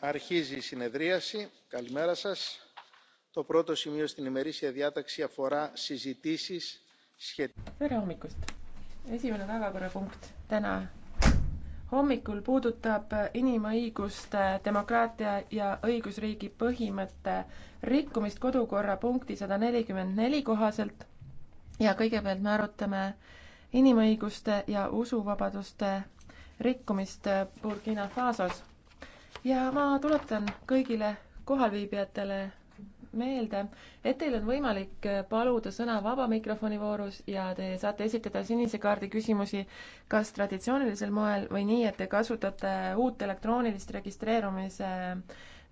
αρχίζει η συνεδρίαση. καλημέρα σας. Το πρώτο σημείο στην ημερήσια διάταξη αφορά συζητήσεις σχετικά... Tere hommikust! Esimene päevakorrapunkt täna hommikul puudutab inimõiguste, demokraatia ja õigusriigi põhimõtte rikkumist kodukorra punkti sada nelikümmend neli kohaselt ja kõigepealt me arutame inimõiguste ja usuvabaduste rikkumist Burkina Fasos ja ma tuletan kõigile kohalviibijatele meelde, et teil on võimalik paluda sõna vaba mikrofoni voorus ja te saate esitada sinise kaardi küsimusi kas traditsioonilisel moel või nii, et te kasutate uut elektroonilist registreerumise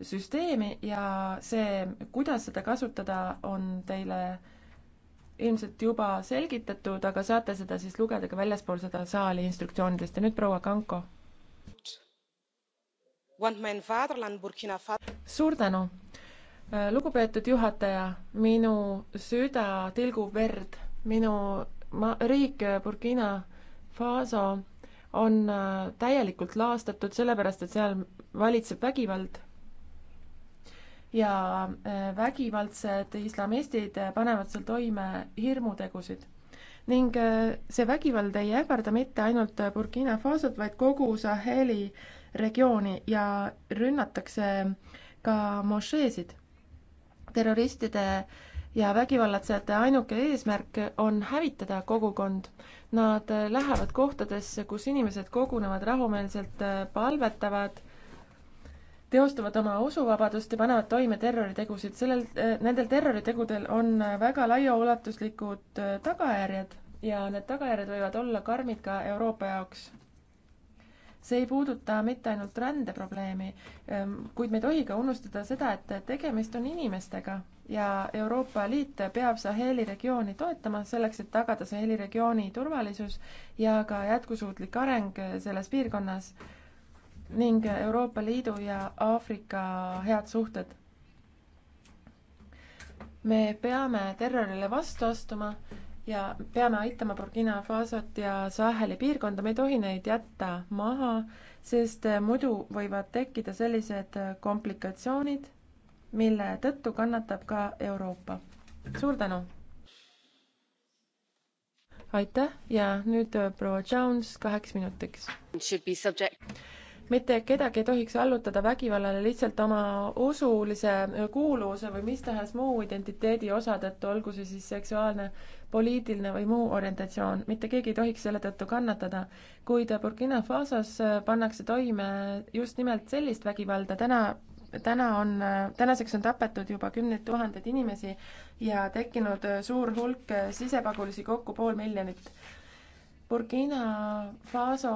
süsteemi ja see, kuidas seda kasutada, on teile ilmselt juba selgitatud, aga saate seda siis lugeda ka väljaspool seda saali instruktsioonidest ja nüüd proua Kanko suur tänu, äh, lugupeetud juhataja, minu süda tilgub verd, minu ma-, riik äh, Burkina Faso on äh, täielikult laastatud, sellepärast et seal valitseb vägivald ja vägivaldsed islamistid panevad seal toime hirmutegusid. ning see vägivald ei ähvarda mitte ainult Burkina Fasot, vaid kogu Saheli regiooni ja rünnatakse ka mošeesid. terroristide ja vägivallatsejate ainuke eesmärk on hävitada kogukond. Nad lähevad kohtadesse, kus inimesed kogunevad rahumeelselt, palvetavad, teostavad oma usuvabadust ja panevad toime terroritegusid. sellel, nendel terroritegudel on väga laiaulatuslikud tagajärjed ja need tagajärjed võivad olla karmid ka Euroopa jaoks see ei puuduta mitte ainult rändeprobleemi, ehm, kuid me ei tohi ka unustada seda, et tegemist on inimestega ja Euroopa Liit peab Saheli regiooni toetama selleks, et tagada Saheli regiooni turvalisus ja ka jätkusuutlik areng selles piirkonnas ning Euroopa Liidu ja Aafrika head suhted. me peame terrorile vastu astuma ja peame aitama Burkina Fasot ja Saheli piirkonda, me ei tohi neid jätta maha, sest eh, muidu võivad tekkida sellised eh, komplikatsioonid, mille tõttu kannatab ka Euroopa. suur tänu! aitäh ja nüüd eh, proua Jones kaheks minutiks mitte kedagi ei tohiks allutada vägivallale lihtsalt oma usulise kuuluvuse või mis tahes muu identiteedi osa tõttu, olgu see siis seksuaalne, poliitiline või muu orientatsioon, mitte keegi ei tohiks selle tõttu kannatada. kuid Burkina Fasos pannakse toime just nimelt sellist vägivalda, täna täna on, tänaseks on tapetud juba kümneid tuhandeid inimesi ja tekkinud suur hulk sisepagulasi, kokku pool miljonit. Burkina Faso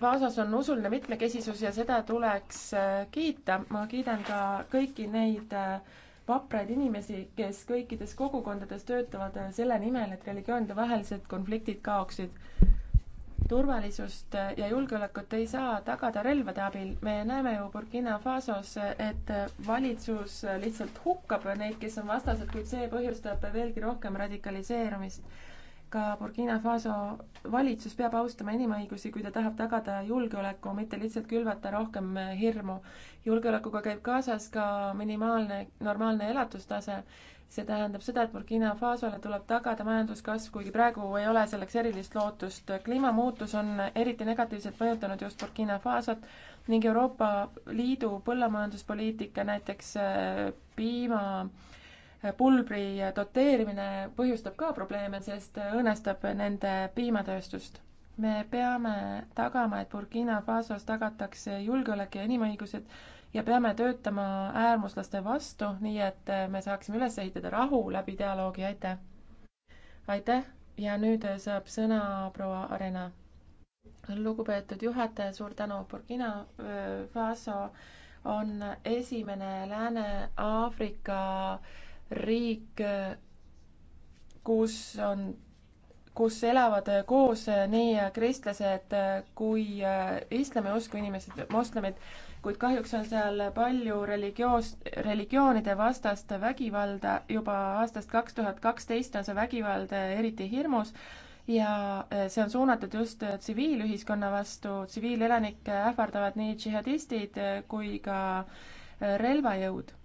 Vaasas on usuline mitmekesisus ja seda tuleks äh, kiita. ma kiidan ka kõiki neid äh, vapraid inimesi, kes kõikides kogukondades töötavad äh, selle nimel, et religioonide vahelised konfliktid kaoksid. turvalisust ja julgeolekut ei saa tagada relvade abil. me näeme ju Burkina Fasos, et valitsus lihtsalt hukkab neid, kes on vastased, kuid see põhjustab veelgi rohkem radikaliseerumist ka Burkina Faso valitsus peab austama inimõigusi, kui ta tahab tagada julgeoleku, mitte lihtsalt külvata rohkem hirmu. julgeolekuga käib kaasas ka minimaalne normaalne elatustase. see tähendab seda, et Burkina Fasole tuleb tagada majanduskasv, kuigi praegu ei ole selleks erilist lootust. kliimamuutus on eriti negatiivselt mõjutanud just Burkina Fasot ning Euroopa Liidu põllumajanduspoliitika, näiteks eh, piima äh, pulbri doteerimine põhjustab ka probleeme, sest õõnestab nende piimatööstust. me peame tagama, et Burkina Fasos tagatakse julgeolek ja inimõigused ja peame töötama äärmuslaste vastu, nii et me saaksime üles ehitada rahu läbi dialoogi, aitäh! aitäh ja nüüd saab sõna proua Arena. lugupeetud juhataja, suur tänu, Burkina äh, Faso on esimene Lääne-Aafrika äh, riik, kus on, kus elavad koos nii kristlased kui islamiusku inimesed, moslemid, kuid kahjuks on seal palju religioos, religioonide vastast vägivalda, juba aastast kaks tuhat kaksteist on see vägivald eriti hirmus ja see on suunatud just tsiviilühiskonna vastu, tsiviilelanikke ähvardavad nii džihadistid kui ka relvajõud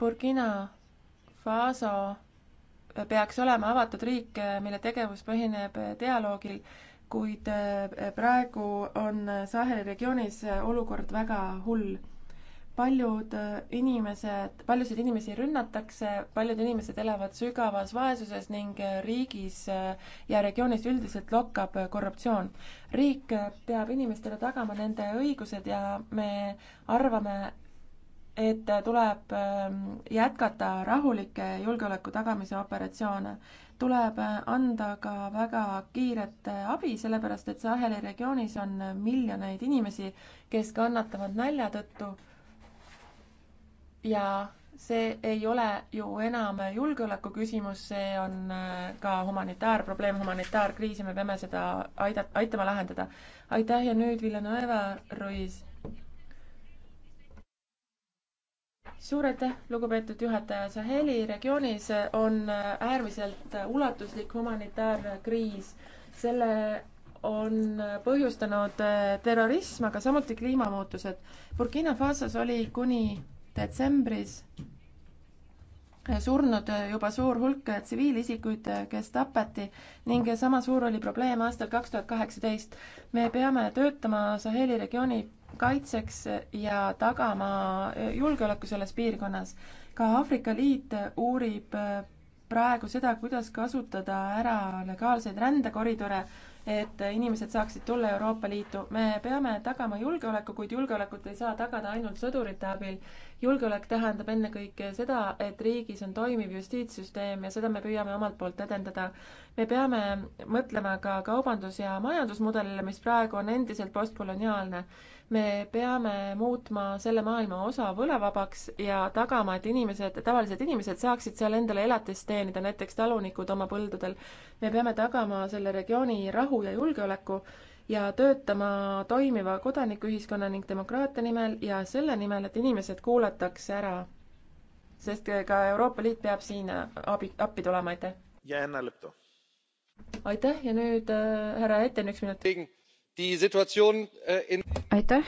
Burkina Faso peaks olema avatud riik, mille tegevus põhineb dialoogil, kuid eh, praegu on Saheli regioonis olukord väga hull. paljud eh, inimesed, paljusid inimesi rünnatakse, paljud inimesed elavad sügavas vaesuses ning riigis eh, ja regioonis üldiselt lokkab korruptsioon. riik peab inimestele tagama nende õigused ja me arvame, et tuleb ähm, jätkata rahulikke julgeoleku tagamise operatsioone. tuleb äh, anda ka väga kiiret äh, abi, sellepärast et Saheli regioonis on miljoneid inimesi, kes kannatavad nälja tõttu. ja see ei ole ju enam julgeoleku küsimus, see on äh, ka humanitaarprobleem, humanitaarkriis ja me peame seda aida-, aitama lahendada. aitäh ja nüüd Villanueva Ruiz suur aitäh, lugupeetud juhataja. Saheli regioonis on äärmiselt ulatuslik humanitaarkriis. selle on põhjustanud terrorism, aga samuti kliimamuutused. Burkina Fasos oli kuni detsembris surnud juba suur hulk tsiviilisikuid, kes tapeti ning sama suur oli probleem aastal kaks tuhat kaheksateist. me peame töötama Saheli regiooni kaitseks ja tagama julgeoleku selles piirkonnas. ka Aafrika Liit uurib praegu seda, kuidas kasutada ära legaalseid rändekoridore, et inimesed saaksid tulla Euroopa Liitu. me peame tagama julgeoleku, kuid julgeolekut ei saa tagada ainult sõdurite abil. julgeolek tähendab ennekõike seda, et riigis on toimiv justiitssüsteem ja seda me püüame omalt poolt edendada. me peame mõtlema ka kaubandus- ja majandusmudelile, mis praegu on endiselt postkoloniaalne me peame muutma selle maailma osa võlavabaks ja tagama, et inimesed, tavalised inimesed saaksid seal endale elatist teenida, näiteks talunikud oma põldudel. me peame tagama selle regiooni rahu ja julgeoleku ja töötama toimiva kodanikuühiskonna ning demokraatia nimel ja selle nimel, et inimesed kuulatakse ära. sest ka Euroopa Liit peab siin abi, appi tulema, aitäh! aitäh ja nüüd äh, härra Etten, üks minut Äh, aitäh!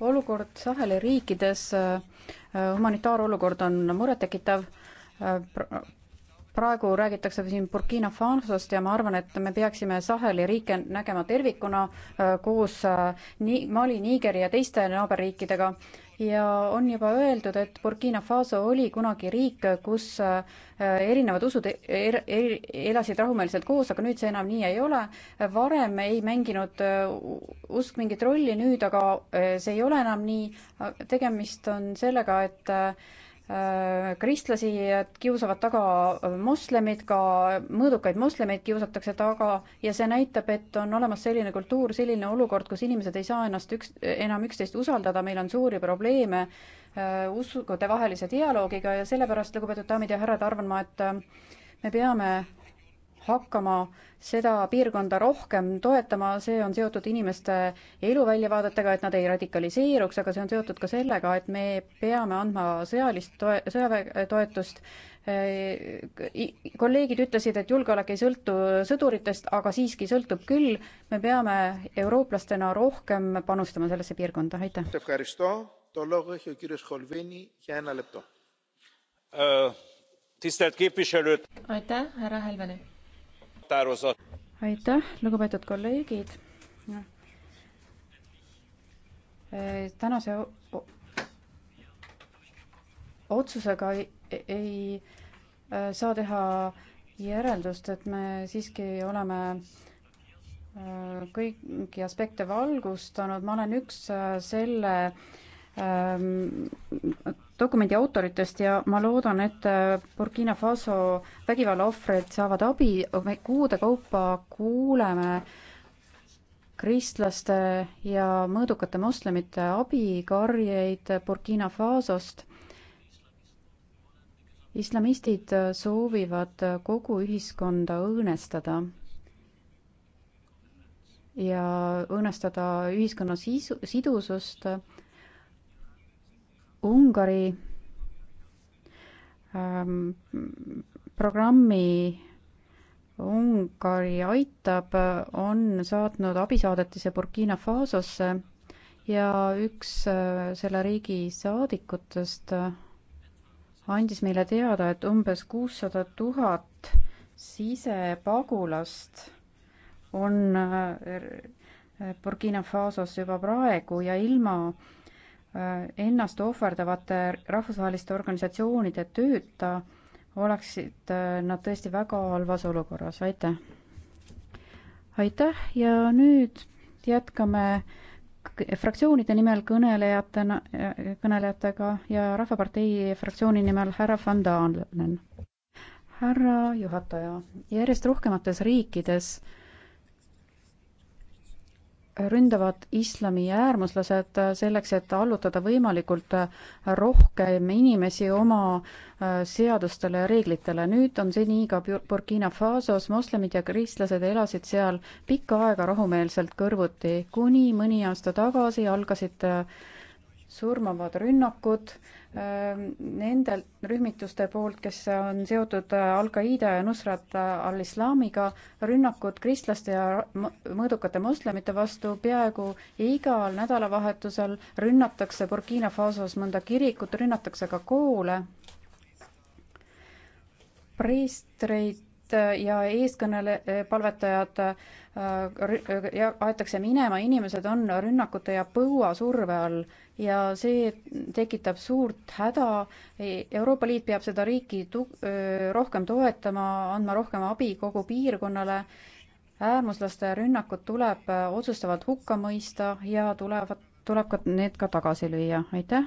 olukord Saheli riikides, äh, äh, humanitaarolukord on murettekitav. praegu räägitakse siin Burkina Fasost ja ma arvan, et me peaksime Saheli riike nägema tervikuna koos nii Mali, Nigeri ja teiste naaberriikidega ja on juba öeldud, et Burkina Faso oli kunagi riik, kus äh, erinevad usud e-, er, er, elasid rahumeelselt koos, aga nüüd see enam nii ei ole. varem ei mänginud äh, usk mingit rolli, nüüd aga äh, see ei ole enam nii. tegemist on sellega, et Äh, kristlasi kiusavad taga moslemid, ka mõõdukaid moslemeid kiusatakse taga ja see näitab, et on olemas selline kultuur, selline olukord, kus inimesed ei saa ennast üks, enam üksteist usaldada, meil on suuri probleeme äh, usude vahelise dialoogiga ja sellepärast, lugupeetud daamid ja härrad, arvan ma, et äh, me peame hakkama seda piirkonda rohkem toetama, see on seotud inimeste eluväljavaadetega, et nad ei radikaliseeruks, aga see on seotud ka sellega, et me peame andma sõjalist toe, sõjaväetoetust. kolleegid ütlesid, et julgeolek ei sõltu sõduritest, aga siiski sõltub küll. me peame eurooplastena rohkem panustama sellesse piirkonda, aitäh. aitäh, härra Helvene aitäh, lugupeetud kolleegid. tänase otsusega ei, ei äh, saa teha järeldust, et me siiski oleme äh, kõiki aspekte valgustanud, ma olen üks äh, selle Ähm, dokumendi autoritest ja ma loodan, et äh, Burkina Faso vägivalla ohvrid saavad abi, me kuude kaupa kuuleme kristlaste ja mõõdukate moslemite abikarjeid Burkina Fasost. islamistid soovivad kogu ühiskonda õõnestada ja õõnestada ühiskonna sisu, sidusust Ungari ähm, programmi Ungari aitab, on saatnud abisaadetise Burkina Fasosse ja üks äh, selle riigi saadikutest äh, andis meile teada, et umbes kuussada tuhat sisepagulast on äh, Burkina Fasos juba praegu ja ilma Äh, ennast ohverdavate rahvusvaheliste organisatsioonide tööta, oleksid äh, nad tõesti väga halvas olukorras, aitäh! aitäh ja nüüd jätkame fraktsioonide nimel kõnelejatena, äh, kõnelejatega ja Rahvapartei fraktsiooni nimel härra Van Dalen. härra juhataja, järjest rohkemates riikides äh, ründavad islami äärmuslased selleks, et allutada võimalikult rohkem inimesi oma äh, seadustele ja reeglitele. nüüd on see nii ka Burkina Fasos, moslemid ja kristlased elasid seal pikka aega rahumeelselt kõrvuti, kuni mõni aasta tagasi algasid äh, surmavad rünnakud ähm, nendelt rühmituste poolt, kes on seotud äh, Al-Qaeda ja Nusrat al-Islamiga, rünnakud kristlaste ja mõõdukate moslemite vastu, peaaegu igal nädalavahetusel rünnatakse Burkina Fasos mõnda kirikut, rünnatakse ka koole, preestreid liit äh, ja eeskõnele-, äh, palvetajad äh, ja aetakse minema, inimesed on rünnakute ja põuasurve all ja see tekitab suurt häda. E, Euroopa Liit peab seda riiki tu-, rohkem toetama, andma rohkem abi kogu piirkonnale. äärmuslaste rünnakud tuleb otsustavalt hukka mõista ja tulevad, tuleb ka need ka tagasi lüüa, aitäh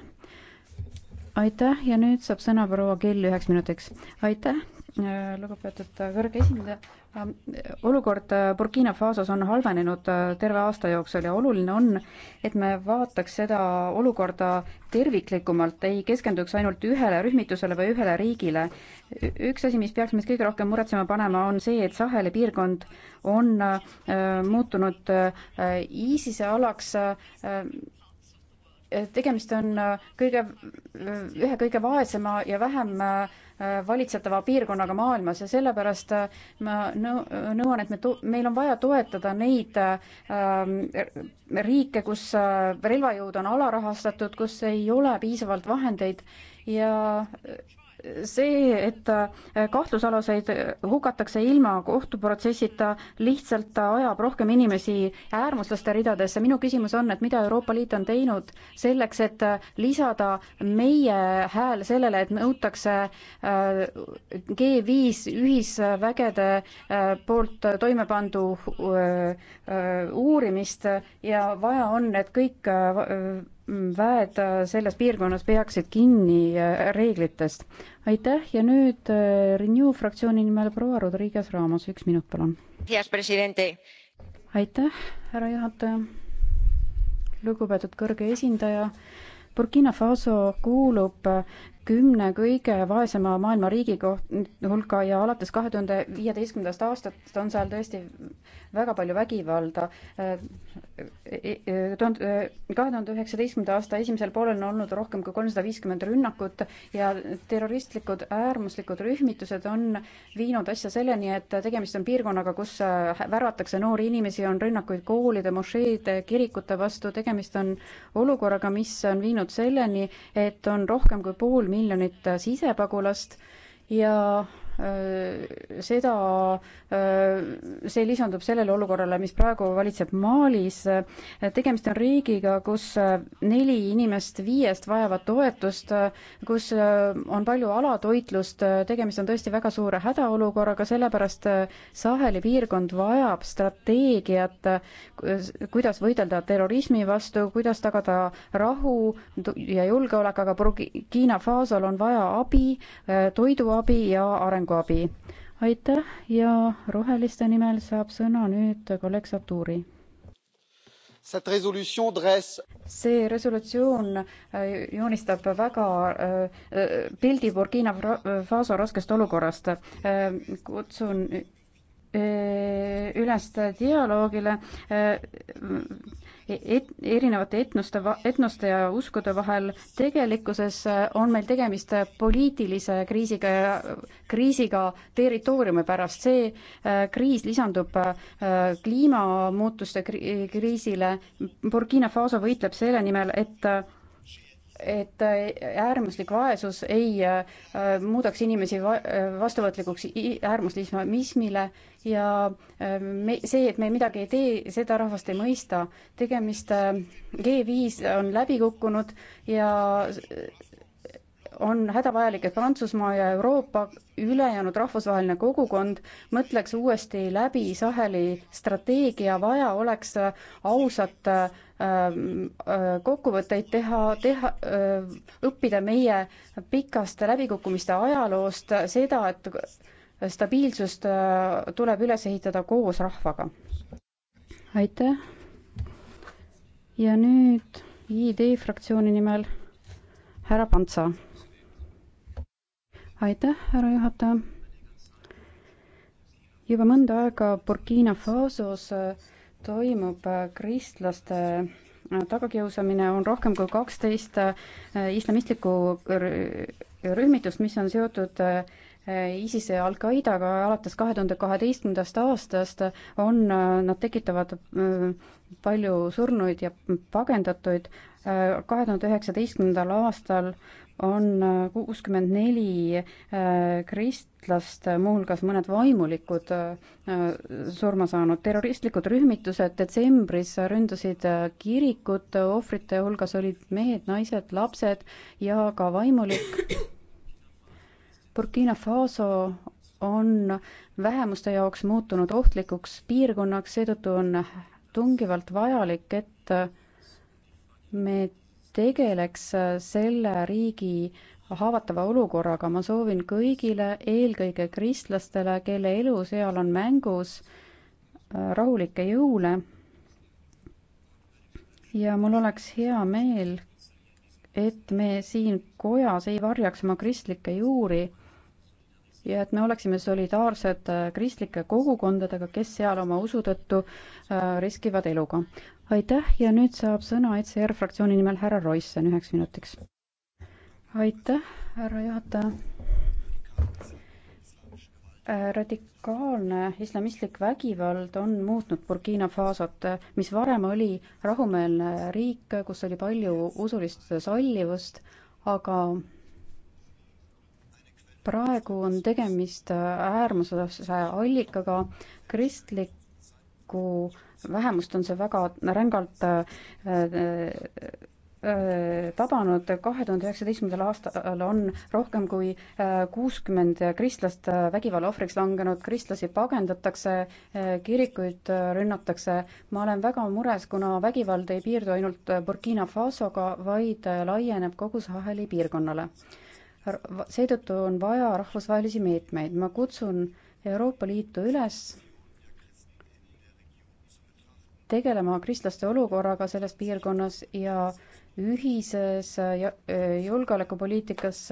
aitäh ja nüüd saab sõna proua Kell üheks minutiks. aitäh, lugupeetud kõrge esindaja. olukord Burkina Fasos on halvenenud terve aasta jooksul ja oluline on, et me vaataks seda olukorda terviklikumalt, ei keskenduks ainult ühele rühmitusele või ühele riigile. üks asi, mis peaks meid kõige rohkem muretsema panema, on see, et Saheli piirkond on äh, muutunud äh, ISISe alaks äh, tegemist on äh, kõige, äh, ühe kõige vaesema ja vähem äh, valitsetava piirkonnaga maailmas ja sellepärast ma nõuan, et me, meil on vaja toetada neid riike, kus relvajõud on alarahastatud, kus ei ole piisavalt vahendeid ja see, et äh, kahtlusaluseid äh, hukatakse ilma kohtuprotsessita, lihtsalt ajab rohkem inimesi äärmuslaste ridadesse. minu küsimus on, et mida Euroopa Liit on teinud selleks, et äh, lisada meie hääl sellele, et nõutakse G5 ühisvägede poolt toime pandu uurimist ja vaja on, et kõik väed äh, selles piirkonnas peaksid kinni äh, reeglitest. aitäh ja nüüd äh, Renew fraktsiooni nimel proua Rodriguez Ramos, üks minut, palun. aitäh, härra juhataja. lugupeetud kõrge esindaja Burkina Faso kuulub kümne kõige vaesema maailma riigi hulka ja alates kahe tuhande viieteistkümnendast aastast on seal tõesti väga palju vägivalda. Äh, e, e, tuhande, äh, kahe tuhande üheksateistkümnenda aasta esimesel poolel on olnud rohkem kui kolmsada viiskümmend rünnakut ja terroristlikud äärmuslikud rühmitused on viinud asja selleni, et tegemist on piirkonnaga, kus äh, värvatakse noori inimesi, on rünnakuid koolide, mošeede, kirikute vastu, tegemist on olukorraga, mis on viinud selleni, et on rohkem kui pool miljonit sisepagulast ja Äh, seda, äh, see lisandub sellele olukorrale, mis praegu valitseb Malis. Äh, tegemist on riigiga, kus neli inimest viiest vajavad toetust, kus on palju alatoitlust, tegemist on tõesti väga suure hädaolukorraga, sellepärast Saheli piirkond vajab strateegiat, kuidas võidelda terrorismi vastu, kuidas tagada rahu ja julgeolek, aga Burkina Fasol on vaja abi, toiduabi ja arengu arenguabi. aitäh ja Roheliste nimel saab sõna nüüd kolleeg Saturi. see resolutsioon äh, joonistab väga äh, äh, pildi Burkina Faso raskest olukorrast. kutsun üles dialoogile et, erinevate etnuste, etnoste ja uskude vahel. tegelikkuses äh, on meil tegemist äh, poliitilise kriisiga ja äh, kriisiga territooriumi pärast. see kriis lisandub kliimamuutuste kriisile. Burkina Faso võitleb selle nimel, et et äh, äärmuslik vaesus ei äh, muudaks inimesi äh, vastuvõtlikuks äärmusliismismile ja me, see, et me midagi ei tee, seda rahvast ei mõista. tegemist, G5 on läbi kukkunud ja on hädavajalik, et Prantsusmaa ja Euroopa ülejäänud rahvusvaheline kogukond mõtleks uuesti läbi Saheli strateegia, vaja oleks äh, ausat äh, äh, kokkuvõtteid teha, teha, äh, õppida meie pikast läbikukkumiste ajaloost seda, et stabiilsust tuleb üles ehitada koos rahvaga. aitäh. ja nüüd ID fraktsiooni nimel härra Pantsa aitäh, härra juhataja. juba mõnda aega Burkina Fasos äh, toimub äh, kristlaste äh, tagakiusamine, on rohkem kui kaksteist islamistlikku rühmitust, mis on seotud ISISe ja Al-Qaidaga alates kahe tuhande kaheteistkümnendast aastast on, nad tekitavad palju surnuid ja pagendatuid. kahe tuhande üheksateistkümnendal aastal on äh, kuuskümmend neli äh, kristlast, äh, muuhulgas mõned vaimulikud, surma saanud. terroristlikud rühmitused detsembris ründasid kirikut, ohvrite hulgas olid mehed, naised, lapsed ja ka vaimulik. Burkina Faso on vähemuste jaoks muutunud ohtlikuks piirkonnaks, seetõttu on tungivalt vajalik, et me tegeleks äh, selle riigi haavatava olukorraga, ma soovin kõigile, eelkõige kristlastele, kelle elu seal on mängus, äh, rahulikke jõule. ja mul oleks hea meel, et me siin kojas ei varjaks oma kristlikke juuri ja et me oleksime solidaarsed äh, kristlike kogukondadega, kes seal oma usu tõttu äh, riskivad eluga. aitäh ja nüüd saab sõna ECR fraktsiooni nimel härra Roisson üheks minutiks. aitäh, härra juhataja. Äh, radikaalne islamistlik vägivald on muutnud Burkina Fasot, mis varem oli rahumeelne riik, kus oli palju usulist sallivust, aga praegu on tegemist äärmuslase allikaga, kristlikku vähemust on see väga rängalt äh, äh, äh, tabanud, kahe tuhande üheksateistkümnendal aastal on rohkem kui kuuskümmend kristlast vägivalla ohvriks langenud, kristlasi pagendatakse, kirikuid rünnatakse. ma olen väga mures, kuna vägivald ei piirdu ainult Burkina Fasoga, vaid laieneb kogu Saheli piirkonnale seetõttu on vaja rahvusvahelisi meetmeid. ma kutsun Euroopa Liitu üles tegelema kristlaste olukorraga selles piirkonnas ja ühises julgeolekupoliitikas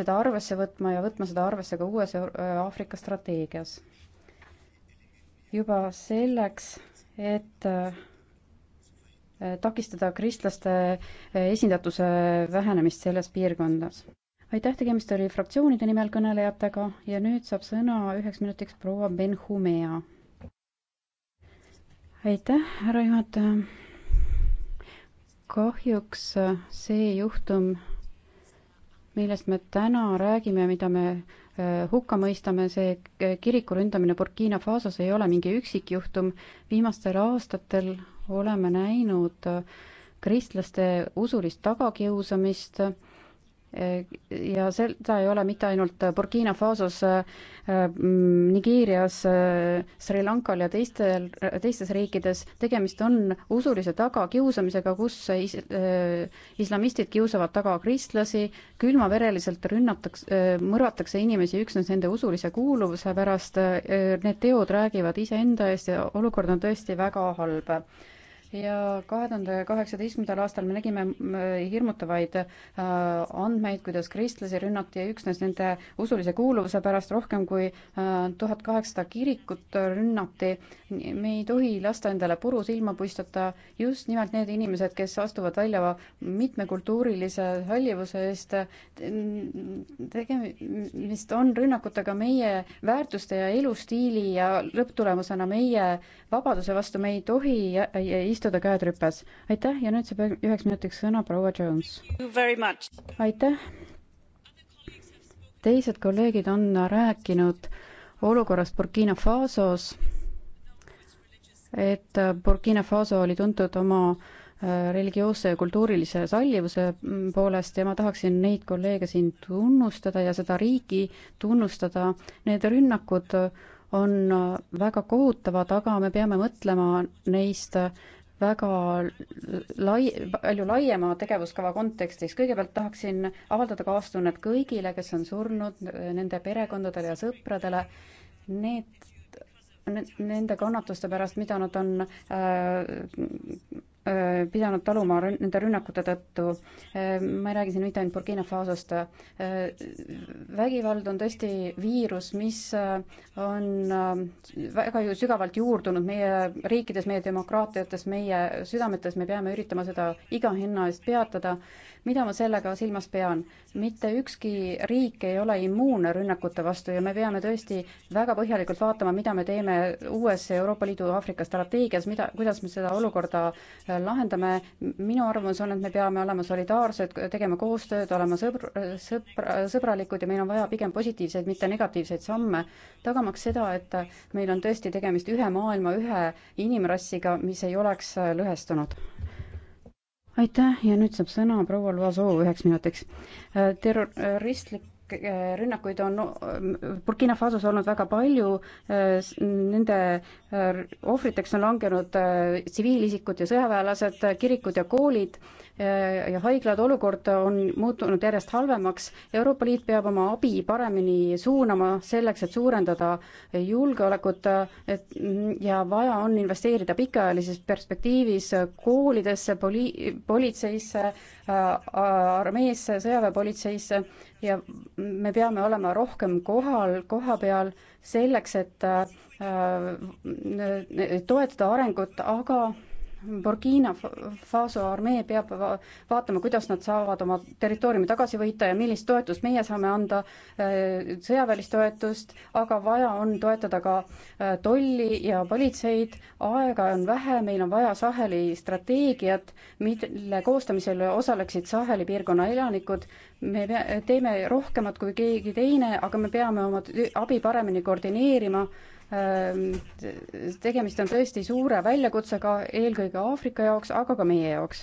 seda arvesse võtma ja võtma seda arvesse ka uues Aafrika strateegias. juba selleks, et eh, takistada kristlaste eh, esindatuse vähenemist selles piirkonnas aitäh, tegemist oli fraktsioonide nimel kõnelejatega ja nüüd saab sõna üheks minutiks proua Benhumea. aitäh, härra juhataja. kahjuks see juhtum, millest me täna räägime, mida me äh, hukka mõistame, see äh, kiriku ründamine Burkina Fasos ei ole mingi üksikjuhtum. viimastel aastatel oleme näinud äh, kristlaste usulist tagakiusamist ja seda ei ole mitte ainult Burkina Fasos, mm, Nigeerias, Sri Lankal ja teistel, teistes riikides, tegemist on usulise tagakiusamisega, kus is, islamistid kiusavad taga kristlasi, külmavereliselt rünnatakse, mõrvatakse inimesi üksnes nende usulise kuuluvuse pärast, need teod räägivad iseenda eest ja olukord on tõesti väga halb ja kahe tuhande kaheksateistkümnendal aastal me nägime hirmutavaid äh, andmeid, kuidas kristlasi rünnati üksnes nende usulise kuuluvuse pärast, rohkem kui äh, tuhat kaheksasada kirikut rünnati. me ei tohi lasta endale puru silma puistata, just nimelt need inimesed, kes astuvad välja mitmekultuurilise hallivuse eest, tegemist on rünnakutega meie väärtuste ja elustiili ja lõpptulemusena meie vabaduse vastu, me ei tohi istuda käed rüpes. aitäh ja nüüd saab üheks minutiks sõna proua Jones. aitäh. teised kolleegid on rääkinud olukorrast Burkina Fasos, et Burkina Faso oli tuntud oma äh, religioosse ja kultuurilise sallivuse mm, poolest ja ma tahaksin neid kolleege siin tunnustada ja seda riiki tunnustada. Need rünnakud on väga kohutavad, aga me peame mõtlema neist väga lai, palju laiema tegevuskava kontekstis. kõigepealt tahaksin avaldada kaastunnet kõigile, kes on surnud, nende perekondadele ja sõpradele. Need, nende kannatuste pärast, mida nad on äh, Äh, pidanud taluma nende rünnakute tõttu. Äh, ma ei räägi siin mitte ainult Burkina Fasost. Äh, vägivald on tõesti viirus, mis on väga ju sügavalt juurdunud meie riikides, meie demokraatiates, meie südametes, me peame üritama seda iga hinna eest peatada mida ma sellega silmas pean? mitte ükski riik ei ole immuunne rünnakute vastu ja me peame tõesti väga põhjalikult vaatama, mida me teeme uues Euroopa Liidu Aafrika strateegias, mida, kuidas me seda olukorda äh, lahendame. minu arvamus on, et me peame olema solidaarsed, tegema koostööd, olema sõbr-, sõbra, sõbralikud ja meil on vaja pigem positiivseid, mitte negatiivseid samme, tagamaks seda, et äh, meil on tõesti tegemist ühe maailma, ühe inimrassiga, mis ei oleks äh, lõhestunud aitäh ja nüüd saab sõna proua Loasoo üheks minutiks. Äh, terroristlik Äh, rünnakuid on äh, Burkina Fasos olnud väga palju, äh, nende ohvriteks on langenud tsiviilisikud ja sõjaväelased, kirikud ja koolid ja haiglad, olukord on muutunud järjest halvemaks. Euroopa Liit peab oma abi paremini suunama selleks, et suurendada julgeolekut, et mm, ja vaja on investeerida pikaajalises perspektiivis koolidesse, poli-, politseisse, Äh, armeesse, sõjaväepolitseisse ja me peame olema rohkem kohal, koha peal selleks, et äh, äh, toetada arengut, aga Burkina Faso armee peab va vaatama, kuidas nad saavad oma territooriumi tagasi võita ja millist toetust meie saame anda, äh, sõjaväelist toetust, aga vaja on toetada ka äh, tolli ja politseid, aega on vähe, meil on vaja Saheli strateegiat, mille koostamisel osaleksid Saheli piirkonna elanikud, me teeme rohkemat kui keegi teine, aga me peame oma abi paremini koordineerima Ehm, tegemist on tõesti suure väljakutsega eelkõige Aafrika jaoks, aga ka meie jaoks.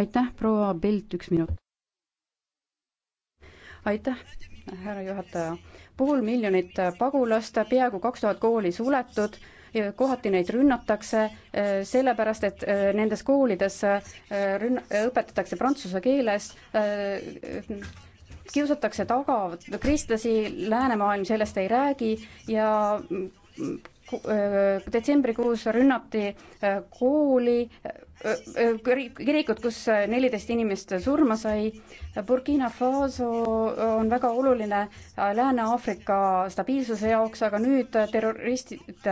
aitäh, proua Bild, üks minut. aitäh, härra juhataja. pool miljonit pagulast, peaaegu kaks tuhat kooli suletud kohati neid rünnatakse eh, sellepärast, et eh, nendes koolides eh, rünn-, õpetatakse prantsuse keeles kiusatakse taga, kristlasi läänemaailm sellest ei räägi ja äh, detsembrikuus rünnati äh, kooli, äh, kirikut, kus neliteist inimest surma sai. Burkina Faso on väga oluline Lääne-Aafrika stabiilsuse jaoks, aga nüüd terroristid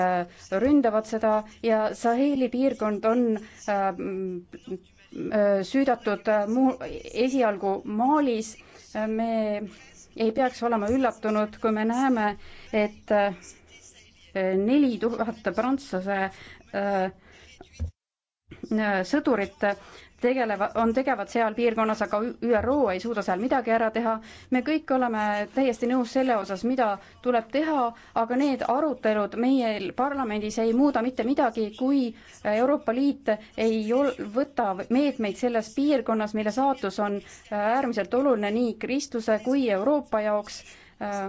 ründavad seda ja Saheli piirkond on süüdatud muu, esialgu Malis me ei peaks olema üllatunud, kui me näeme, et äh, neli tuhat prantsuse äh, äh, sõdurit tegelevad, on tegevad seal piirkonnas, aga ÜRO ei suuda seal midagi ära teha. me kõik oleme täiesti nõus selle osas, mida tuleb teha, aga need arutelud meil parlamendis ei muuda mitte midagi, kui Euroopa Liit ei ol-, võta meetmeid selles piirkonnas, mille saatus on äärmiselt oluline nii kristluse kui Euroopa jaoks äh,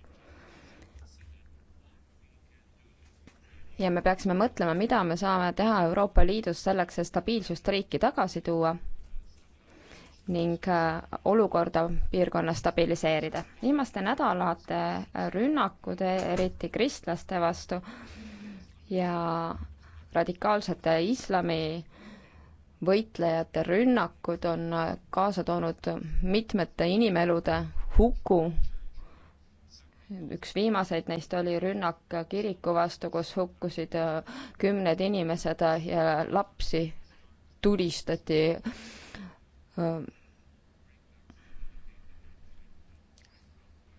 ja me peaksime mõtlema, mida me saame teha Euroopa Liidus selleks, et stabiilsust riiki tagasi tuua ning äh, olukorda piirkonnas stabiliseerida. viimaste nädalate äh, rünnakud, eriti kristlaste vastu ja radikaalsete islami võitlejate rünnakud on äh, kaasa toonud mitmete inimelude huku üks viimaseid neist oli rünnak kiriku vastu, kus hukkusid äh, kümned inimesed ja lapsi tulistati äh.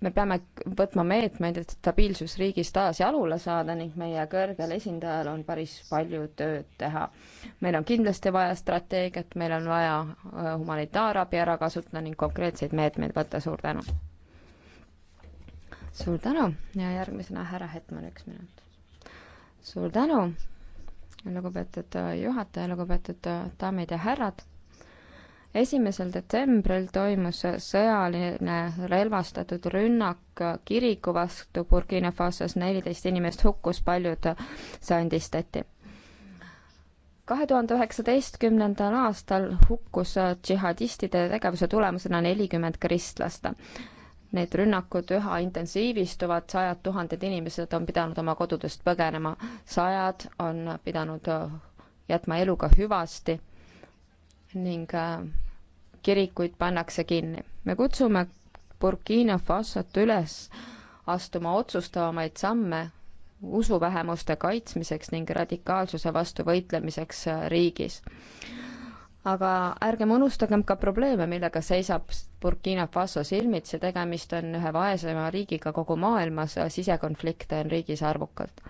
me peame võtma meetmeid, et stabiilsus riigis taas jalule saada ning meie kõrgel esindajal on päris palju tööd teha. meil on kindlasti vaja strateegiat, meil on vaja äh, humanitaarabi ära kasutada ning konkreetseid meetmeid võtta, suur tänu! suur tänu ja järgmisena härra Hetman, üks minut. suur tänu, lugupeetud juhataja, lugupeetud daamid ja härrad. esimesel detsembril toimus sõjaline relvastatud rünnak kiriku vastu Burkina Fasos, neliteist inimest hukkus, paljud sandistati kahe tuhande üheksateistkümnendal aastal hukkus džihadistide tegevuse tulemusena nelikümmend kristlast. Need rünnakud üha intensiivistuvad, sajad tuhanded inimesed on pidanud oma kodudest põgenema, sajad on pidanud äh, jätma eluga hüvasti ning äh, kirikuid pannakse kinni. me kutsume Burkina Fasot üles astuma otsustavamaid samme usuvähemuste kaitsmiseks ning radikaalsuse vastu võitlemiseks äh, riigis aga ärgem unustagem ka probleeme, millega seisab Burkina Faso silmitsi, tegemist on ühe vaesema riigiga kogu maailmas, sisekonflikte on riigis arvukalt.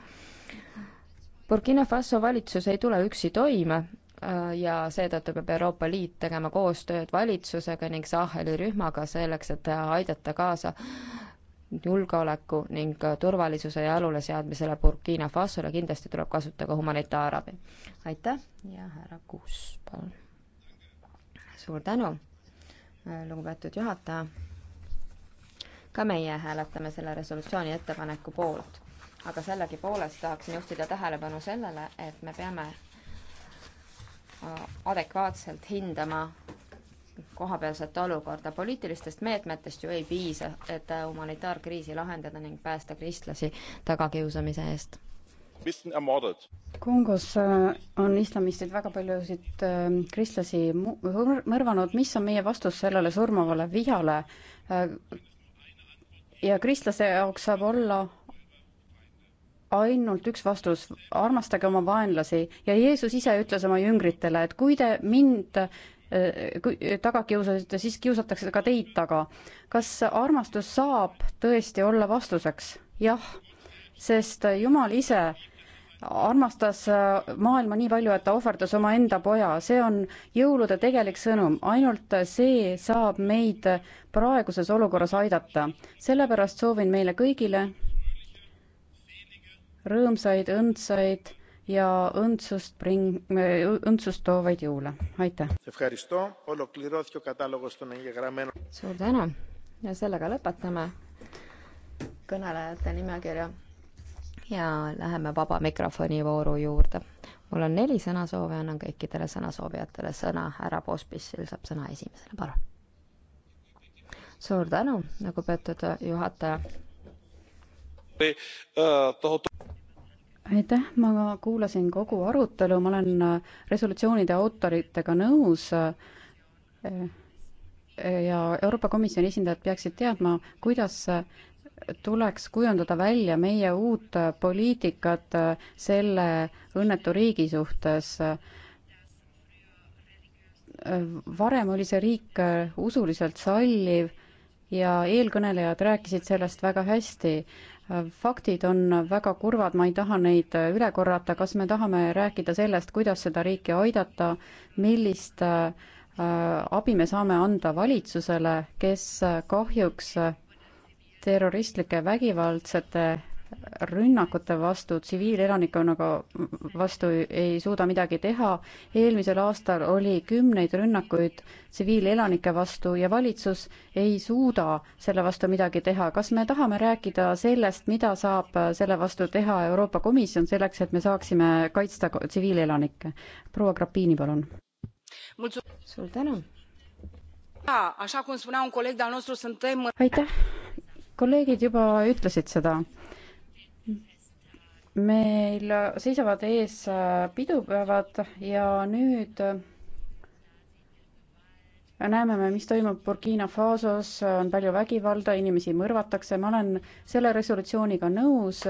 Burkina Faso valitsus ei tule üksi toime äh, ja seetõttu peab Euroopa Liit tegema koostööd valitsusega ning Saheli rühmaga selleks, et aidata kaasa julgeoleku ning turvalisuse jaluleseadmisele Burkina Fasole kindlasti tuleb kasutada ka humanitaarabi. aitäh ja härra Kuus, palun suur tänu, äh, lugupeetud juhataja. ka meie hääletame selle resolutsiooni ettepaneku poolt, aga sellegipoolest tahaksin juhtida tähelepanu sellele, et me peame äh, adekvaatselt hindama kohapealset olukorda. poliitilistest meetmetest ju ei piisa, et äh, humanitaarkriisi lahendada ning päästa kristlasi tagakiusamise eest Kongos äh, on islamistid väga paljusid äh, kristlasi mõrvanud, mis on meie vastus sellele surmavale vihale? Äh, ja kristlase jaoks saab olla ainult üks vastus, armastage oma vaenlasi ja Jeesus ise ütles oma jüngritele, et kui te mind kui taga kiusasite, siis kiusatakse ka teid taga. kas armastus saab tõesti olla vastuseks? jah, sest Jumal ise armastas äh, maailma nii palju, et ta ohverdas omaenda poja, see on jõulude tegelik sõnum, ainult see saab meid praeguses olukorras aidata. sellepärast soovin meile kõigile rõõmsaid, õndsaid ja õndsust bring, õndsust toovaid jõule, aitäh! suur tänu ja sellega lõpetame kõnelejate nimekirja ja läheme vaba mikrofoni vooru juurde. mul on neli sõnasoovi, annan kõikidele sõnasoovijatele sõna, härra Pospisil saab sõna esimesena, palun. suur tänu, lugupeetud juhataja. aitäh, ma kuulasin kogu arutelu, ma olen äh, resolutsioonide autoritega nõus äh, ja Euroopa Komisjoni esindajad peaksid teadma, kuidas äh, tuleks kujundada välja meie uut poliitikat selle õnnetu riigi suhtes. varem oli see riik usuliselt salliv ja eelkõnelejad rääkisid sellest väga hästi. faktid on väga kurvad, ma ei taha neid üle korrata, kas me tahame rääkida sellest, kuidas seda riiki aidata, millist äh, abi me saame anda valitsusele, kes kahjuks terroristlike vägivaldsete rünnakute vastu, tsiviilelanikkonnaga vastu ei suuda midagi teha. eelmisel aastal oli kümneid rünnakuid tsiviilelanike vastu ja valitsus ei suuda selle vastu midagi teha. kas me tahame rääkida sellest, mida saab selle vastu teha Euroopa Komisjon selleks, et me saaksime kaitsta tsiviilelanikke? proua Grapini, palun. suur tänu. aitäh kolleegid juba ütlesid seda. meil seisavad ees äh, pidupäevad ja nüüd näeme me, mis toimub Burkina Fasos, on palju vägivalda, inimesi mõrvatakse, ma olen selle resolutsiooniga nõus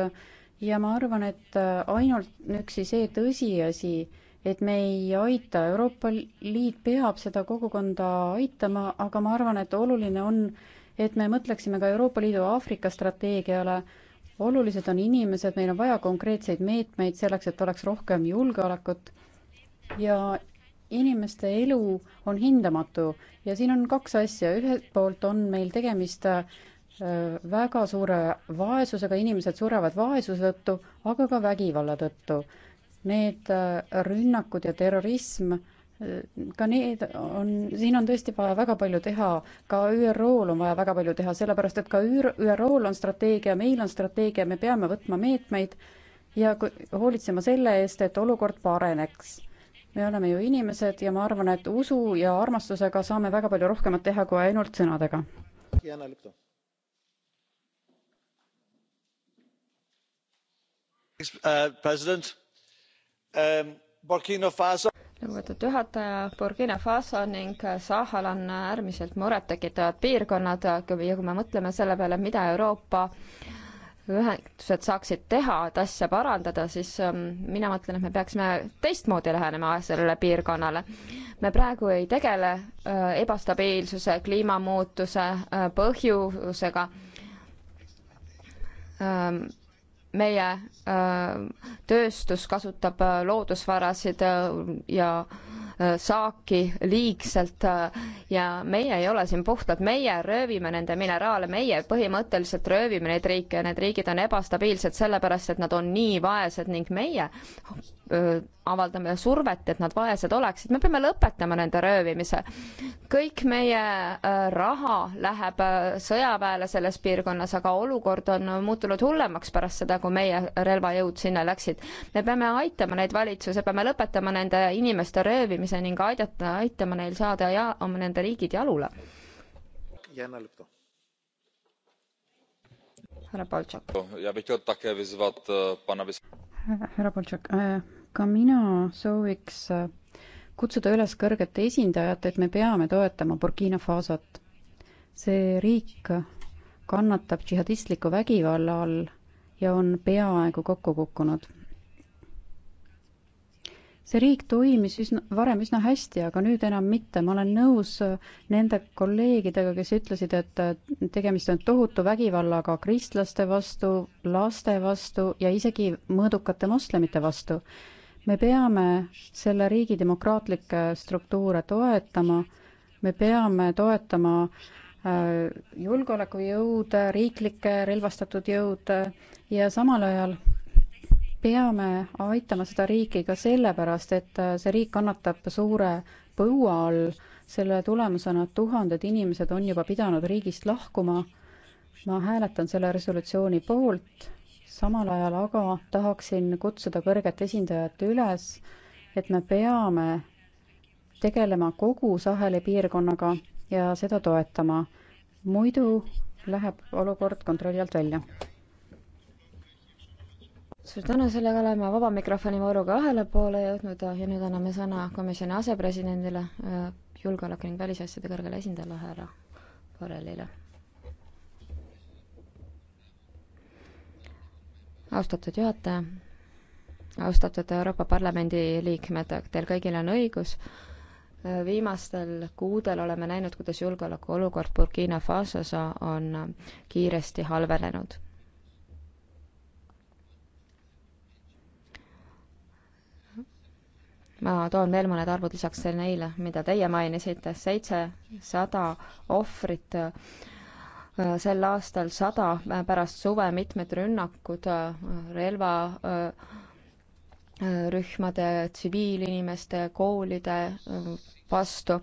ja ma arvan, et äh, ainult üksi see tõsiasi, et me ei aita, Euroopa Liit peab seda kogukonda aitama, aga ma arvan, et oluline on et me mõtleksime ka Euroopa Liidu Aafrika strateegiale. olulised on inimesed, meil on vaja konkreetseid meetmeid selleks, et oleks rohkem julgeolekut ja inimeste elu on hindamatu ja siin on kaks asja, ühelt poolt on meil tegemist äh, väga suure vaesusega, inimesed surevad vaesuse tõttu, aga ka vägivalla tõttu. Need äh, rünnakud ja terrorism ka need on, siin on tõesti vaja väga palju teha, ka ÜRO-l on vaja väga palju teha, sellepärast et ka ÜRO-l on strateegia, meil on strateegia, me peame võtma meetmeid ja hoolitsema selle eest, et olukord pareneks. me oleme ju inimesed ja ma arvan, et usu ja armastusega saame väga palju rohkemat teha kui ainult sõnadega. Uh, president um,, Burkina Faso lugupeetud juhataja, Burkina Faso ning Sahel on äärmiselt murettekitavad piirkonnad ja kui me mõtleme selle peale, mida Euroopa ühendused saaksid teha, et asja parandada, siis ähm, mina mõtlen, et me peaksime teistmoodi lähenema sellele piirkonnale. me praegu ei tegele äh, ebastabiilsuse, kliimamuutuse äh, põhjusega ähm, meie tööstus kasutab loodusvarasid ja saaki liigselt ja meie ei ole siin puhtad, meie röövime nende mineraale, meie põhimõtteliselt röövime neid riike ja need riigid on ebastabiilsed sellepärast, et nad on nii vaesed ning meie avaldame survet, et nad vaesed oleksid, me peame lõpetama nende röövimise. kõik meie raha läheb sõjaväele selles piirkonnas, aga olukord on muutunud hullemaks pärast seda, kui meie relvajõud sinna läksid. me peame aitama neid valitsuse, peame lõpetama nende inimeste röövimise ning aidata, aitama neil saada ja oma nende riigid jalule. härra Baltšak härra Poltšak, äh, ka mina sooviks äh, kutsuda üles kõrget esindajat, et me peame toetama Burkina Fasot. see riik kannatab džihadistliku vägivalla all ja on peaaegu kokku kukkunud see riik toimis üsna, varem üsna hästi, aga nüüd enam mitte. ma olen nõus äh, nende kolleegidega, kes ütlesid, et äh, tegemist on tohutu vägivallaga kristlaste vastu, laste vastu ja isegi mõõdukate moslemite vastu. me peame selle riigi demokraatlikke struktuure toetama, me peame toetama äh, julgeolekujõude, riiklikke relvastatud jõude ja samal ajal peame aitama seda riiki ka sellepärast, et äh, see riik kannatab suure põua all, selle tulemusena tuhanded inimesed on juba pidanud riigist lahkuma. ma hääletan selle resolutsiooni poolt, samal ajal aga tahaksin kutsuda kõrget esindajat üles, et me peame tegelema kogu Saheli piirkonnaga ja seda toetama. muidu läheb olukord kontrolli alt välja suur tänu, sellega oleme vaba mikrofoni vooruga ühele poole jõudnud ja nüüd anname sõna komisjoni asepresidendile, äh, julgeoleku ning välisasjade kõrgele esindajale härra Borrellile. austatud juhataja, austatud Euroopa Parlamendi liikmed, teil kõigil on õigus äh, viimastel kuudel oleme näinud, kuidas julgeolekuolukord Burkina Fasos on kiiresti halvenenud. ma toon veel mõned arvud lisaks neile, mida teie mainisite, seitsesada ohvrit äh, sel aastal, sada pärast suve, mitmed rünnakud äh, relva äh, rühmade, tsiviilinimeste, koolide vastu.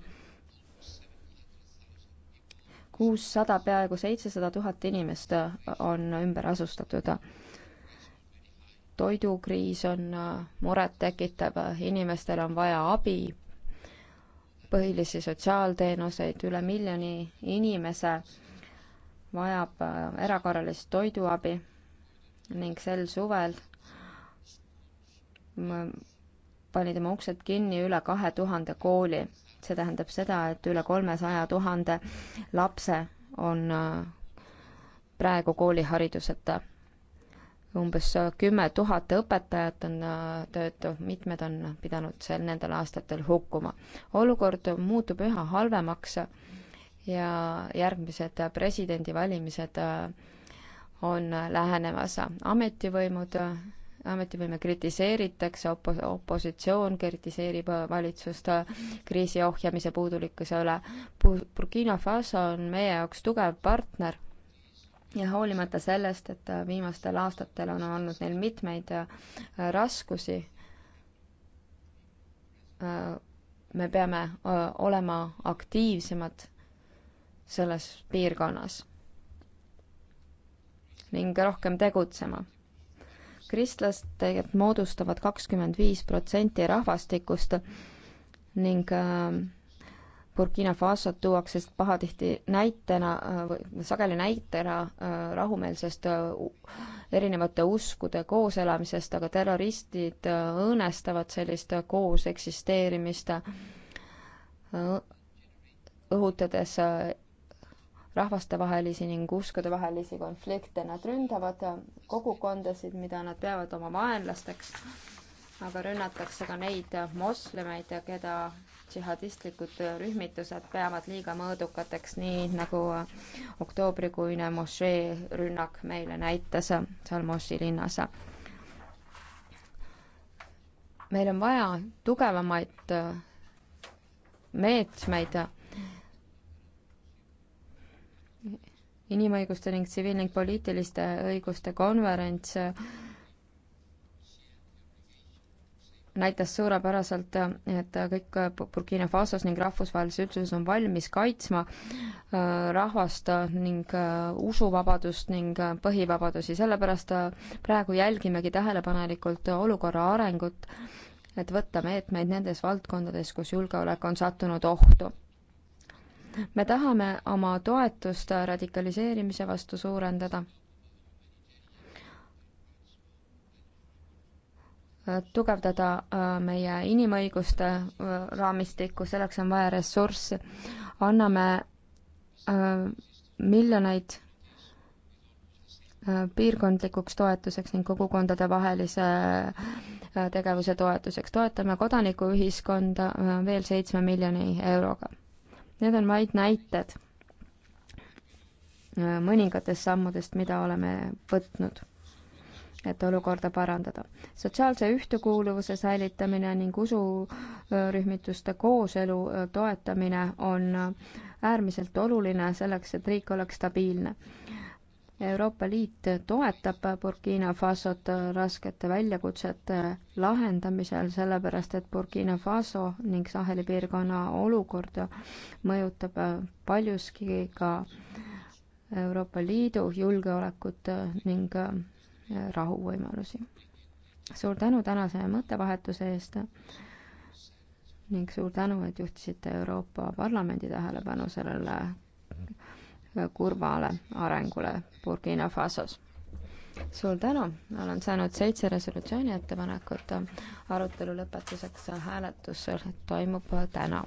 kuussada, peaaegu seitsesada tuhat inimest on ümber asustatud toidukriis on äh, murettekitav, inimestel on vaja abi, põhilisi sotsiaalteenuseid, üle miljoni inimese vajab äh, erakorralist toiduabi ning sel suvel pani tema uksed kinni üle kahe tuhande kooli. see tähendab seda, et üle kolmesaja tuhande lapse on äh, praegu koolihariduseta umbes kümme tuhat õpetajat on äh, töötu, mitmed on pidanud sel, nendel aastatel hukkuma. olukord muutub üha halvemaks ja järgmised presidendivalimised äh, on lähenemas. ametivõimud, äh, ametivõime kritiseeritakse, opo-, opositsioon kritiseerib valitsust kriisi ohjamise puudulikkuse üle. Burkina Faso on meie jaoks tugev partner ja hoolimata sellest, et äh, viimastel aastatel on olnud neil mitmeid äh, raskusi, äh, me peame olema aktiivsemad selles piirkonnas ning rohkem tegutsema. kristlaste moodustavad kakskümmend viis protsenti rahvastikust ning äh, Burkina Fasot tuuakse pahatihti näitena, äh, sageli näitena äh, rahumeelsest äh, erinevate uskude kooselamisest, aga terroristid õõnestavad sellist koos eksisteerimist, õhutades rahvastevahelisi ning uskudevahelisi konflikte, nad ründavad kogukondasid, mida nad peavad oma vaenlasteks, aga rünnatakse ka neid moslemeid, keda džihadistlikud rühmitused peavad liiga mõõdukateks, nii nagu oktoobrikuine mošee rünnak meile näitas Salmoši linnas. meil on vaja tugevamaid meetmeid inimõiguste ning tsiviil- ning poliitiliste õiguste konverents näitas suurepäraselt, et kõik Burkina Fasos ning rahvusvahelises üldsuses on valmis kaitsma äh, rahvast ning äh, usuvabadust ning äh, põhivabadusi, sellepärast praegu jälgimegi tähelepanelikult olukorra arengut, et võtta meetmeid nendes valdkondades, kus julgeolek on sattunud ohtu. me tahame oma toetust radikaliseerimise vastu suurendada tugevdada äh, meie inimõiguste äh, raamistikku, selleks on vaja ressursse. anname äh, miljoneid piirkondlikuks toetuseks ning kogukondade vahelise tegevuse toetuseks. toetame kodanikuühiskonda veel seitsme miljoni euroga. Need on vaid näited mõningatest sammudest, mida oleme võtnud et olukorda parandada. sotsiaalse ühtekuuluvuse säilitamine ning usurühmituste kooselu äh, toetamine on äh, äärmiselt oluline selleks, et riik oleks stabiilne. Euroopa Liit toetab Burkina Fasot äh, raskete väljakutsete lahendamisel, sellepärast et Burkina Faso ning Saheli piirkonna olukorda mõjutab paljuski ka Euroopa Liidu julgeolekut ning rahuvõimalusi. suur tänu tänase mõttevahetuse eest ning suur tänu, et juhtisite Euroopa Parlamendi tähelepanu sellele kurvale arengule Burkina Fasos suur tänu, olen saanud seitse resolutsiooni ettepanekut. arutelu lõpetuseks hääletus toimub täna,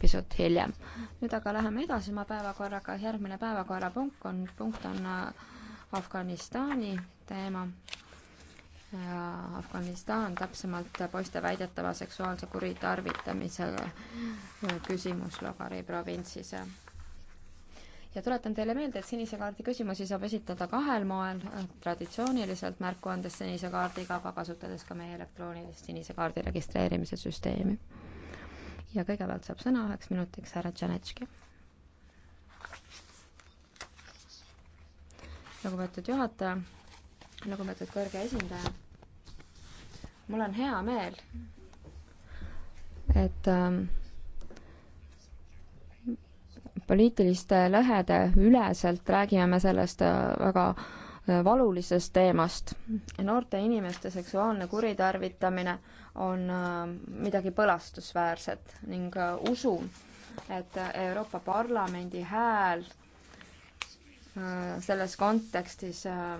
pisut hiljem. nüüd aga läheme edasi oma päevakorraga, järgmine päevakorrapunkt on, punkt on Afganistani teema. Afganistan, täpsemalt poiste väidetava seksuaalse kuritarvitamise küsimus Logari provintsis. ja tuletan teile meelde, et sinise kaardi küsimusi saab esitada kahel moel, traditsiooniliselt märku andes sinise kaardiga, aga kasutades ka meie elektroonilist sinise kaardi registreerimise süsteemi. ja kõigepealt saab sõna üheks minutiks härra Tšenetški lugupeetud juhataja, lugupeetud kõrge esindaja. mul on hea meel, et ähm, poliitiliste lõhede üleselt räägime me sellest äh, väga äh, valulisest teemast. noorte inimeste seksuaalne kuritarvitamine on ähm, midagi põlastusväärset ning äh, usun, et Euroopa Parlamendi hääl Äh, selles kontekstis äh,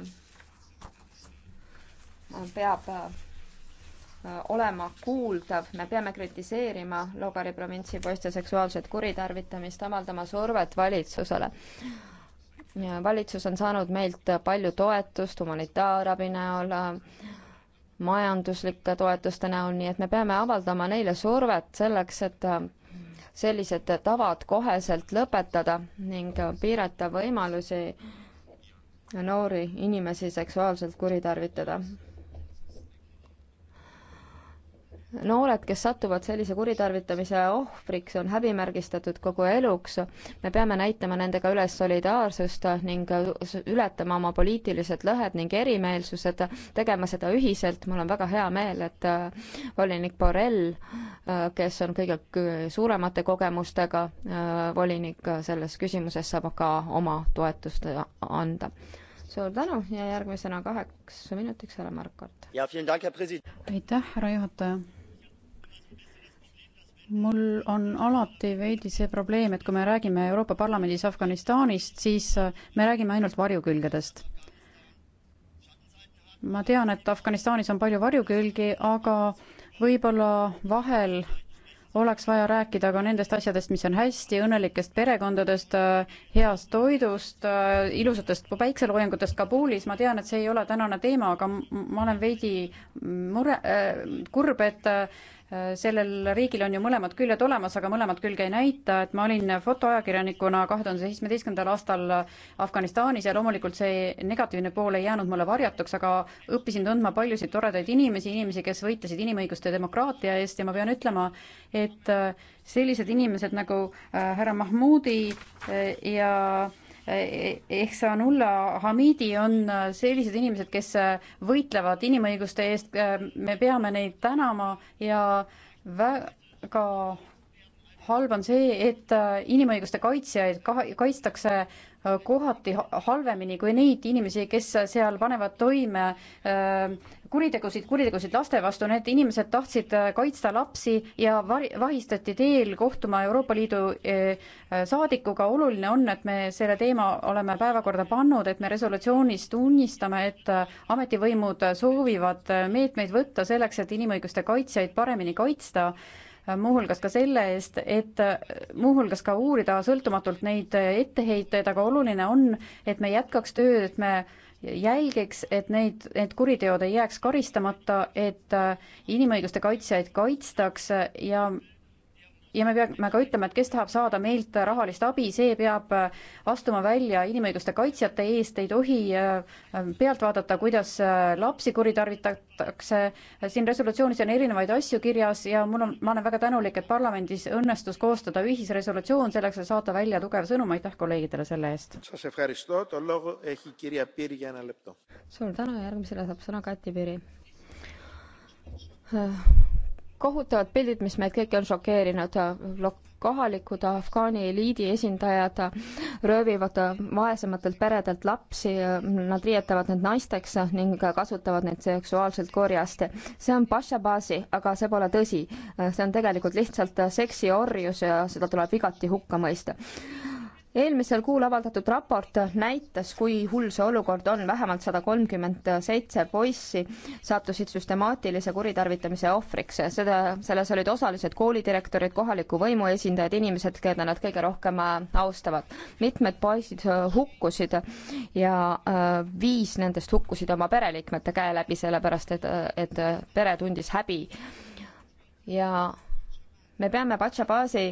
peab äh, olema kuuldav, me peame kritiseerima Logari provintsi poiste seksuaalset kuritarvitamist, avaldama survet valitsusele. valitsus on saanud meilt palju toetust humanitaarabi näol, majanduslike toetuste näol, nii et me peame avaldama neile survet selleks, et sellised tavad koheselt lõpetada ning piirata võimalusi noori inimesi seksuaalselt kuritarvitada noored, kes satuvad sellise kuritarvitamise ohvriks, on häbimärgistatud kogu eluks. me peame näitama nendega üles solidaarsust ning ületama oma poliitilised lõhed ning erimeelsused, tegema seda ühiselt. mul on väga hea meel, et äh, volinik Borrell, äh, kes on kõige suuremate kogemustega äh, volinik selles küsimuses, saab ka oma toetust anda suur tänu ja järgmisena kaheks minutiks härra Markart. aitäh, härra juhataja mul on alati veidi see probleem, et kui me räägime Euroopa Parlamendis Afganistanist, siis äh, me räägime ainult varjukülgedest. ma tean, et Afganistanis on palju varjukülgi, aga võib-olla vahel oleks vaja rääkida ka nendest asjadest, mis on hästi, õnnelikest perekondadest, äh, heast toidust, äh, ilusatest päikseloojangutest Kabulis, ma tean, et see ei ole tänane teema, aga ma olen veidi mure äh,, kurb, et sellel riigil on ju mõlemad küljed olemas, aga mõlemat külge ei näita, et ma olin fotoajakirjanikuna kahe tuhande seitsmeteistkümnendal aastal Afganistanis ja loomulikult see negatiivne pool ei jäänud mulle varjatuks, aga õppisin tundma paljusid toredaid inimesi, inimesi, kes võitlesid inimõiguste ja demokraatia eest ja ma pean ütlema, et sellised inimesed nagu äh, härra Mahmoodi äh, ja Ehsanullah Hamidi on äh, sellised inimesed, kes äh, võitlevad inimõiguste eest, äh, me peame neid tänama ja väga halb on see, et äh, inimõiguste kaitsjaid kaitstakse äh, kohati halvemini kui neid inimesi, kes seal panevad toime äh, kuritegusid, kuritegusid laste vastu, need inimesed tahtsid kaitsta lapsi ja vahistati teel kohtuma Euroopa Liidu saadikuga. oluline on, et me selle teema oleme päevakorda pannud, et me resolutsioonis tunnistame, et ametivõimud soovivad meetmeid võtta selleks, et inimõiguste kaitsjaid paremini kaitsta muuhulgas ka selle eest, et muuhulgas ka uurida sõltumatult neid etteheiteid, aga oluline on, et me jätkaks tööd, et me jälgiks, et neid, need kuriteod ei jääks karistamata, et inimõiguste kaitsjaid kaitstaks ja ja me peame ka ütlema, et kes tahab saada meilt rahalist abi, see peab äh, astuma välja inimõiguste kaitsjate eest, ei tohi äh, äh, pealt vaadata, kuidas lapsi kuritarvitatakse. siin resolutsioonis on erinevaid asju kirjas ja mul on, ma olen väga tänulik, et parlamendis õnnestus koostada ühisresolutsioon selleks, et saata välja tugev sõnum, aitäh kolleegidele selle eest. suur tänu, järgmisena saab sõna Kati Piri kohutavad pildid, mis meid kõiki on šokeerinud, kohalikud Afgaani eliidi esindajad röövivad vaesematelt peredelt lapsi, nad riietavad need naisteks ning kasutavad neid seksuaalselt korjasti. see on pašabaasi, aga see pole tõsi. see on tegelikult lihtsalt seksiorjus ja seda tuleb igati hukka mõista eelmisel kuul avaldatud raport näitas, kui hull see olukord on, vähemalt sada kolmkümmend seitse poissi sattusid süstemaatilise kuritarvitamise ohvriks. seda, selles olid osalised koolidirektorid, kohaliku võimu esindajad, inimesed, keda nad kõige rohkem äh, austavad. mitmed poisid äh, hukkusid ja äh, viis nendest hukkusid oma pereliikmete käe läbi, sellepärast et, et pere tundis häbi. ja me peame Pachabasi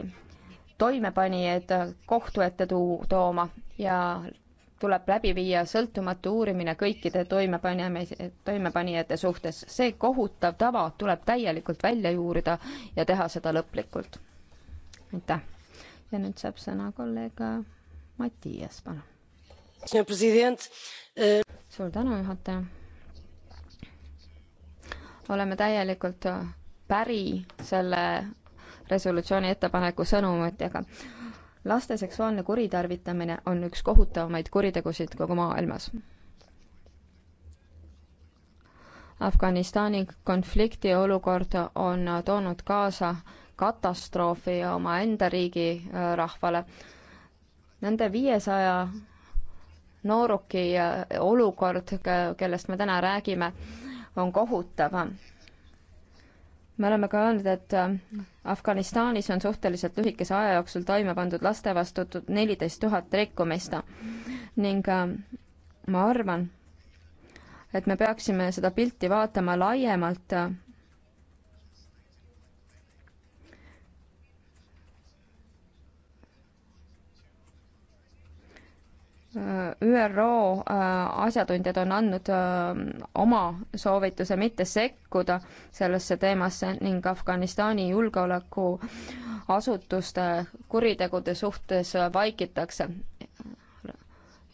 toimepanijaid kohtu ette tuu-, tooma ja tuleb läbi viia sõltumatu uurimine kõikide toimepanijate, toimepanijate suhtes. see kohutav tava tuleb täielikult välja juurida ja teha seda lõplikult. aitäh. ja nüüd saab sõna kolleeg Mattias, palun. Eh, suur tänu, juhataja. oleme täielikult päri selle resolutsiooni ettepaneku sõnumitega. laste seksuaalne kuritarvitamine on üks kohutavamaid kuritegusid kogu maailmas. Afganistani konflikti olukord on toonud kaasa katastroofi omaenda riigi äh, rahvale. Nende viiesaja nooruki äh, olukord, kellest me täna räägime, on kohutav me oleme ka öelnud, et äh, Afganistanis on suhteliselt lühikese aja jooksul toime pandud laste vastu neliteist tuhat rikkumist ning äh, ma arvan, et me peaksime seda pilti vaatama laiemalt äh, ÜRO äh, asjatundjad on andnud äh, oma soovituse mitte sekkuda sellesse teemasse ning Afganistani julgeolekuasutuste kuritegude suhtes vaikitakse.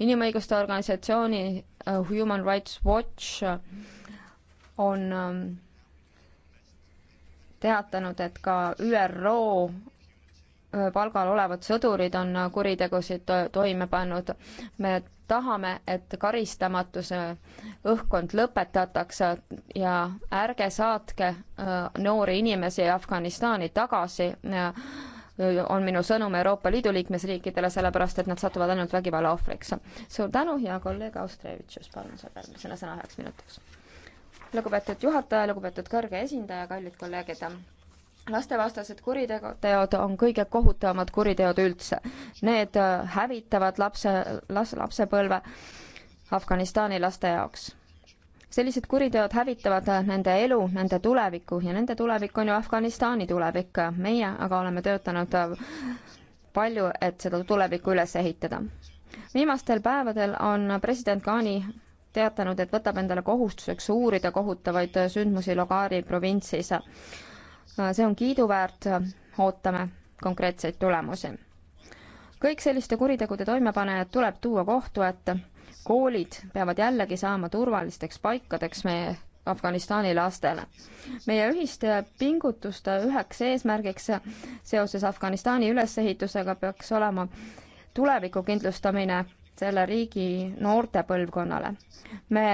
inimõiguste organisatsiooni äh, Human Rights Watch on ähm, teatanud, et ka ÜRO palgal olevad sõdurid on äh, kuritegusid toime pannud. me tahame, et karistamatuse õhkkond lõpetatakse ja ärge saatke äh, noori inimesi Afganistani tagasi, äh, on minu sõnum Euroopa Liidu liikmesriikidele, sellepärast et nad satuvad ainult vägivalla ohvriks. suur tänu, hea kolleeg Austrevitšus, palun selle sõna üheks minutiks. lugupeetud juhataja, lugupeetud kõrge esindaja, kallid kolleegid lastevastased kuriteod on kõige kohutavamad kuriteod üldse. Need äh, hävitavad lapse, las-, lapsepõlve Afganistani laste jaoks. sellised kuriteod hävitavad äh, nende elu, nende tuleviku ja nende tulevik on ju Afganistani tulevik. meie aga oleme töötanud äh, palju, et seda tulevikku üles ehitada. viimastel päevadel on president Ghani teatanud, et võtab endale kohustuseks uurida kohutavaid sündmusi Logari provintsis Äh, see on kiiduväärt, äh, ootame konkreetseid tulemusi. kõik selliste kuritegude toimepanejad tuleb tuua kohtu ette, koolid peavad jällegi saama turvalisteks paikadeks meie Afganistani lastele. meie ühiste pingutuste üheks eesmärgiks seoses Afganistani ülesehitusega peaks olema tuleviku kindlustamine selle riigi noorte põlvkonnale. me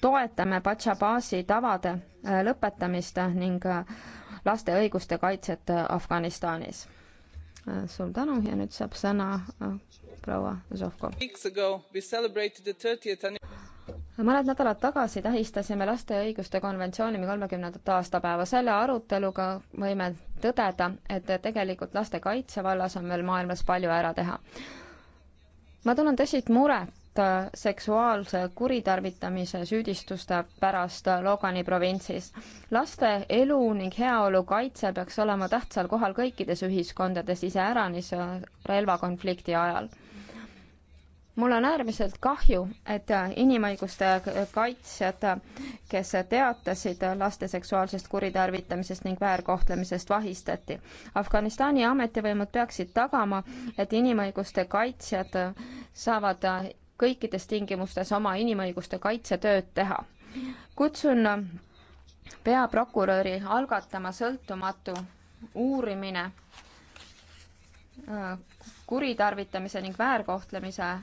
toetame Pachabasi tavade äh, lõpetamist ning äh, laste õiguste kaitset äh, Afganistanis. suur tänu ja nüüd saab sõna proua Zovko. mõned nädalad tagasi tähistasime laste õiguste konventsiooni kolmekümnendat aastapäeva. selle aruteluga võime tõdeda, et tegelikult laste kaitse vallas on veel maailmas palju ära teha ma tunnen tõsist muret hukka seksuaalse kuritarvitamise süüdistuste pärast Logani provintsis. laste elu ning heaolu kaitse peaks olema tähtsal kohal kõikides ühiskondades, iseäranis relvakonflikti ajal mul on äärmiselt kahju, et inimõiguste kaitsjad, kes teatasid laste seksuaalsest kuritarvitamisest ning väärkohtlemisest, vahistati. Afganistani ametivõimud peaksid tagama, et inimõiguste kaitsjad saavad kõikides tingimustes oma inimõiguste kaitsetööd teha. kutsun peaprokuröri algatama sõltumatu uurimine äh, kuritarvitamise ning väärkohtlemise äh,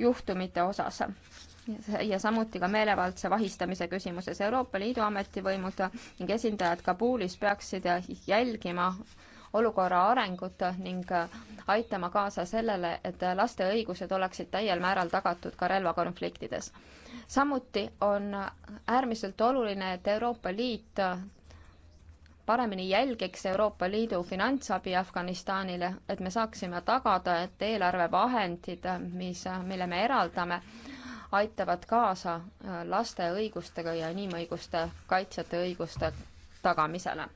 juhtumite osas ja samuti ka meelevaldse vahistamise küsimuses. Euroopa Liidu ametivõimud ning esindajad Kabulis peaksid jälgima olukorra arengut ning aitama kaasa sellele, et laste õigused oleksid täiel määral tagatud ka relvakonfliktides. samuti on äärmiselt oluline, et Euroopa Liit paremini jälgiks Euroopa Liidu finantsabi Afganistanile, et me saaksime tagada, et eelarvevahendid, mis, mille me eraldame, aitavad kaasa laste õigustega ja inimõiguste kaitsjate õiguste tagamisele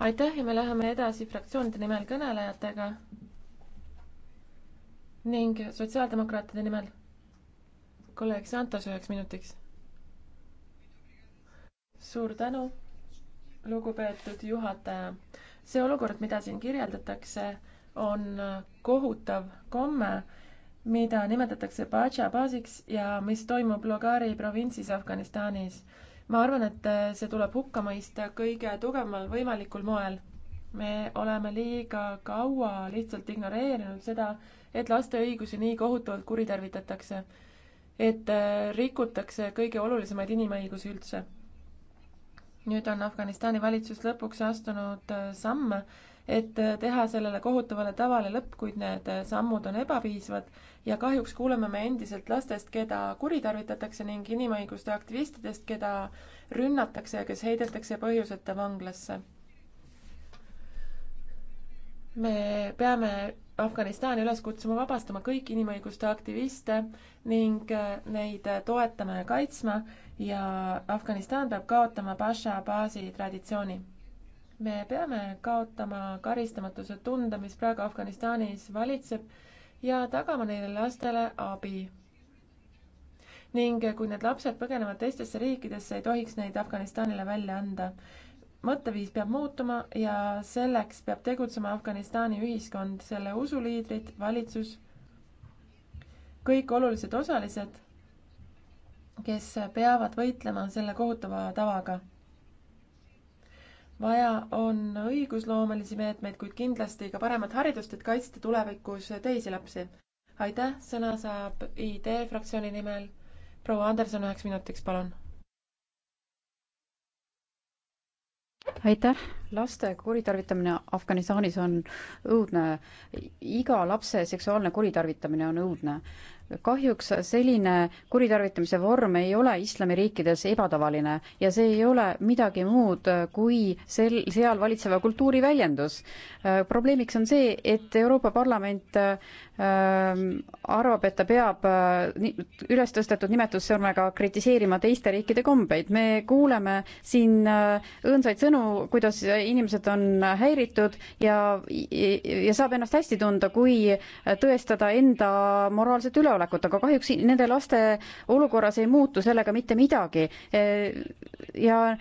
aitäh ja me läheme edasi fraktsioonide nimel kõnelejatega ning sotsiaaldemokraatide nimel kolleeg Santos üheks minutiks. suur tänu, lugupeetud juhataja. see olukord, mida siin kirjeldatakse, on kohutav komme, mida nimetatakse Pajabasiks ja mis toimub Logari provintsis Afganistanis ma arvan, et äh, see tuleb hukka mõista kõige tugevamal võimalikul moel. me oleme liiga kaua lihtsalt ignoreerinud seda, et laste õigusi nii kohutavalt kuritarvitatakse, et äh, rikutakse kõige olulisemaid inimõigusi üldse. nüüd on Afganistani valitsus lõpuks astunud äh, samme et teha sellele kohutavale tavale lõpp, kuid need sammud on ebapiisvad ja kahjuks kuuleme me endiselt lastest, keda kuritarvitatakse ning inimõiguste aktivistidest, keda rünnatakse ja kes heidetakse põhjuseta vanglasse. me peame Afganistani üles kutsuma vabastama kõiki inimõiguste aktiviste ning neid toetama ja kaitsma ja Afganistan peab kaotama Basha baasi traditsiooni me peame kaotama karistamatuse tunde, mis praegu Afganistanis valitseb ja tagama neile lastele abi. ning kui need lapsed põgenevad teistesse riikidesse, ei tohiks neid Afganistanile välja anda. mõtteviis peab muutuma ja selleks peab tegutsema Afganistani ühiskond, selle usuliidrid, valitsus, kõik olulised osalised, kes peavad võitlema selle kohutava tavaga vaja on õigusloomelisi meetmeid, kuid kindlasti ka paremat haridust, et kaitsta tulevikus teisi lapsi. aitäh, sõna saab ID fraktsiooni nimel proua Anderson üheks minutiks, palun. aitäh, laste kuritarvitamine Afganistanis on õudne. iga lapse seksuaalne kuritarvitamine on õudne kahjuks selline kuritarvitamise vorm ei ole islamiriikides ebatavaline ja see ei ole midagi muud kui sel, seal valitseva kultuuri väljendus. Äh, probleemiks on see, et Euroopa Parlament ähm, arvab, et ta peab äh, üles tõstetud nimetussõrmega kritiseerima teiste riikide kombeid. me kuuleme siin äh, õõnsaid sõnu, kuidas inimesed on häiritud ja, ja saab ennast hästi tunda, kui tõestada enda moraalset üleolekut julgeolekut, aga kahjuks nende laste olukorras ei muutu sellega mitte midagi. E, ja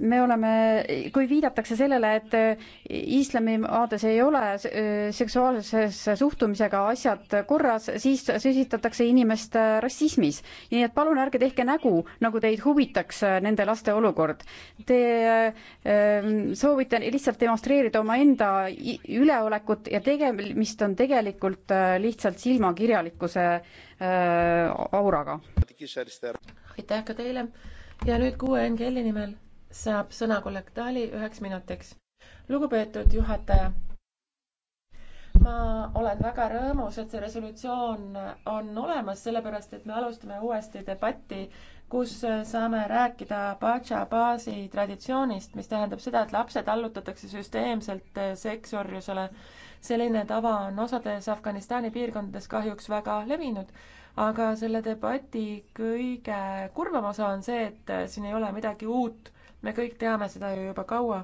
me oleme, kui viidatakse sellele, et islamimaades ei ole e, seksuaalses suhtumisega asjad korras, siis süüdistatakse inimest rassismis. nii et palun ärge tehke nägu, nagu teid huvitaks nende laste olukord. Te e, soovite lihtsalt demonstreerida omaenda üleolekut ja tegemist on tegelikult lihtsalt silmakirjalikkuse poliitilise äh, äh, auraga. aitäh ka teile ja nüüd kuue NGL-i nimel saab sõna kolleeg Tali üheks minutiks. lugupeetud juhataja, ma olen väga rõõmus, et see resolutsioon on olemas, sellepärast et me alustame uuesti debatti kus äh, saame rääkida Pacha baasi traditsioonist, mis tähendab seda, et lapsed allutatakse süsteemselt äh, seksorjusele. selline tava on osades Afganistani piirkondades kahjuks väga levinud, aga selle debati kõige kurvem osa on see, et äh, siin ei ole midagi uut. me kõik teame seda ju juba kaua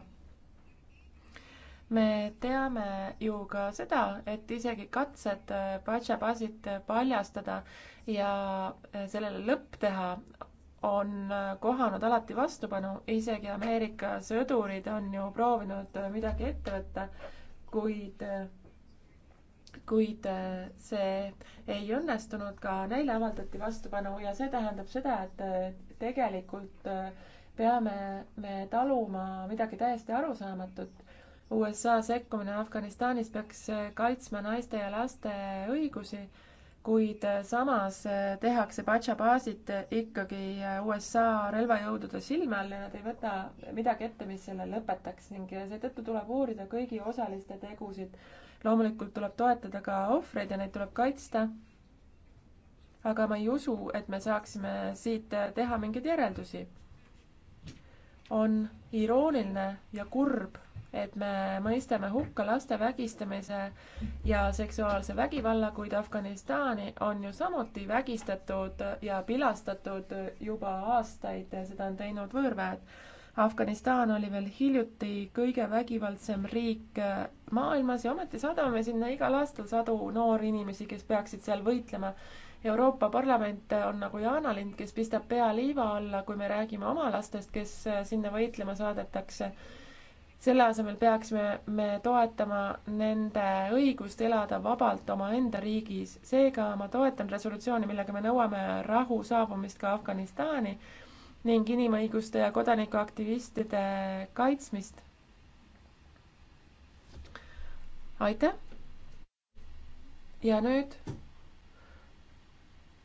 me teame ju ka seda, et isegi katsed Pacha baasit paljastada ja sellele lõpp teha on kohanud alati vastupanu, isegi Ameerika sõdurid on ju proovinud midagi ette võtta, kuid, kuid see ei õnnestunud, ka neile avaldati vastupanu ja see tähendab seda, et tegelikult peame me taluma midagi täiesti arusaamatut. USA sekkumine Afganistanis peaks kaitsma naiste ja laste õigusi kuid äh, samas äh, tehakse Pachabaasit äh, ikkagi USA relvajõudude silme all ja nad ei võta midagi ette, mis selle lõpetaks ning seetõttu tuleb uurida kõigi osaliste tegusid. loomulikult tuleb toetada ka ohvreid ja neid tuleb kaitsta. aga ma ei usu, et me saaksime siit teha mingeid järeldusi. on irooniline ja kurb et me mõistame hukka laste vägistamise ja seksuaalse vägivalla, kuid Afganistani on ju samuti vägistatud ja pilastatud juba aastaid, seda on teinud võõrväed. Afganistan oli veel hiljuti kõige vägivaldsem riik maailmas ja ometi sadame sinna igal aastal sadu noori inimesi, kes peaksid seal võitlema Euroopa Parlament on nagu jaanalind, kes pistab pea liiva alla, kui me räägime oma lastest, kes sinna võitlema saadetakse selle asemel peaksime me toetama nende õigust elada vabalt omaenda riigis. seega ma toetan resolutsiooni, millega me nõuame rahu saabumist ka Afganistani ning inimõiguste ja kodanikuaktivistide kaitsmist. aitäh. ja nüüd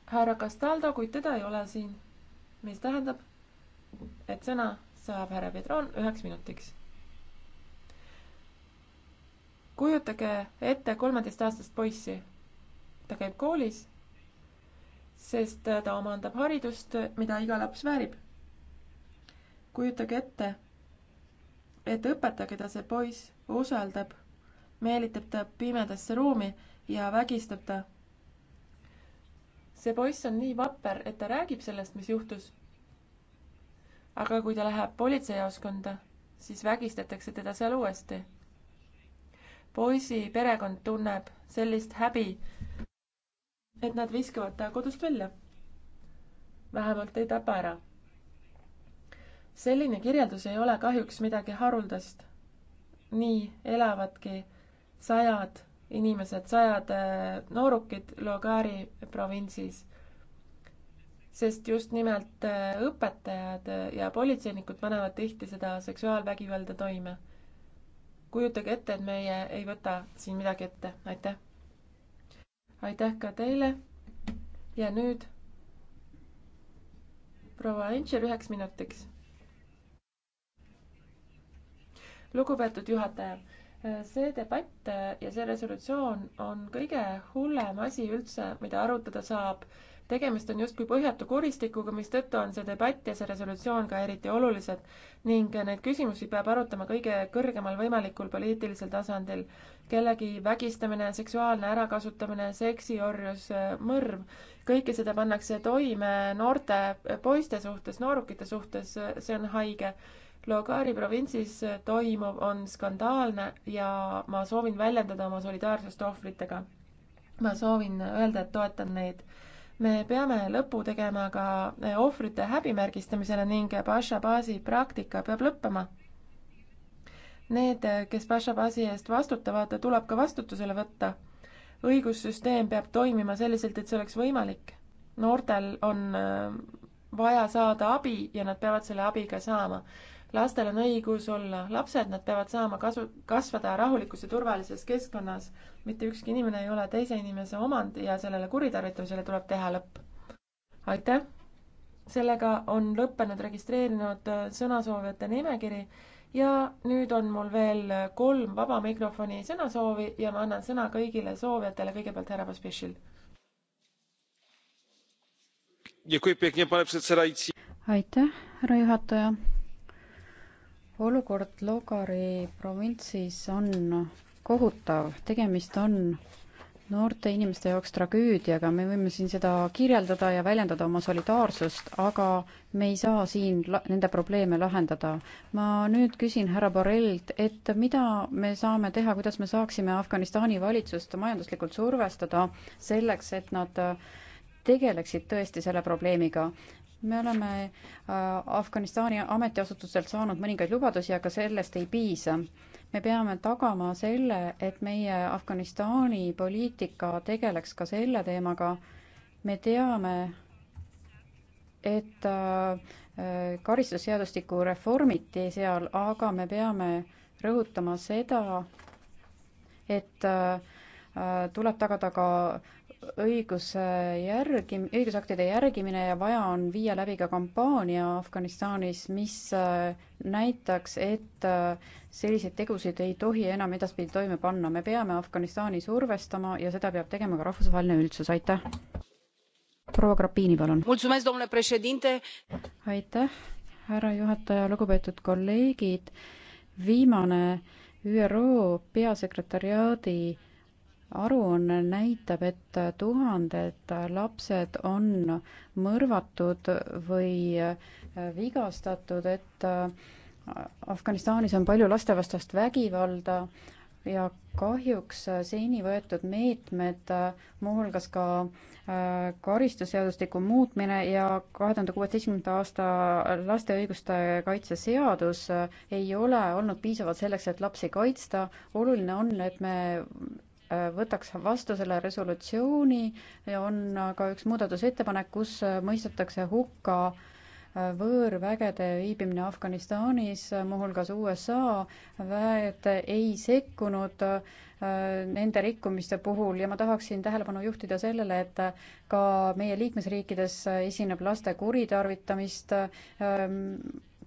härra Castaldo, kuid teda ei ole siin, mis tähendab, et sõna saab härra Pedron üheks minutiks kujutage ette kolmeteistaastast poissi. ta käib koolis, sest ta omandab haridust, mida iga laps väärib. kujutage ette, et õpetaja, keda see poiss usaldab, meelitab ta pimedasse ruumi ja vägistab ta. see poiss on nii vapper, et ta räägib sellest, mis juhtus. aga kui ta läheb politseijaoskonda, siis vägistatakse teda seal uuesti poisi perekond tunneb sellist häbi, et nad viskavad ta kodust välja. vähemalt ei tapa ära. selline kirjeldus ei ole kahjuks midagi haruldast. nii elavadki sajad inimesed, sajad äh, noorukid Logari provintsis. sest just nimelt äh, õpetajad ja politseinikud panevad tihti seda seksuaalvägivalda toime kujutage ette, et meie ei võta siin midagi ette, aitäh. aitäh ka teile. ja nüüd proua Entšer üheks minutiks. lugupeetud juhataja, see debatt ja see resolutsioon on kõige hullem asi üldse, mida arutada saab tegemist on justkui põhjatu kuristikuga, mistõttu on see debatt ja see resolutsioon ka eriti olulised ning neid küsimusi peab arutama kõige kõrgemal võimalikul poliitilisel tasandil. kellegi vägistamine, seksuaalne ärakasutamine, seksiorjus, mõrv, kõike seda pannakse toime noorte poiste suhtes, noorukite suhtes, see on haige Logari provintsis toimuv on skandaalne ja ma soovin väljendada oma solidaarsust ohvritega. ma soovin öelda, et toetan neid me peame lõpu tegema ka eh, ohvrite häbimärgistamisele ning Basha baasi praktika peab lõppema. Need, kes Basha baasi eest vastutavad, tuleb ka vastutusele võtta. õigussüsteem peab toimima selliselt, et see oleks võimalik. noortel on eh, vaja saada abi ja nad peavad selle abi ka saama lastel on õigus olla lapsed, nad peavad saama kasu, kasvada rahulikus ja turvalises keskkonnas. mitte ükski inimene ei ole teise inimese omand ja sellele kuritarvitamisele tuleb teha lõpp. aitäh! sellega on lõppenud registreerinud äh, sõnasoovijate nimekiri ja nüüd on mul veel kolm vaba mikrofoni sõnasoovi ja ma annan sõna kõigile soovijatele, kõigepealt härra Pospišil. aitäh, härra juhataja olukord Logari provintsis on kohutav, tegemist on noorte inimeste jaoks tragöödiaga, me võime siin seda kirjeldada ja väljendada oma solidaarsust, aga me ei saa siin la-, nende probleeme lahendada. ma nüüd küsin härra Borrellt, et mida me saame teha, kuidas me saaksime Afganistani valitsust majanduslikult survestada selleks, et nad tegeleksid tõesti selle probleemiga me oleme äh, Afganistani ametiasutustelt saanud mõningaid lubadusi, aga sellest ei piisa. me peame tagama selle, et meie Afganistani poliitika tegeleks ka selle teemaga. me teame, et äh, karistusseadustikku reformiti seal, aga me peame rõhutama seda, et äh, tuleb tagada ka õiguse järgi, õigusaktide järgimine ja vaja on viia läbi ka kampaania Afganistanis, mis äh, näitaks, et äh, selliseid tegusid ei tohi enam edaspidi toime panna. me peame Afganistani survestama ja seda peab tegema ka rahvusvaheline üldsus, aitäh. proua Grapini, palun. aitäh, härra juhataja, lugupeetud kolleegid. viimane ÜRO peasekretäriaadi aruanne näitab, et tuhanded lapsed on mõrvatud või vigastatud, et Afganistanis on palju lastevastast vägivalda ja kahjuks seni võetud meetmed, muuhulgas ka äh, karistusseadustiku muutmine ja kahe tuhande kuueteistkümnenda aasta laste õiguste kaitse seadus äh, ei ole olnud piisavad selleks, et lapsi kaitsta. oluline on, et me Äh, võtaks vastu selle resolutsiooni, on ka üks muudatusettepanek, kus äh, mõistetakse hukka äh, võõrvägede viibimine Afganistanis, muuhulgas USA väed ei sekkunud nende rikkumiste puhul ja ma tahaksin tähelepanu juhtida sellele, et ka meie liikmesriikides esineb laste kuritarvitamist ähm,,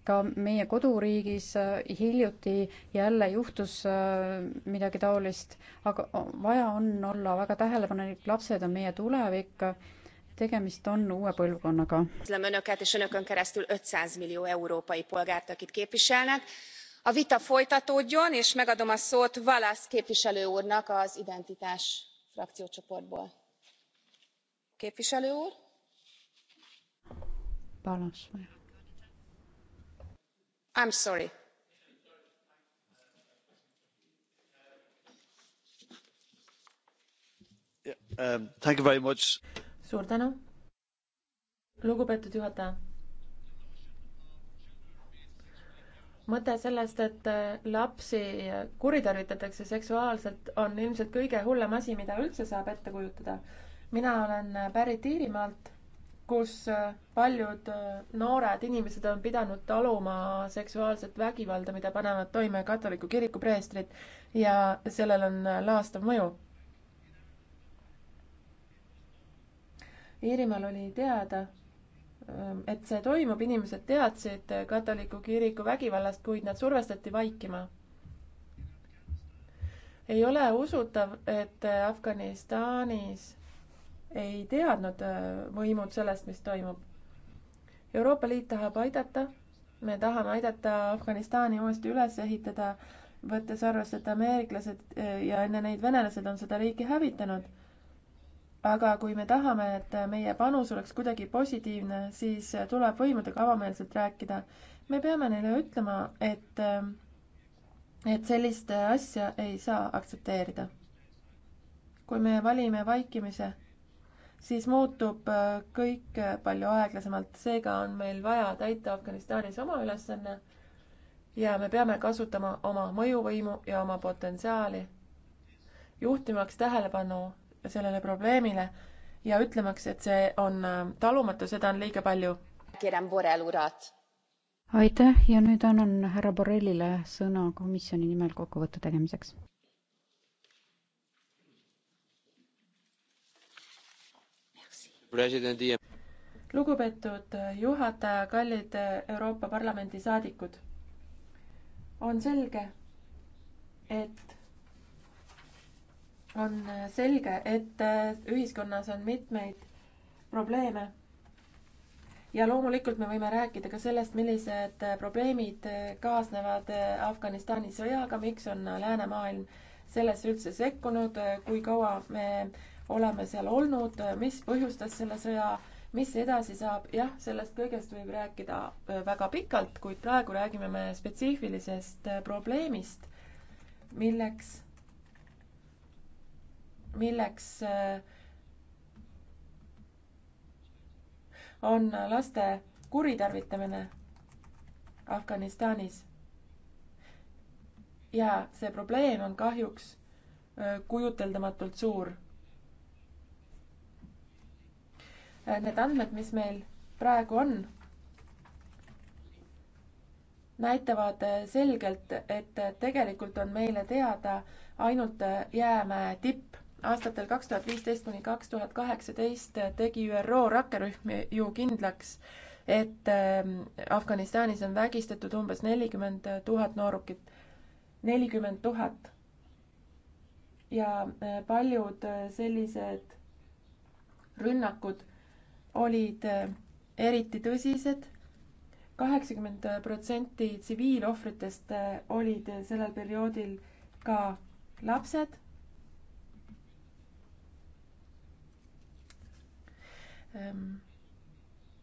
ka meie koduriigis äh, hiljuti jälle juhtus äh, midagi taolist, aga vaja on olla väga tähelepanelik, lapsed on meie tulevik, tegemist on uue põlvkonnaga. a vita folytatódjon és megadom a szót wallace képviselő úrnak az identitás frakciócsoportból. képviselő úr? Balázs vagyok i am sorry. Um, suur tänu lugupeetud juhataja mõte sellest et äh, lapsi äh, kuritarvitatakse seksuaalselt on ilmselt kõige hullem asi mida üldse saab ette kujutada mina olen äh, pärit iirimaalt kus äh, paljud äh, noored inimesed on pidanud taluma seksuaalset vägivalda, mida panevad toime katoliku kiriku preestrid ja sellel on äh, laastav mõju. Iirimaal oli teada, ähm, et see toimub, inimesed teadsid katoliku kiriku vägivallast, kuid nad survestati vaikima. ei ole usutav, et Afganistanis ei teadnud äh, võimud sellest, mis toimub. Euroopa Liit tahab aidata, me tahame aidata Afganistani uuesti üles ehitada, võttes arvesse, et ameeriklased äh, ja enne neid venelased on seda riiki hävitanud. aga kui me tahame, et meie panus oleks kuidagi positiivne, siis tuleb võimudega avameelselt rääkida. me peame neile ütlema, et, äh, et sellist asja ei saa aktsepteerida. kui me valime vaikimise siis muutub äh, kõik äh, palju aeglasemalt. seega on meil vaja täita Afganistanis oma ülesanne ja me peame kasutama oma mõjuvõimu ja oma potentsiaali, juhtimaks tähelepanu sellele probleemile ja ütlemaks, et see on äh, talumatu, seda on liiga palju. aitäh ja nüüd annan härra Borrellile sõna komisjoni nimel kokkuvõtte tegemiseks. lugupeetud juhataja, kallid Euroopa Parlamendi saadikud. on selge, et on selge, et ühiskonnas on mitmeid probleeme. ja loomulikult me võime rääkida ka sellest, millised probleemid kaasnevad Afganistani sõjaga, miks on läänemaailm sellesse üldse sekkunud, kui kaua me oleme seal olnud, mis põhjustas selle sõja, mis edasi saab, jah, sellest kõigest võib rääkida äh, väga pikalt, kuid praegu räägime me spetsiifilisest äh, probleemist, milleks, milleks äh, on laste kuritarvitamine Afganistanis. ja see probleem on kahjuks kujuteldamatult suur Äh, need andmed, mis meil praegu on, näitavad äh, selgelt, et äh, tegelikult on meile teada ainult jäämäe tipp. aastatel kaks tuhat viisteist kuni kaks tuhat kaheksateist tegi ÜRO rakkerühm ju kindlaks, et ähm, Afganistanis on vägistatud umbes nelikümmend tuhat noorukit. nelikümmend tuhat. ja paljud sellised rünnakud olid eh, eriti tõsised. kaheksakümmend protsenti tsiviilohvritest eh, olid eh, sellel perioodil ka lapsed. Ehm,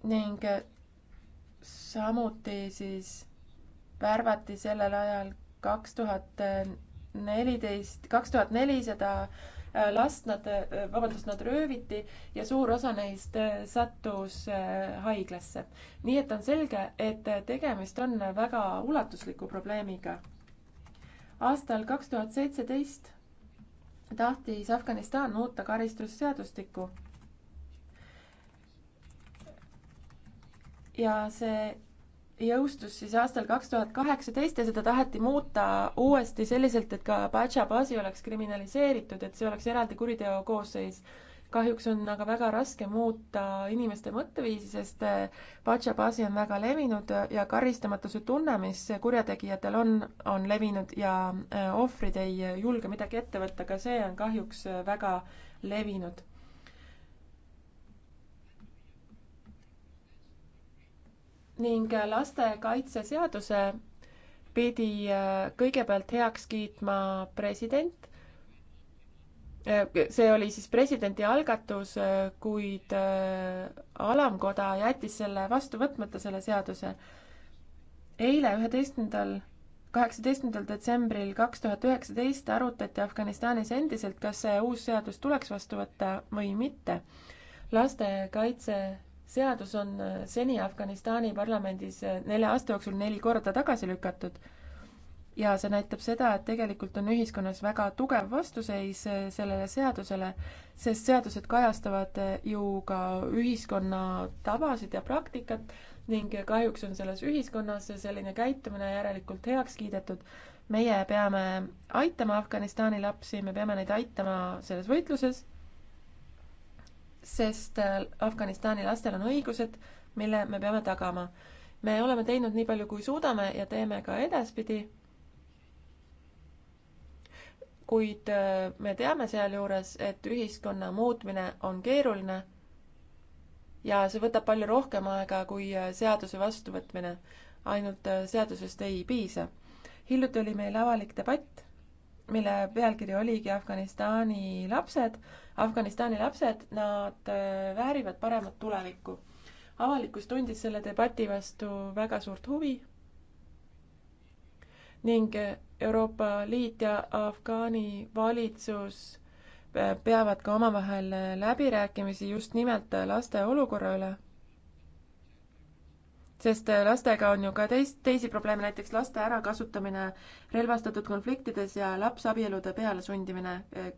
ning samuti siis värvati sellel ajal kaks tuhat neliteist, kaks tuhat nelisada Äh, last nad, äh, vabandust, nad rööviti ja suur osa neist äh, sattus haiglasse. nii et on selge, et tegemist on väga ulatusliku probleemiga. aastal kaks tuhat seitseteist tahtis Afganistan muuta karistusseadustikku. ja see jõustus siis aastal kaks tuhat kaheksateist ja seda taheti muuta uuesti selliselt, et ka patšabaasi oleks kriminaliseeritud, et see oleks eraldi kuriteokoosseis. kahjuks on aga väga raske muuta inimeste mõtteviisi, sest patšabaasi eh, on väga levinud ja karistamatuse tunne, mis kurjategijatel on, on levinud ja eh, ohvrid ei julge midagi ette võtta, ka see on kahjuks eh, väga levinud ning lastekaitseseaduse pidi äh, kõigepealt heaks kiitma president. Äh, see oli siis presidendi algatus, äh, kuid alamkoda jättis selle vastu võtmata, selle seaduse. eile, üheteistkümnendal, kaheksateistkümnendal detsembril kaks tuhat üheksateist arutati Afganistanis endiselt, kas see uus seadus tuleks vastu võtta või mitte. lastekaitse seadus on äh, seni Afganistani parlamendis äh, nelja aasta jooksul neli korda tagasi lükatud ja see näitab seda, et tegelikult on ühiskonnas väga tugev vastuseis äh, sellele seadusele, sest seadused kajastavad ju ka ühiskonna tavasid ja praktikat ning kahjuks on selles ühiskonnas selline käitumine järelikult heaks kiidetud. meie peame aitama Afganistani lapsi, me peame neid aitama selles võitluses sest äh, Afganistani lastel on õigused, mille me peame tagama. me oleme teinud nii palju, kui suudame ja teeme ka edaspidi. kuid äh, me teame sealjuures, et ühiskonna muutmine on keeruline ja see võtab palju rohkem aega kui äh, seaduse vastuvõtmine. ainult seadusest ei piisa. hiljuti oli meil avalik debatt mille pealkiri oligi Afganistani lapsed. Afganistani lapsed, nad äh, väärivad paremat tulevikku. avalikkus tundis selle debati vastu väga suurt huvi ning äh, Euroopa Liit ja Afgaani valitsus äh, peavad ka omavahel läbirääkimisi just nimelt laste olukorra üle sest lastega on ju ka teist, teisi probleeme, näiteks laste ärakasutamine relvastatud konfliktides ja lapsabielude pealesundimine.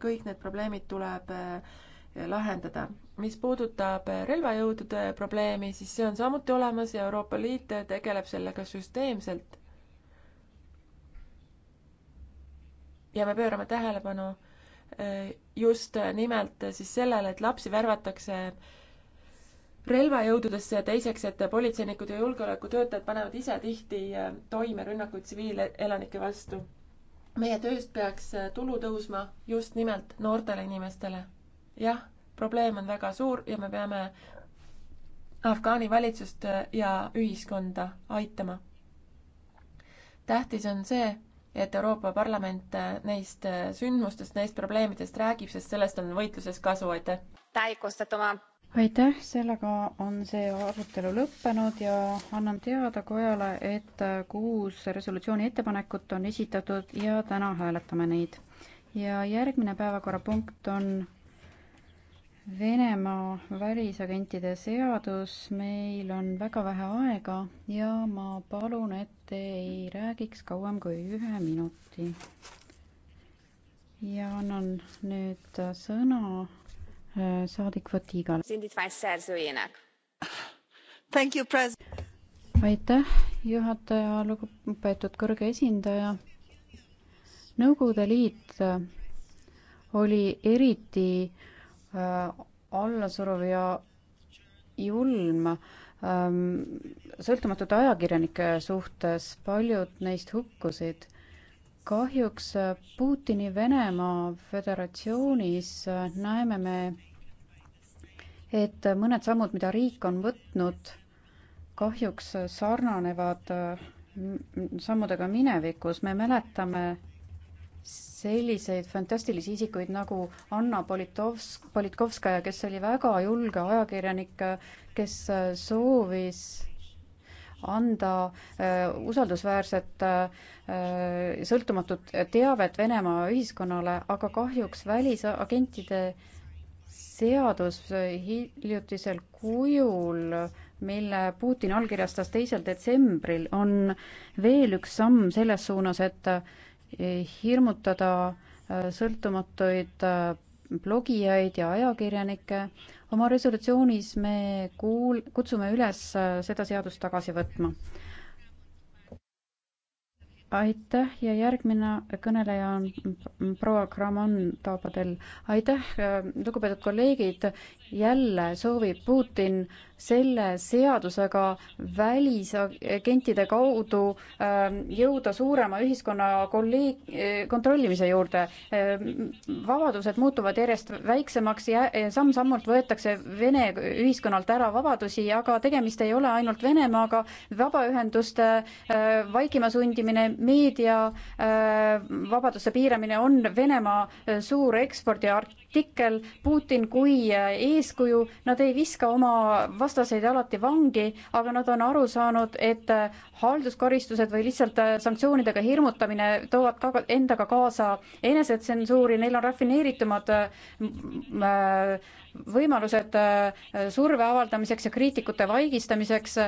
kõik need probleemid tuleb eh, lahendada. mis puudutab eh, relvajõudude probleemi, siis see on samuti olemas ja Euroopa Liit tegeleb sellega süsteemselt. ja me pöörame tähelepanu eh, just nimelt siis sellele, et lapsi värvatakse relvajõududesse ja teiseks, et politseinikud ja julgeolekutöötajad panevad ise tihti äh, toime rünnakuid tsiviilelanike vastu. meie tööst peaks äh, tulu tõusma just nimelt noortele inimestele. jah, probleem on väga suur ja me peame Afgaani valitsust äh, ja ühiskonda aitama. tähtis on see, et Euroopa Parlament neist sündmustest, neist probleemidest räägib, sest sellest on võitluses kasu, aitäh! aitäh, sellega on see arutelu lõppenud ja annan teada kojale, et kuus resolutsiooni ettepanekut on esitatud ja täna hääletame neid. ja järgmine päevakorrapunkt on Venemaa välisagentide seadus, meil on väga vähe aega ja ma palun, et te ei räägiks kauem kui ühe minuti. ja annan nüüd sõna Äh, saadik Fatigal. aitäh, juhataja, lugupeetud kõrge esindaja. Nõukogude Liit äh, oli eriti äh, allasuruv ja julm ähm, sõltumatute ajakirjanike suhtes, paljud neist hukkusid kahjuks äh, Putini Venemaa Föderatsioonis äh, näeme me, et mõned sammud, mida riik on võtnud, kahjuks äh, sarnanevad sammudega minevikus. me mäletame selliseid fantastilisi isikuid nagu Anna Politovsk, Politkovskaja, kes oli väga julge ajakirjanik, kes soovis anda äh, usaldusväärset äh, sõltumatut teavet Venemaa ühiskonnale, aga kahjuks välisagentide seadus hiljutisel kujul, mille Putin allkirjastas teisel detsembril, on veel üks samm selles suunas, et äh, hirmutada sõltumatuid blogijaid ja ajakirjanikke, oma resolutsioonis me kuul-, kutsume üles äh, seda seadust tagasi võtma. aitäh ja järgmine kõneleja on proua Kramon Taabadel. aitäh, äh, lugupeetud kolleegid, jälle soovib Putin äh, selle seadusega välisagentide kaudu ähm, jõuda suurema ühiskonna kolleeg-, äh, kontrollimise juurde. Ähm, vabadused muutuvad järjest väiksemaks ja samm-sammult võetakse Vene ühiskonnalt ära vabadusi, aga tegemist ei ole ainult Venemaaga, vabaühenduste äh, vaikima sundimine, meedia äh, vabaduse piiramine on Venemaa suur ekspordiartikkel, Putin kui eeskuju, nad ei viska oma vastu vastaseid alati vangi, aga nad on aru saanud, et äh, halduskaristused või lihtsalt äh, sanktsioonidega hirmutamine toovad ka endaga kaasa enesetsensuuri, neil on rafineeritumad äh, võimalused surve avaldamiseks ja kriitikute vaigistamiseks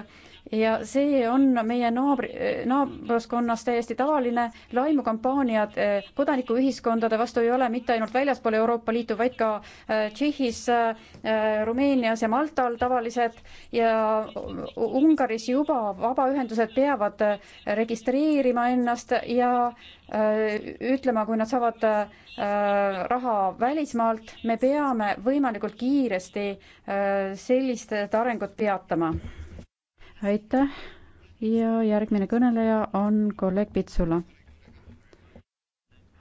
ja see on meie naabri, naabruskonnas täiesti tavaline. laimukampaaniad eh, kodanikuühiskondade vastu ei ole mitte ainult väljaspool Euroopa Liitu, vaid ka eh, Tšehhis, eh, Rumeenias ja Maltal tavalised ja Ungaris juba vabaühendused peavad registreerima ennast ja ütlema, kui nad saavad raha välismaalt, me peame võimalikult kiiresti sellist arengut peatama aitäh ja järgmine kõneleja on kolleeg Pitsula.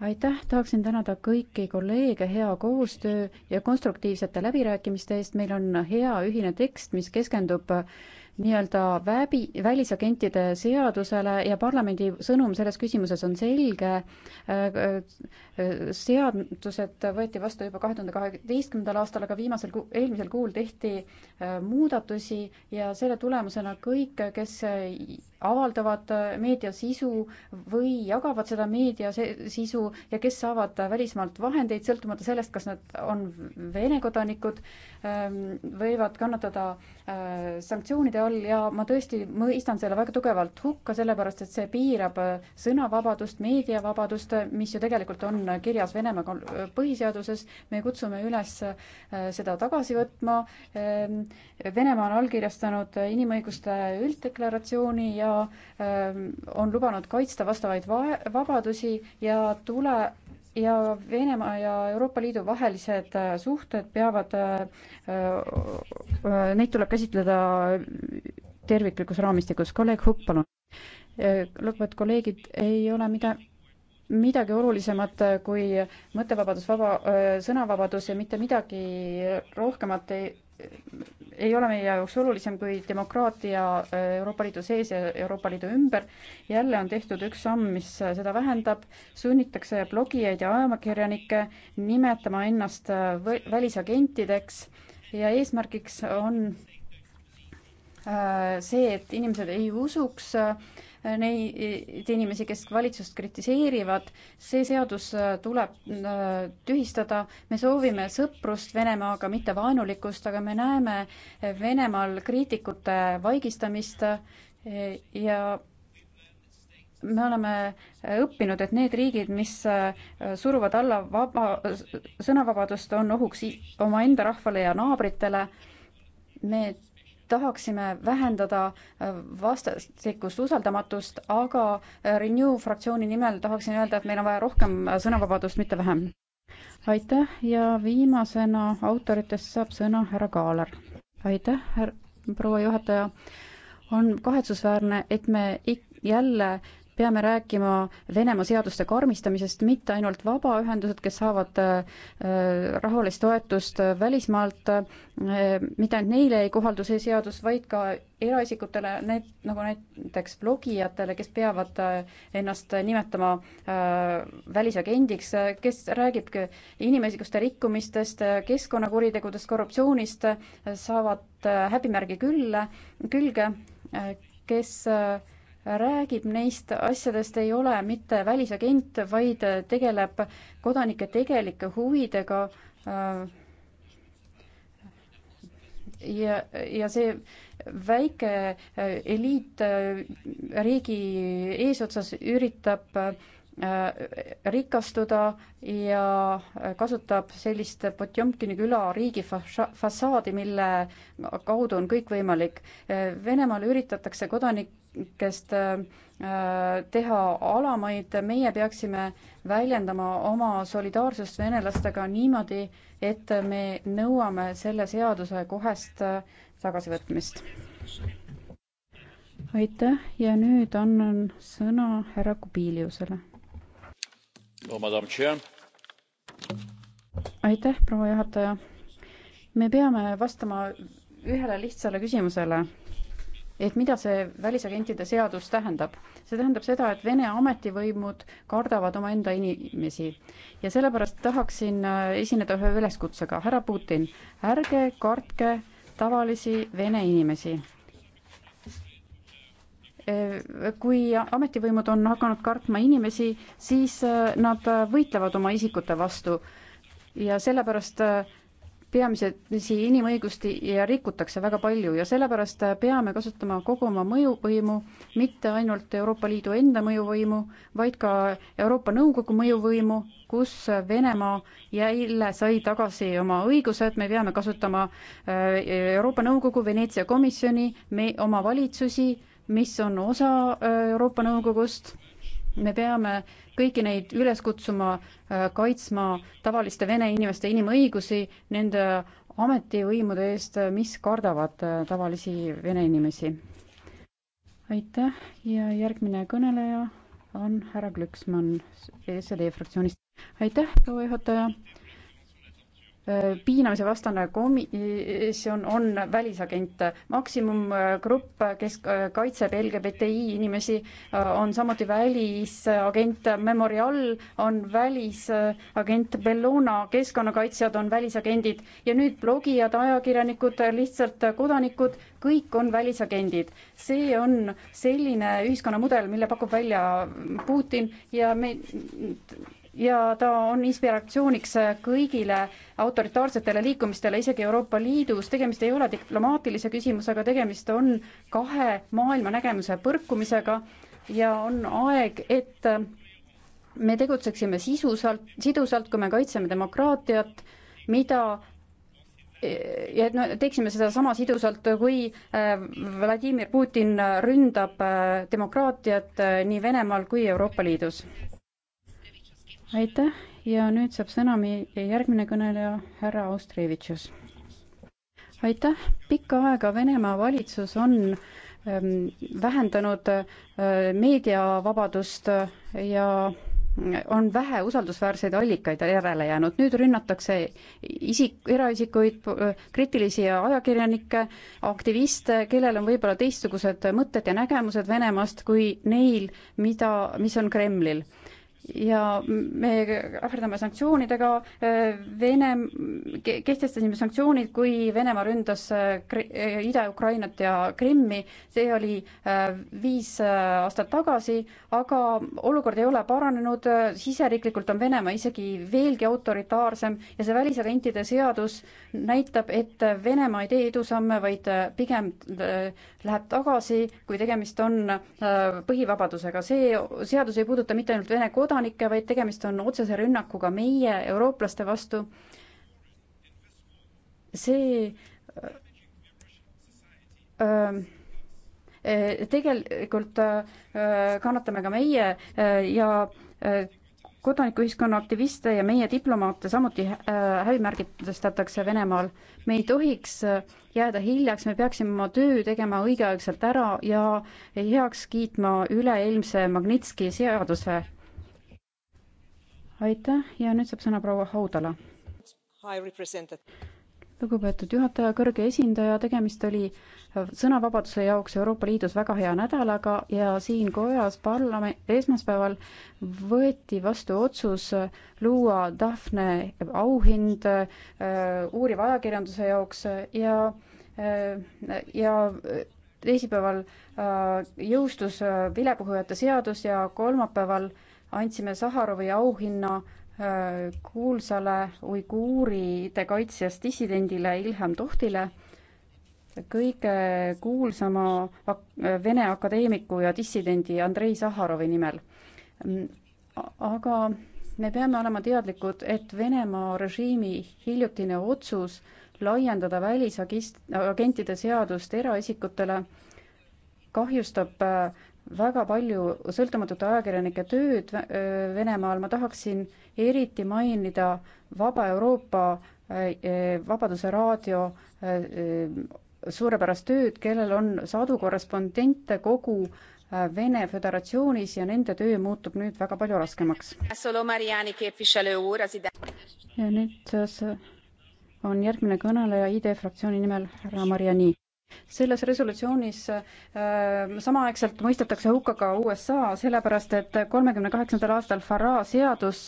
aitäh, tahaksin tänada kõiki kolleege hea koostöö ja konstruktiivsete läbirääkimiste eest, meil on hea ühine tekst, mis keskendub nii-öelda väbi, välisagentide seadusele ja parlamendi sõnum selles küsimuses on selge. seadused võeti vastu juba kahe tuhande kaheteistkümnendal aastal, aga viimasel ku-, eelmisel kuul tehti muudatusi ja selle tulemusena kõik, kes avaldavad äh, meediasisu või jagavad seda meediasisu ja kes saavad äh, välismaalt vahendeid, sõltumata sellest, kas nad on Vene kodanikud, ähm, võivad kannatada äh, sanktsioonide all ja ma tõesti mõistan selle väga tugevalt hukka, sellepärast et see piirab sõnavabadust, meediavabadust, mis ju tegelikult on kirjas Venemaa põhiseaduses. me kutsume üles seda tagasi võtma. Ähm, Venemaa on allkirjastanud inimõiguste ülddeklaratsiooni ja Ähm, on lubanud kaitsta vastavaid va-, vabadusi ja tule, ja Venemaa ja Euroopa Liidu vahelised äh, suhted peavad, äh, äh, neid tuleb käsitleda terviklikus raamistikus. kolleeg Hukk, palun. lugupeetud kolleegid, ei ole mida, midagi olulisemat kui mõttevabadus, vaba, sõnavabadus ja mitte midagi rohkemat ei ei ole meie jaoks olulisem kui demokraatia äh, Euroopa Liidu sees ja Euroopa Liidu ümber. jälle on tehtud üks samm, mis seda vähendab, sunnitakse blogijaid ja ajakirjanikke nimetama ennast äh, välisagentideks ja eesmärgiks on äh, see, et inimesed ei usuks äh, neid inimesi, kes valitsust kritiseerivad. see seadus äh, tuleb äh, tühistada. me soovime sõprust Venemaaga, mitte vaenulikkust, aga me näeme äh, Venemaal kriitikute vaigistamist ja me oleme õppinud, et need riigid, mis suruvad alla vaba, sõnavabadust, on ohuks omaenda rahvale ja naabritele. me tahaksime vähendada äh, vastastikust usaldamatust, aga äh, Renew fraktsiooni nimel tahaksin öelda, et meil on vaja rohkem äh, sõnavabadust, mitte vähem. aitäh ja viimasena autoritest saab sõna härra Kaaler. aitäh, proua juhataja. on kahetsusväärne, et me jälle peame rääkima Venemaa seaduste karmistamisest, mitte ainult vabaühendused, kes saavad äh, rahalist toetust äh, välismaalt, äh, mitte ainult neile ei kohaldu see seadus, vaid ka eraisikutele, need nagu näiteks blogijatele, kes peavad ennast nimetama välisagendiks, kes räägib inimõiguste rikkumistest, keskkonnakuritegudest, korruptsioonist, saavad häbimärgi külla, külge, kes äh, räägib neist asjadest, ei ole mitte välisagent, vaid tegeleb kodanike tegelike huvidega. Äh, ja, ja see väike äh, eliit äh, riigi eesotsas üritab rikastuda ja kasutab sellist Potjomkini küla riigi fassaadi, mille kaudu on kõik võimalik. Venemaal üritatakse kodanik, kest äh, teha alamaid, meie peaksime väljendama oma solidaarsust venelastega niimoodi, et me nõuame selle seaduse kohest äh, tagasivõtmist. aitäh ja nüüd annan sõna härra Kubiliusele no,. aitäh, proua juhataja. me peame vastama ühele lihtsale küsimusele et mida see välisagentide seadus tähendab. see tähendab seda, et Vene ametivõimud kardavad omaenda inimesi ja sellepärast tahaksin äh, esineda ühe üleskutsega. härra Putin, ärge kartke tavalisi Vene inimesi. Äh, kui ametivõimud on hakanud kartma inimesi, siis äh, nad võitlevad oma isikute vastu ja sellepärast äh, peamisi inimõigusti ja rikutakse väga palju ja sellepärast peame kasutama kogu oma mõjuvõimu, mitte ainult Euroopa Liidu enda mõjuvõimu, vaid ka Euroopa Nõukogu mõjuvõimu, kus Venemaa jälle sai tagasi oma õigused, me peame kasutama äh, Euroopa Nõukogu, Veneetsia komisjoni, me, oma valitsusi, mis on osa äh, Euroopa Nõukogust, me peame äh, kõiki neid üles kutsuma äh, kaitsma tavaliste vene inimeste inimõigusi nende ametivõimude eest, mis kardavad äh, tavalisi vene inimesi. aitäh ja järgmine kõneleja on härra Glüksmann SD e fraktsioonist. aitäh, proua juhataja piinamise vastane komisjon on välisagent. maksimumgrupp, kes kaitseb LGBTI inimesi, on samuti välisagent. Memorial on välisagent, Bellona keskkonnakaitsjad on välisagendid ja nüüd blogijad, ajakirjanikud, lihtsalt kodanikud, kõik on välisagendid. see on selline ühiskonnamudel, mille pakub välja Putin ja me ja ta on inspiratsiooniks kõigile autoritaarsetele liikumistele, isegi Euroopa Liidus. tegemist ei ole diplomaatilise küsimusega, tegemist on kahe maailmanägemuse põrkumisega ja on aeg, et me tegutseksime sisusalt, sidusalt, kui me kaitseme demokraatiat, mida ja et me teeksime seda sama sidusalt, kui äh, Vladimir Putin ründab äh, demokraatiat äh, nii Venemaal kui Euroopa Liidus aitäh ja nüüd saab sõna meie järgmine kõneleja, härra Austrevitšus. aitäh, pikka aega Venemaa valitsus on ähm, vähendanud äh, meediavabadust äh, ja on vähe usaldusväärseid allikaid järele jäänud, nüüd rünnatakse isik, eraisikuid, äh, kriitilisi ajakirjanikke, aktiviste, kellel on võib-olla teistsugused mõtted ja nägemused Venemaast kui neil, mida, mis on Kremlil ja me ähvardame sanktsioonidega, Vene, kehtestasime sanktsioonid, kui Venemaa ründas Ida-Ukrainat ja Krimmi, see oli äh, viis äh, aastat tagasi, aga olukord ei ole paranenud, siseriiklikult on Venemaa isegi veelgi autoritaarsem ja see välisagentide seadus näitab, et Venemaa ei tee edusamme, vaid äh, pigem läheb tagasi, kui tegemist on põhivabadusega. see seadus ei puuduta mitte ainult Vene kodanikke, kodanikke, vaid tegemist on otsese rünnakuga meie, eurooplaste vastu. see öö, äh, äh, tegelikult äh, kannatame ka meie ja kodanikuühiskonna aktiviste ja meie diplomaate samuti häbimärgistatakse Venemaal. me ei tohiks jääda hiljaks, me peaksime oma töö tegema õigeaegselt ära ja heaks kiitma üleeilmse Magnitski seaduse aitäh ja nüüd saab sõna proua Haudala. lugupeetud juhataja, kõrge esindaja, tegemist oli sõnavabaduse jaoks Euroopa Liidus väga hea nädalaga ja siin kojas parlament, esmaspäeval võeti vastu otsus luua Daphne auhind äh, uuriva ajakirjanduse jaoks ja, äh, ja teisipäeval äh, jõustus vilepuhujate seadus ja kolmapäeval äh, andsime Saharovi auhinna äh, kuulsale uiguuride kaitsjast dissidendile Ilham Tohtile, kõige kuulsama Vene akadeemiku ja dissidendi Andrei Saharovi nimel. Mm, aga me peame olema teadlikud, et Venemaa režiimi hiljutine otsus laiendada välisagentide seadust eraisikutele kahjustab äh, väga palju sõltumatute ajakirjanike tööd äh, Venemaal, ma tahaksin eriti mainida Vaba Euroopa, äh, äh, Vabaduse raadio suurepärast tööd, kellel on sadu korrespondente kogu Vene Föderatsioonis ja nende töö muutub nüüd väga palju raskemaks. ja nüüd on järgmine kõneleja ID e fraktsiooni nimel härra Mariani selles resolutsioonis äh, samaaegselt mõistetakse hukka ka USA, sellepärast et kolmekümne kaheksandal aastal Farage seadus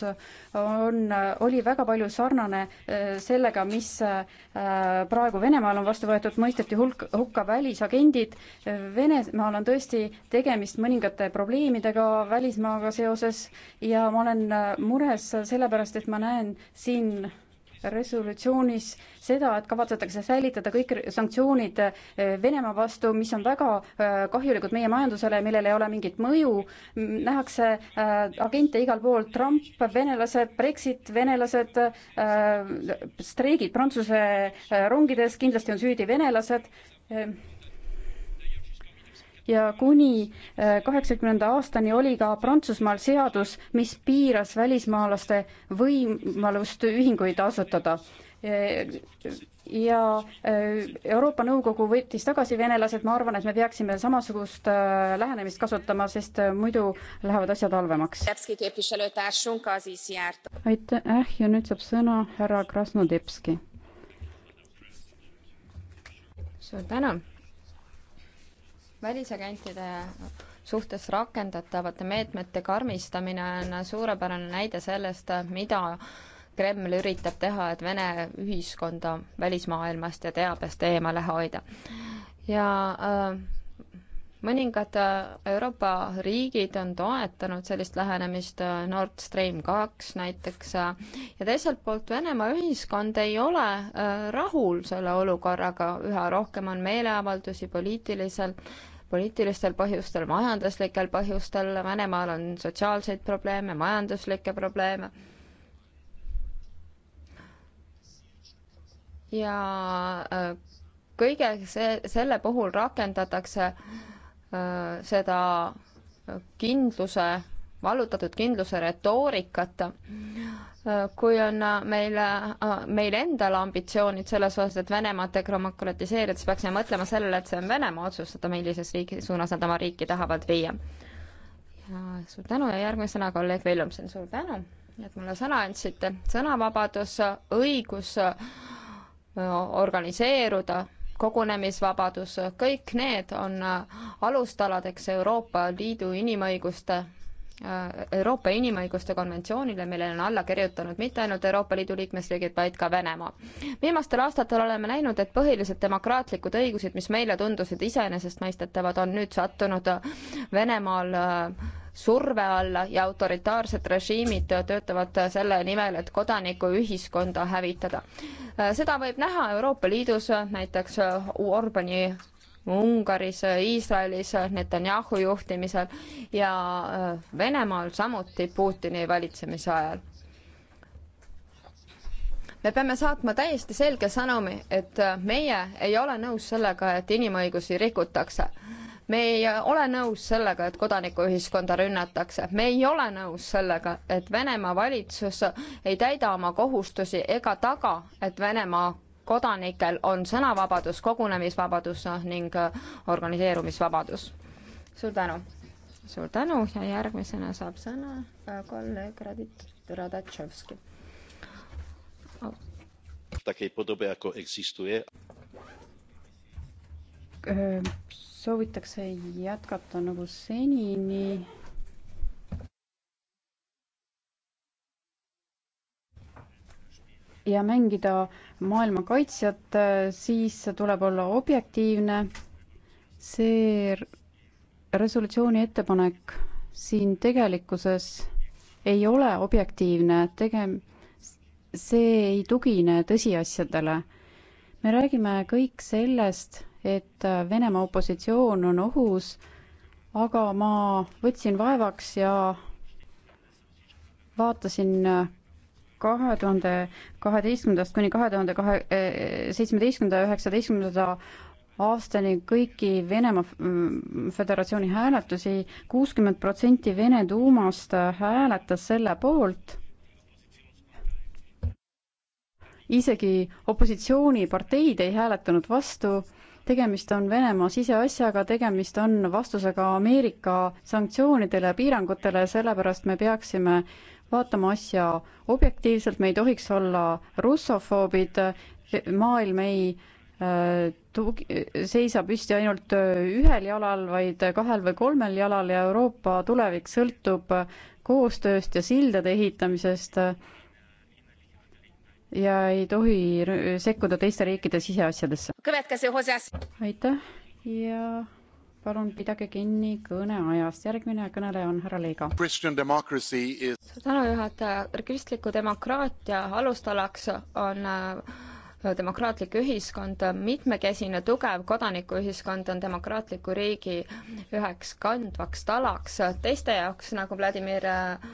on, oli väga palju sarnane äh, sellega, mis äh, praegu Venemaal on vastu võetud, mõisteti hulk, hukka välisagendid. Venemaal on tõesti tegemist mõningate probleemidega välismaaga seoses ja ma olen äh, mures sellepärast, et ma näen siin resolutsioonis seda, et kavatsetakse säilitada kõik sanktsioonid eh, Venemaa vastu, mis on väga eh, kahjulikud meie majandusele, millel ei ole mingit mõju. nähakse eh, agente igal pool, Trump, venelased, Brexit, venelased, streigid Prantsuse rongides, kindlasti on süüdi venelased ja kuni äh, kaheksakümnenda aastani oli ka Prantsusmaal seadus, mis piiras välismaalaste võimalust ühinguid asutada äh, ja äh, Euroopa Nõukogu võttis tagasi venelased, ma arvan, et me peaksime samasugust lähenemist kasutama, sest muidu lähevad asjad halvemaks. aitäh ja nüüd saab sõna härra Krasnodebski. suur tänu välisagentide suhtes rakendatavate meetmete karmistamine on suurepärane näide sellest, mida Kreml üritab teha, et Vene ühiskonda välismaailmast ja teabest eemale hoida. ja äh, mõningad äh, Euroopa riigid on toetanud sellist lähenemist, äh, Nord Stream kaks näiteks, äh, ja teiselt poolt Venemaa ühiskond ei ole rahul selle olukorraga, üha rohkem on meeleavaldusi poliitilisel poliitilistel põhjustel, majanduslikel põhjustel, Venemaal on sotsiaalseid probleeme, majanduslikke probleeme. ja äh, kõige see, selle puhul rakendatakse äh, seda kindluse vallutatud kindluse retoorikat. kui on äh, meil, äh, meil endal ambitsioonid selles osas, et Venemaad dekromokratiseerida, siis peaksime mõtlema sellele, et see on Venemaa otsustada, millises riigi suunas nad oma riiki tahavad viia. suur tänu ja järgmisena kolleeg Villumsen, suur tänu, et mulle sõna andsite. sõnavabadus, õigus äh, organiseeruda, kogunemisvabadus, kõik need on alustaladeks Euroopa Liidu inimõiguste Euroopa Inimõiguste konventsioonile, millele on alla kirjutanud mitte ainult Euroopa Liidu liikmesriigid, vaid ka Venemaa. viimastel aastatel oleme näinud, et põhilised demokraatlikud õigused, mis meile tundusid iseenesestmõistetavad, on nüüd sattunud Venemaal äh, surve alla ja autoritaarsed režiimid töötavad selle nimel, et kodanikuühiskonda hävitada. Äh, seda võib näha Euroopa Liidus näiteks Orbani Ungaris, Iisraelis, Netanyahu juhtimisel ja äh, Venemaal samuti Putini valitsemise ajal. me peame saatma täiesti selge sõnumi, et äh, meie ei ole nõus sellega, et inimõigusi rikutakse me ei äh, ole nõus sellega, et kodanikuühiskonda rünnatakse, me ei ole nõus sellega, et Venemaa valitsus ei täida oma kohustusi ega taga, et Venemaa kodanikel on sõnavabadus, kogunemisvabadus ning äh, organiseerumisvabadus. suur tänu! suur tänu ja järgmisena saab sõna äh, kolleeg Radatšovski. Oh. Äh, soovitakse jätkata nagu senini ja mängida maailma kaitsjat, siis tuleb olla objektiivne. see resolutsiooni ettepanek siin tegelikkuses ei ole objektiivne, tegem-, see ei tugine tõsiasjadele. me räägime kõik sellest, et Venemaa opositsioon on ohus, aga ma võtsin vaevaks ja vaatasin kahe tuhande kaheteistkümnendast kuni kahe tuhande kahe, eh, seitsmeteistkümnenda ja üheksateistkümnenda aastani kõiki Venemaa mm, Föderatsiooni hääletusi, kuuskümmend protsenti Vene duumast hääletas selle poolt, isegi opositsiooniparteid ei hääletanud vastu, tegemist on Venemaa siseasjaga, tegemist on vastusega Ameerika sanktsioonidele ja piirangutele, sellepärast me peaksime äh, vaatama asja objektiivselt, me ei tohiks olla russofoobid, maailm ei äh, tugi-, seisa püsti ainult äh, ühel jalal, vaid kahel või kolmel jalal ja Euroopa tulevik sõltub äh, koostööst ja sildade ehitamisest ja ei tohi sekkuda teiste riikide siseasjadesse. aitäh ja palun pidage kinni kõneajast. järgmine kõneleja on härra Leiga. suur tänu, juhataja. kristliku demokraatia alustalaks on äh, demokraatlik ühiskond, mitmekesine, tugev kodanikuühiskond on demokraatliku riigi üheks kandvaks talaks. teiste jaoks, nagu Vladimir äh,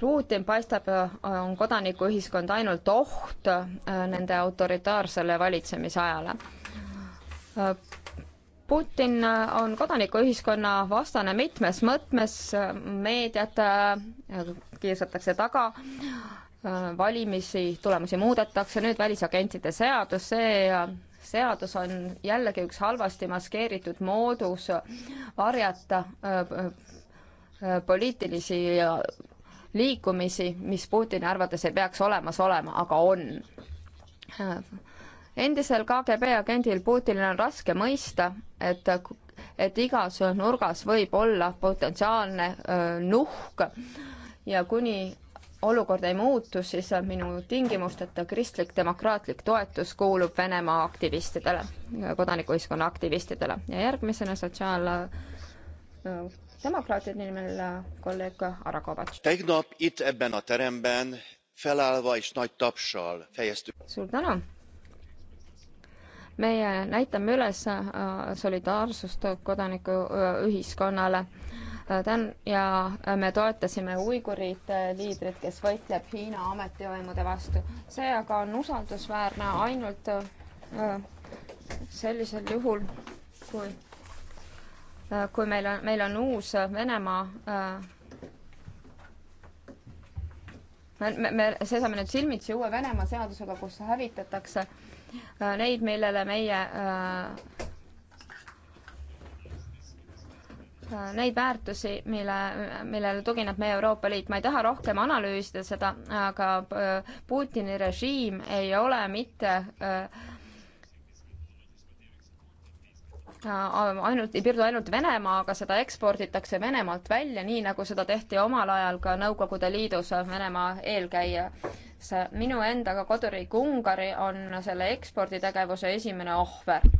Putin paistab, on kodanikuühiskond ainult oht äh, nende autoritaarsele valitsemisajale Putin on kodanikuühiskonna vastane mitmes mõtmes, meediat äh, kiusatakse taga, äh, valimisi, tulemusi muudetakse, nüüd välisagentide seadus, see seadus on jällegi üks halvasti maskeeritud moodus varjata äh, poliitilisi liikumisi, mis Putini arvates ei peaks olemas olema, aga on endisel KGB agendil Putinil on raske mõista, et et igas nurgas võib olla potentsiaalne öö, nuhk ja kuni olukord ei muutu, siis minu tingimusteta kristlik demokraatlik toetus kuulub Venemaa aktivistidele, kodanikuühiskonna aktivistidele ja järgmisena sotsiaal demokraatide nimel kolleeg Ara Kovatš. suur tänu meie näitame üles äh, solidaarsust kodanikuühiskonnale äh, tän- ja äh, me toetasime uigurite liidrit, kes võitleb Hiina ametivõimude vastu. see aga on usaldusväärne ainult sellisel juhul, kui, kui meil on, meil on uus Venemaa me, me, me seisame nüüd silmitsi uue Venemaa seadusega, kus hävitatakse äh, Äh, neid, millele meie äh, äh, neid väärtusi, mille, millele tugineb meie Euroopa Liit, ma ei taha rohkem analüüsida seda, aga Putini režiim ei ole mitte äh, Äh, ainult, ei piirdu ainult Venemaaga, seda eksporditakse Venemaalt välja, nii nagu seda tehti omal ajal ka Nõukogude Liidus Venemaa eelkäija. minu endaga koduriik Ungari on selle eksporditegevuse esimene ohver.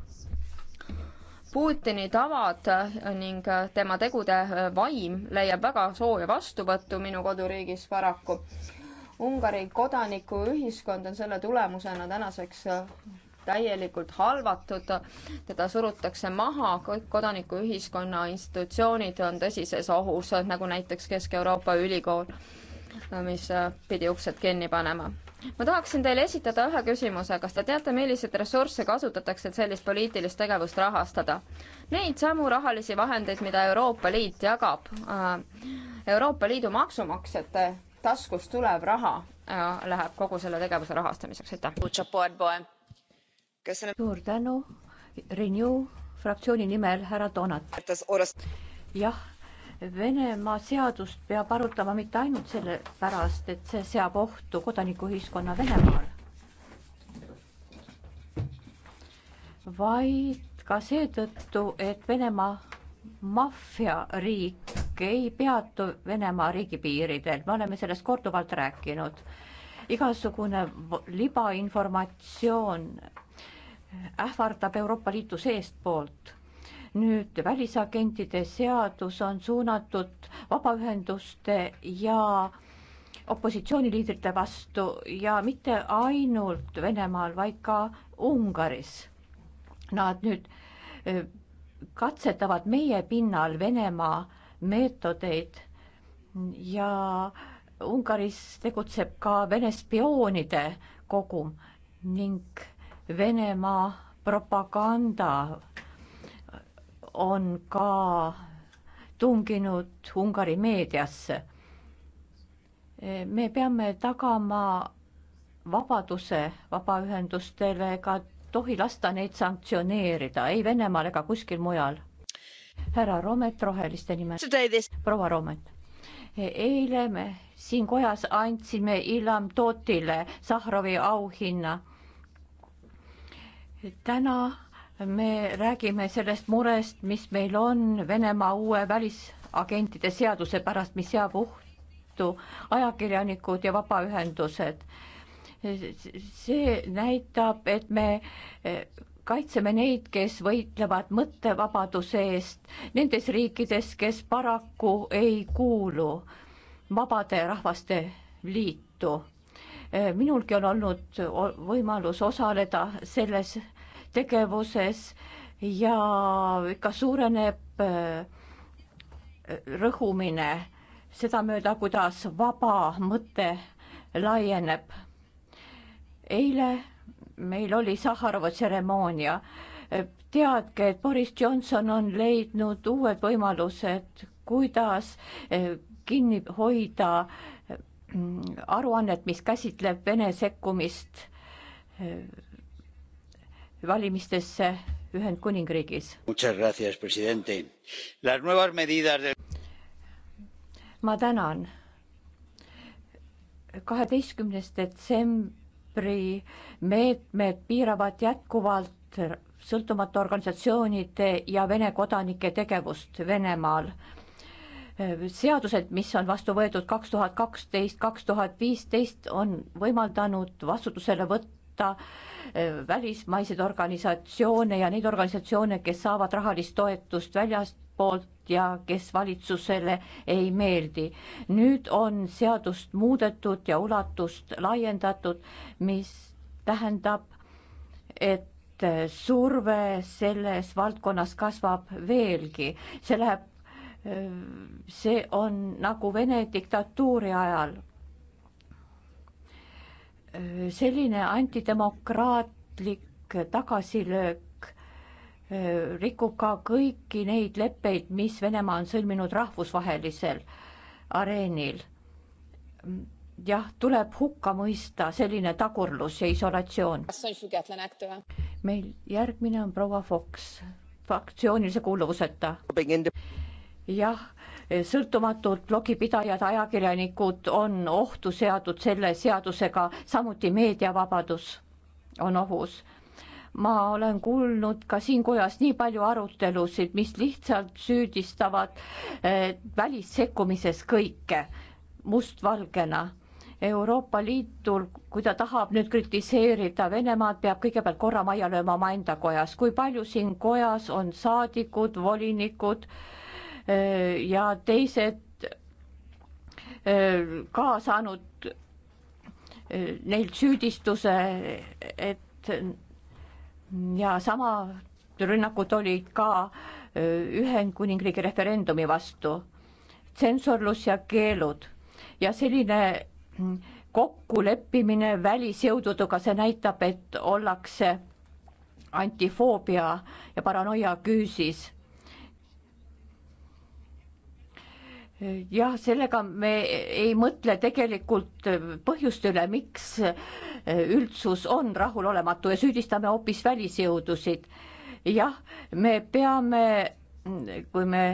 Putini tavad ning tema tegude vaim leiab väga sooja vastuvõttu minu koduriigis paraku Ungari kodanikuühiskond on selle tulemusena tänaseks täielikult halvatud, teda surutakse maha, kõik kodanikuühiskonna institutsioonid on tõsises ohus, nagu näiteks Kesk-Euroopa Ülikool, mis pidi uksed kinni panema ma tahaksin teile esitada ühe küsimuse, kas te teate, milliseid ressursse kasutatakse, et sellist poliitilist tegevust rahastada? Neid samu rahalisi vahendeid, mida Euroopa Liit jagab, äh, Euroopa Liidu maksumaksjate taskust tulev raha äh, läheb kogu selle tegevuse rahastamiseks, aitäh suur tänu, Renew fraktsiooni nimel härra Donat. jah, Venemaa seadust peab arutama mitte ainult sellepärast, et see seab ohtu kodanikuühiskonna Venemaal, vaid ka seetõttu, et Venemaa maffiariik ei peatu Venemaa riigipiiridel, me oleme sellest korduvalt rääkinud. igasugune libainformatsioon ähvardab Euroopa Liitu seestpoolt. nüüd välisagentide seadus on suunatud vabaühenduste ja opositsiooniliidrite vastu ja mitte ainult Venemaal, vaid ka Ungaris. Nad nüüd katsetavad meie pinnal Venemaa meetodeid ja Ungaris tegutseb ka Vene spioonide kogum ning Venemaa propaganda on ka tunginud Ungari meediasse. me peame tagama vabaduse vabaühendustele ega tohi lasta neid sanktsioneerida ei Venemaal ega kuskil mujal. härra Romet Roheliste nimel, proua Romet. eile me siin kojas andsime Ilham Tootile Sahhrovi auhinna täna me räägime sellest murest, mis meil on Venemaa uue välisagentide seaduse pärast, mis seab ohtu ajakirjanikud ja vabaühendused. see näitab, et me eh, kaitseme neid, kes võitlevad mõttevabaduse eest nendes riikides, kes paraku ei kuulu vabade rahvaste liitu minulgi on olnud võimalus osaleda selles tegevuses ja ikka suureneb äh, rõhumine sedamööda, kuidas vaba mõte laieneb. eile meil oli Sahharova tseremoonia. teadke, et Boris Johnson on leidnud uued võimalused, kuidas äh, kinni hoida äh, aruannet, mis käsitleb Vene sekkumist eh, valimistesse Ühendkuningriigis. ma tänan. kaheteistkümnes detsembri meetmed piiravad jätkuvalt sõltumatu organisatsioonide ja Vene kodanike tegevust Venemaal seadused, mis on vastu võetud kaks tuhat kaksteist, kaks tuhat viisteist, on võimaldanud vastutusele võtta äh, välismaiseid organisatsioone ja neid organisatsioone, kes saavad rahalist toetust väljastpoolt ja kes valitsusele ei meeldi. nüüd on seadust muudetud ja ulatust laiendatud, mis tähendab, et äh, surve selles valdkonnas kasvab veelgi, see läheb see on nagu Vene diktatuuri ajal. selline antidemokraatlik tagasilöök eh, rikub ka kõiki neid leppeid, mis Venemaa on sõlminud rahvusvahelisel areenil. jah, tuleb hukka mõista selline tagurlus ja isolatsioon. meil järgmine on proua Fox, fraktsioonilise kuuluvuseta jah, sõltumatud blogipidajad, ajakirjanikud on ohtu seatud selle seadusega, samuti meediavabadus on ohus. ma olen kuulnud ka siin kojas nii palju arutelusid, mis lihtsalt süüdistavad eh, välissekkumises kõike mustvalgena Euroopa Liitul, kui ta tahab nüüd kritiseerida Venemaad, peab kõigepealt korra majja lööma omaenda kojas, kui palju siin kojas on saadikud, volinikud Äh, ja teised äh, ka saanud äh, neilt süüdistuse, et ja sama rünnakud olid ka Ühendkuningriigi referendumi vastu, tsensorlus ja keelud ja selline mm, kokkuleppimine välisjõududega, see näitab, et ollakse antifoobia ja paranoia küüsis jah, sellega me ei mõtle tegelikult põhjust üle, miks üldsus on rahulolematu ja süüdistame hoopis välisjõudusid. jah, me peame, kui me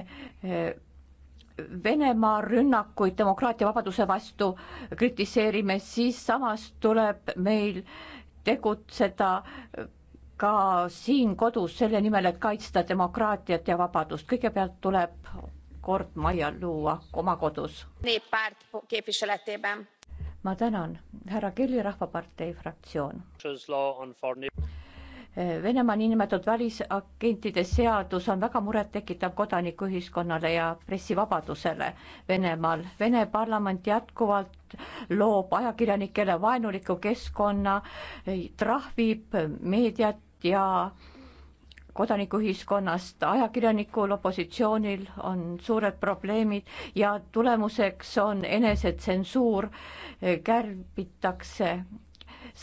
Venemaa rünnakuid demokraatia vabaduse vastu kritiseerime, siis samas tuleb meil tegutseda ka siin kodus selle nimel, et kaitsta demokraatiat ja vabadust. kõigepealt tuleb kord majja luua oma kodus. ma tänan, härra Kelly, Rahvapartei fraktsioon. Venemaa niinimetatud välisagentide seadus on väga murettekitav kodanikuühiskonnale ja pressivabadusele Venemaal. Vene parlament jätkuvalt loob ajakirjanikele vaenuliku keskkonna, trahvib meediat ja äh, kodanikuühiskonnast, ajakirjanikul, opositsioonil on suured probleemid ja tulemuseks on enesetsensuur, kärbitakse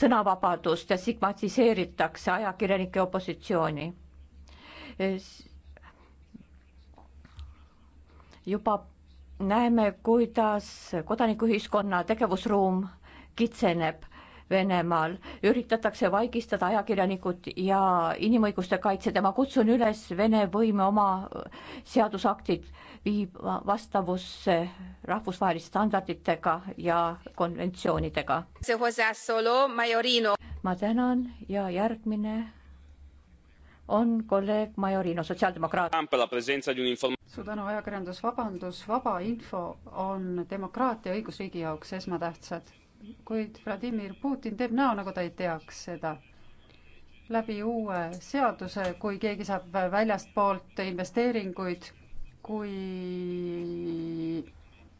sõnavabadust ja stigmatiseeritakse ajakirjanike opositsiooni. juba näeme, kuidas kodanikuühiskonna tegevusruum kitseneb Venemaal, üritatakse vaigistada ajakirjanikud ja inimõiguste kaitsjad ja ma kutsun üles Vene võime oma seadusaktid viima vastavusse rahvusvaheliste standarditega ja konventsioonidega. ma tänan ja järgmine on kolleeg Majorino, sotsiaaldemokraat. suur tänu, ajakirjandus, vabandus, vaba info on demokraatia õigusriigi jaoks esmatähtsad kuid Vladimir Putin teeb näo, nagu ta ei teaks seda. läbi uue seaduse, kui keegi saab väljastpoolt investeeringuid, kui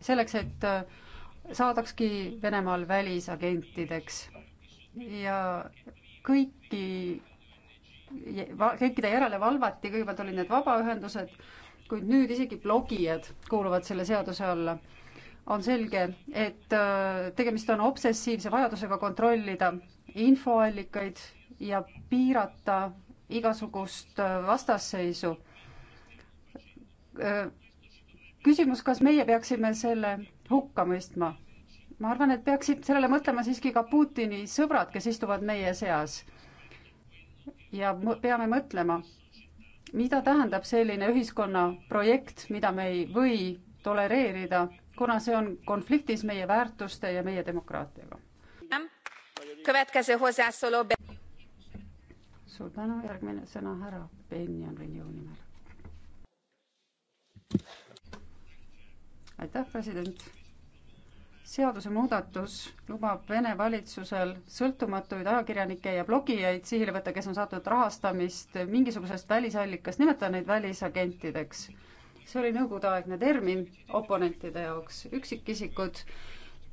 selleks, et äh, saadakski Venemaal välisagentideks ja kõiki, kõikide järele valvati, kõigepealt olid need vabaühendused, kuid nüüd isegi blogijad kuuluvad selle seaduse alla on selge, et äh, tegemist on obsessiivse vajadusega kontrollida infoallikaid ja piirata igasugust äh, vastasseisu. Äh, küsimus, kas meie peaksime selle hukka mõistma? ma arvan, et peaksid sellele mõtlema siiski ka Putini sõbrad, kes istuvad meie seas. ja peame mõtlema, mida tähendab selline ühiskonna projekt, mida me ei või tolereerida kuna see on konfliktis meie väärtuste ja meie demokraatiaga. suur tänu, järgmine sõna härra Benjan Renew nimel. aitäh, president. seadusemuudatus lubab Vene valitsusel sõltumatuid ajakirjanikke ja blogijaid sihile võtta, kes on saatnud rahastamist mingisugusest välisallikast, nimetada neid välisagentideks see oli nõukogudeaegne termin oponentide jaoks, üksikisikud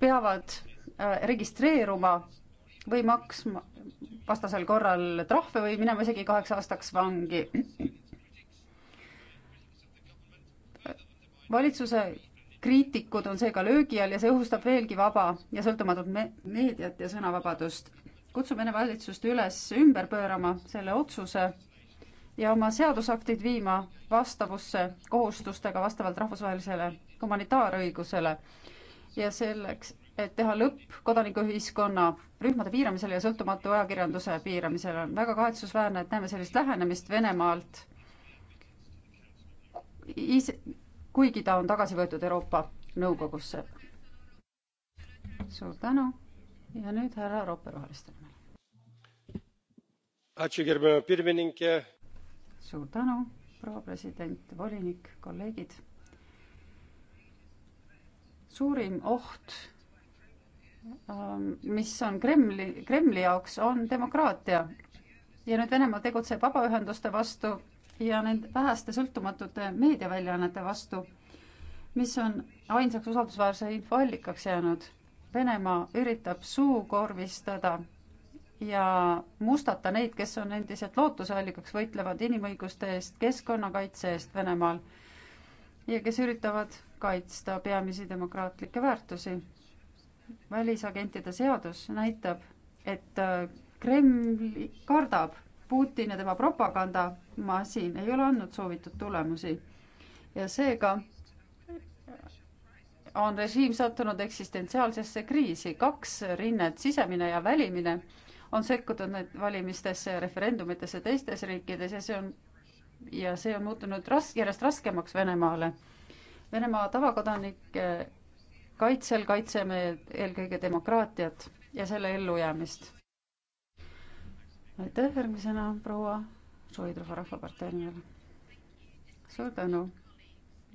peavad äh, registreeruma või maksma vastasel korral trahve või minema isegi kaheks aastaks vangi. valitsuse kriitikud on seega löögi all ja see õhustab veelgi vaba ja sõltumatut me-, meediat ja sõnavabadust. kutsume enne valitsust üles ümber pöörama selle otsuse ja oma seadusaktid viima vastavusse kohustustega vastavalt rahvusvahelisele humanitaarõigusele ja selleks, et teha lõpp kodanikuühiskonna rühmade piiramisele ja sõltumatu ajakirjanduse piiramisele. on väga kahetsusväärne, et näeme sellist lähenemist Venemaalt, kuigi ta on tagasi võetud Euroopa Nõukogusse. suur tänu ja nüüd härra Roppe Roheliste nimel suur tänu, proua president, volinik, kolleegid. suurim oht, ähm, mis on Kremli, Kremli jaoks, on demokraatia. ja nüüd Venemaa tegutseb vabaühenduste vastu ja nende väheste sõltumatute meediaväljaannete vastu, mis on ainsaks usaldusväärse infoallikaks jäänud. Venemaa üritab suukorvistada ja mustata neid, kes on endiselt lootuseallikaks, võitlevad inimõiguste eest, keskkonnakaitse eest Venemaal ja kes üritavad kaitsta peamisi demokraatlikke väärtusi. välisagentide seadus näitab, et äh, Kreml kardab, Putin ja tema propagandamasin ei ole andnud soovitud tulemusi ja seega on režiim sattunud eksistentsiaalsesse kriisi, kaks rinnet, sisemine ja välimine on sekkutud need valimistesse ja referendumitesse teistes riikides ja see on, ja see on muutunud ras-, järjest raskemaks Venemaale. Venemaa tavakodanike kaitsel kaitseme eelkõige demokraatiat ja selle ellujäämist. aitäh, järgmisena proua Šoidrova Rahvapartei nimel. suur tänu,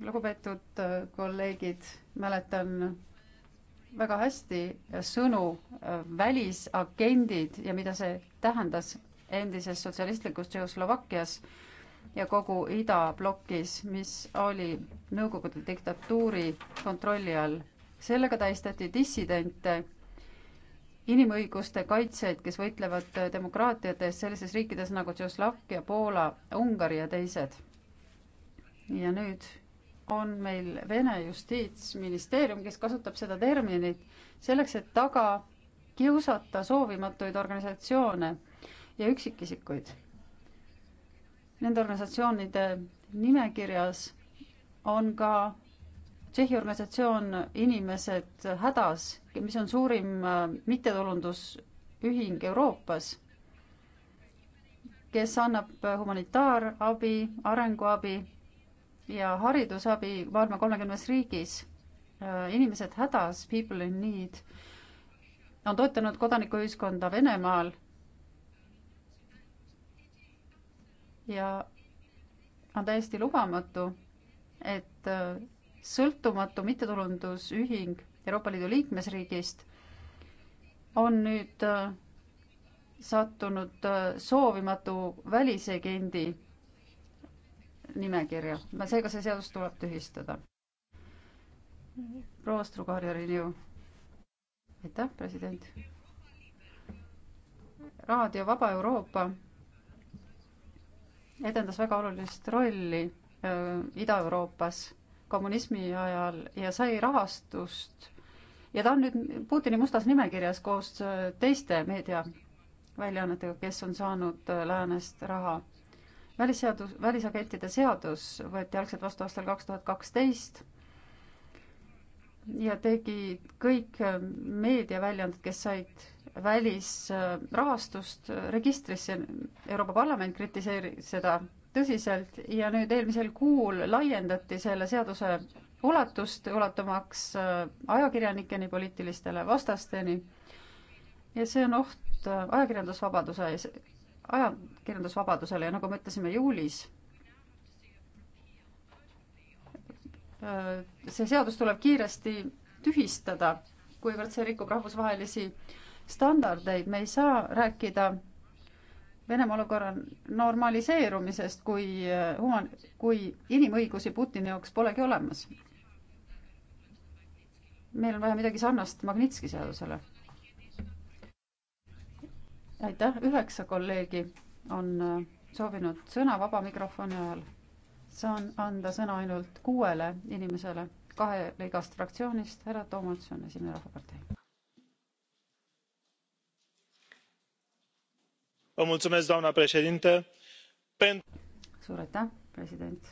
lugupeetud äh, kolleegid, mäletan väga hästi äh, sõnu äh, välisagendid ja mida see tähendas endises sotsialistlikus Tšehhoslovakkias ja kogu idablokis, mis oli Nõukogude diktatuuri kontrolli all. sellega tähistati dissidente, inimõiguste kaitsjaid, kes võitlevad äh, demokraatiate eest sellises riikides nagu Tšehhoslovakkia, Poola, Ungari ja teised. ja nüüd on meil Vene justiitsministeerium, kes kasutab seda terminit selleks, et taga kiusata soovimatuid organisatsioone ja üksikisikuid. Nende organisatsioonide nimekirjas on ka Tšehhi organisatsioon Inimesed hädas, mis on suurim äh, mittetulundusühing Euroopas, kes annab humanitaarabi, arenguabi ja haridusabi maailma kolmekümnes riigis. Äh, inimesed hädas, people in need, on toetanud kodanikuühiskonda Venemaal. ja on täiesti lubamatu, et äh, sõltumatu mittetulundusühing Euroopa Liidu liikmesriigist on nüüd äh, sattunud soovimatu välisegendi nimekirja. seega see seadus tuleb tühistada. proua Strugarja-Rinju. aitäh, president. raadio Vaba Euroopa edendas väga olulist rolli Ida-Euroopas kommunismi ajal ja sai rahastust ja ta on nüüd Putini mustas nimekirjas koos teiste meediaväljaannetega, kes on saanud läänest raha välisseadus, välisagentide seadus võeti algselt vastu aastal kaks tuhat kaksteist ja tegi kõik äh, meediaväljaanded, kes said välisrahastust äh, registrisse. Euroopa Parlament kritiseeris seda tõsiselt ja nüüd eelmisel kuul laiendati selle seaduse ulatust, ulatumaks äh, ajakirjanikeni, poliitilistele vastasteni. ja see on oht ajakirjandusvabaduse ajakirjandusvabadusele ja nagu me ütlesime juulis, see seadus tuleb kiiresti tühistada, kuivõrd see rikub rahvusvahelisi standardeid, me ei saa rääkida Venemaa olukorra normaliseerumisest, kui human-, kui inimõigusi Putini jaoks polegi olemas. meil on vaja midagi sarnast Magnitski seadusele aitäh, üheksa kolleegi on äh, soovinud sõna vaba mikrofoni ajal. saan anda sõna ainult kuuele inimesele, kahele igast fraktsioonist, härra Toomats on esimene Rahvapartei. doamna președinte. suur aitäh, president.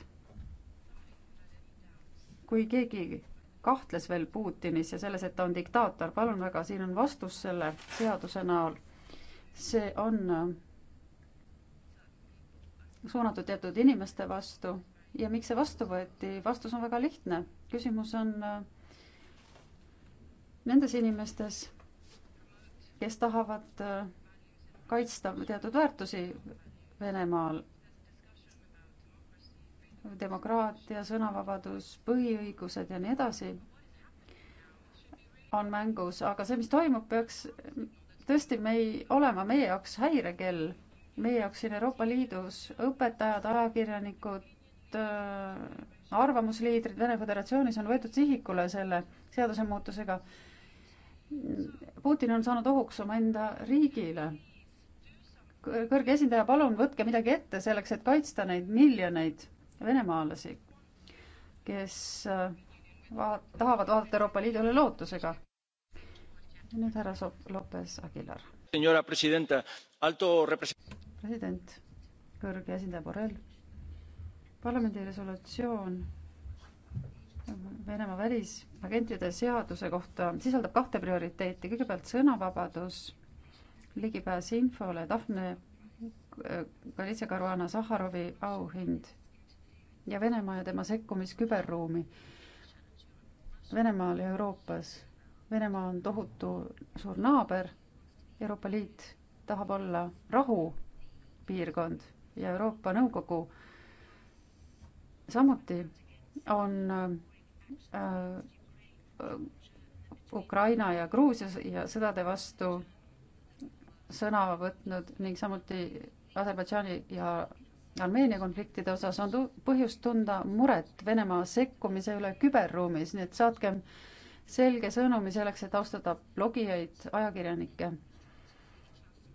kui keegi kahtles veel Putinis ja selles, et ta on diktaator, palun väga, siin on vastus selle seaduse näol see on äh, suunatud teatud inimeste vastu ja miks see vastu võeti, vastus on väga lihtne. küsimus on äh, nendes inimestes, kes tahavad äh, kaitsta teatud väärtusi Venemaal. demokraatia, sõnavabadus, põhiõigused ja nii edasi on mängus, aga see, mis toimub, peaks tõesti, me ei, olema meie jaoks häirekell, meie jaoks siin Euroopa Liidus õpetajad, ajakirjanikud äh,, arvamusliidrid Vene Föderatsioonis on võetud sihikule selle seadusemuutusega. Putin on saanud ohuks omaenda riigile. kõrge esindaja, palun võtke midagi ette selleks, et kaitsta neid miljoneid venemaalasi, kes äh, vaat-, tahavad vaadata Euroopa Liidule lootusega ja nüüd härra Lopez Aguilar. president, kõrge esindaja Borrell, parlamendi resolutsioon Venemaa välisagentide seaduse kohta sisaldab kahte prioriteeti, kõigepealt sõnavabadus, ligipääs infole, Daphne äh, Galitsia Caruana Saharovi auhind ja Venemaa ja tema sekkumis küberruumi Venemaal ja Euroopas Venemaa on tohutu suur naaber, Euroopa Liit tahab olla rahupiirkond ja Euroopa Nõukogu samuti on äh, Ukraina ja Gruusia ja sõdade vastu sõna võtnud ning samuti Aserbaidžaani ja Armeenia konfliktide osas on tu-, põhjust tunda muret Venemaa sekkumise üle küberruumis, nii et saatkem äh, selge sõnumi selleks, et austada blogijaid, ajakirjanikke,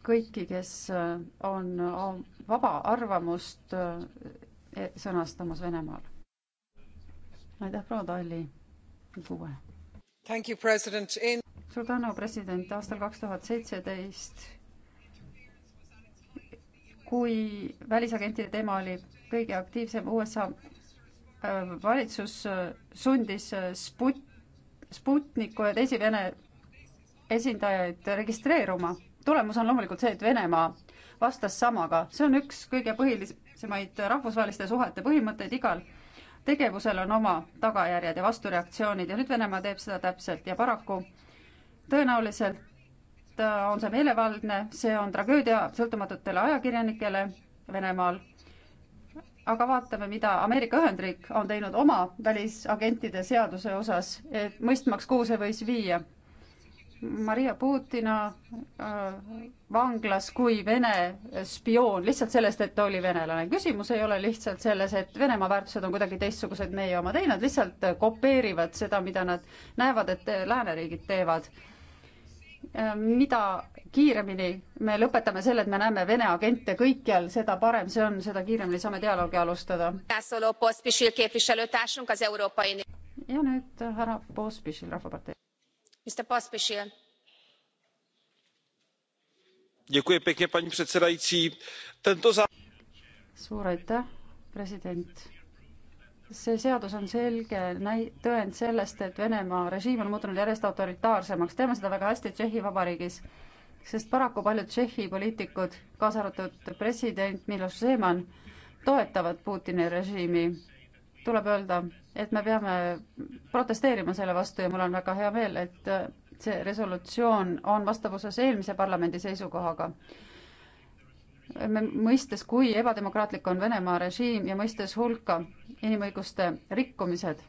kõiki, kes äh, on äh, vaba arvamust äh, e-, sõnastamas Venemaal. aitäh, proua Talli, kuue. suur tänu, president, aastal kaks tuhat seitseteist kui välisagentide teema oli kõige aktiivsem USA valitsus sundis Sput-, Sputniku ja teisi Vene esindajaid registreeruma. tulemus on loomulikult see, et Venemaa vastas samaga, see on üks kõige põhilisemaid rahvusvaheliste suhete põhimõtteid igal tegevusel on oma tagajärjed ja vastureaktsioonid ja nüüd Venemaa teeb seda täpselt ja paraku tõenäoliselt on see meelevaldne, see on tragöödia sõltumatutele ajakirjanikele Venemaal aga vaatame, mida Ameerika Ühendriik on teinud oma välisagentide seaduse osas, et mõistmaks, kuhu see võis viia. Maria Putina äh, vanglas kui Vene spioon lihtsalt sellest, et ta oli venelane. küsimus ei ole lihtsalt selles, et Venemaa väärtused on kuidagi teistsugused meie omad, ei, nad lihtsalt äh, kopeerivad seda, mida nad näevad, et äh, lääneriigid teevad äh, mida kiiremini me lõpetame selle, et me näeme Vene agente kõikjal, seda parem see on, seda kiiremini saame dialoogi alustada. ja nüüd härra Pospišil Rahvapartei. suur aitäh, president see seadus on selge näi-, tõend sellest, et Venemaa režiim on muutunud järjest autoritaarsemaks, teame seda väga hästi Tšehhi Vabariigis sest paraku paljud Tšehhi poliitikud, kaasa arvatud president Miloš Zeman, toetavad Putini režiimi. tuleb öelda, et me peame protesteerima selle vastu ja mul on väga hea meel, et see resolutsioon on vastavuses eelmise parlamendi seisukohaga. me mõistes, kui ebademokraatlik on Venemaa režiim ja mõistes hulka inimõiguste rikkumised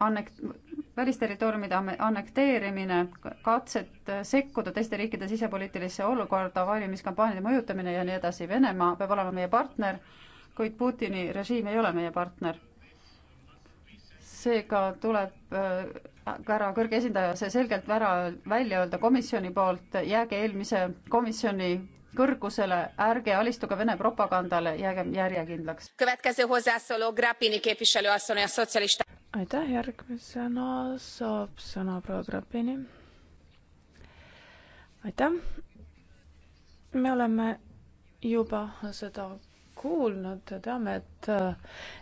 annek-, välisterritooriumide annekteerimine, katsed äh, sekkuda teiste riikide sisepoliitilisse olukorda, valimiskampaaniade mõjutamine ja nii edasi. Venemaa peab olema meie partner, kuid Putini režiim ei ole meie partner. seega tuleb härra äh, kõrge esindaja see selgelt ära välja öelda komisjoni poolt, jääge eelmise komisjoni kõrgusele, ärge alistuge Vene propagandale, jäägem järjekindlaks aitäh, järgmisena saab sõna proua Krapini. aitäh. me oleme juba seda kuulnud ja teame, et äh,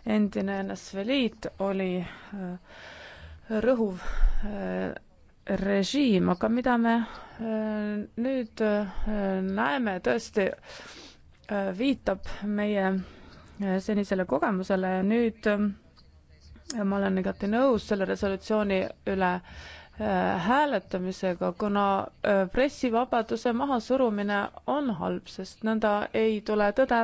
endine NSV Liit oli äh, rõhuv äh, režiim, aga mida me nüüd näeme, tõesti viitab meie senisele kogemusele ja nüüd ma olen igati nõus selle resolutsiooni üle äh, hääletamisega, kuna äh, pressivabaduse mahasurumine on halb, sest nõnda ei tule tõde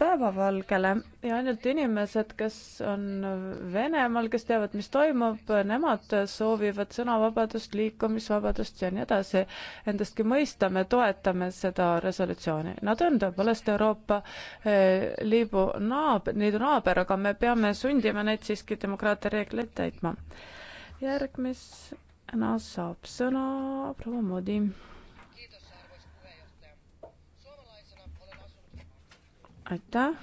päevavalgele ja ainult inimesed, kes on Venemaal, kes teavad, mis toimub, nemad soovivad sõnavabadust, liikumisvabadust ja nii edasi. Endastki mõistame, toetame seda resolutsiooni. Nad on tõepoolest Euroopa eh, Liidu naab-, Liidu naaber, aga me peame sundima neid siiski demokraatia reegleid täitma. järgmisena no, saab sõna proua Modi aitäh.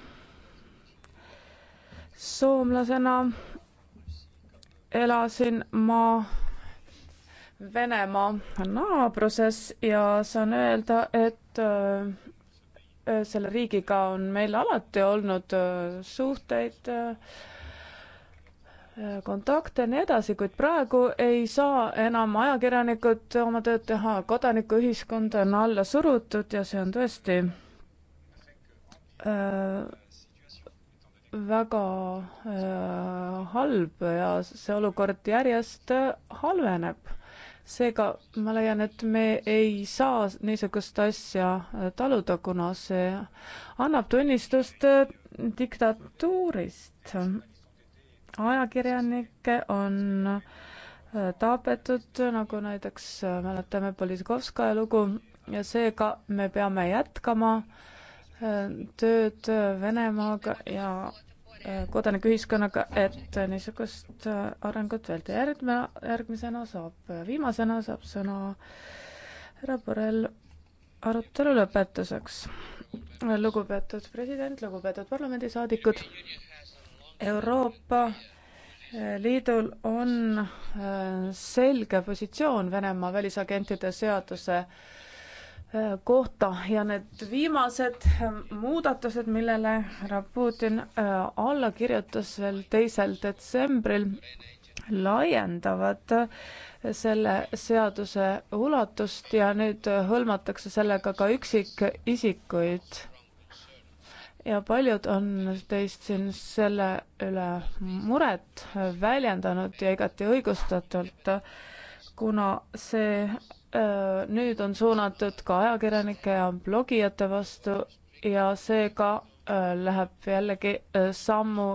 soomlasena elasin ma Venemaa naabruses ja saan öelda, et äh, äh, selle riigiga on meil alati olnud äh, suhteid, kontakte ja nii edasi, kuid praegu ei saa enam ajakirjanikud oma tööd teha, kodanikuühiskond on alla surutud ja see on tõesti Äh, väga äh, halb ja see olukord järjest halveneb. seega ma leian, et me ei saa niisugust asja taluda, kuna see annab tunnistust diktatuurist. ajakirjanikke on äh, tapetud, nagu näiteks mäletame Politkovskaja lugu ja seega me peame jätkama äh, tööd Venemaaga ja äh, kodanikuühiskonnaga, et niisugust äh, arengut vältida. järgmine, järgmisena saab, äh, viimasena saab sõna härra Borrell arutelu lõpetuseks. lugupeetud president, lugupeetud parlamendisaadikud, Euroopa Liidul on selge positsioon Venemaa välisagentide seaduse äh, kohta ja need viimased muudatused, millele härra Putin äh, alla kirjutas veel teisel detsembril, laiendavad äh, selle seaduse ulatust ja nüüd äh, hõlmatakse sellega ka üksikisikuid. ja paljud on teist siin selle üle muret väljendanud ja igati õigustatult kuna see nüüd on suunatud ka ajakirjanike ja blogijate vastu ja seega läheb jällegi sammu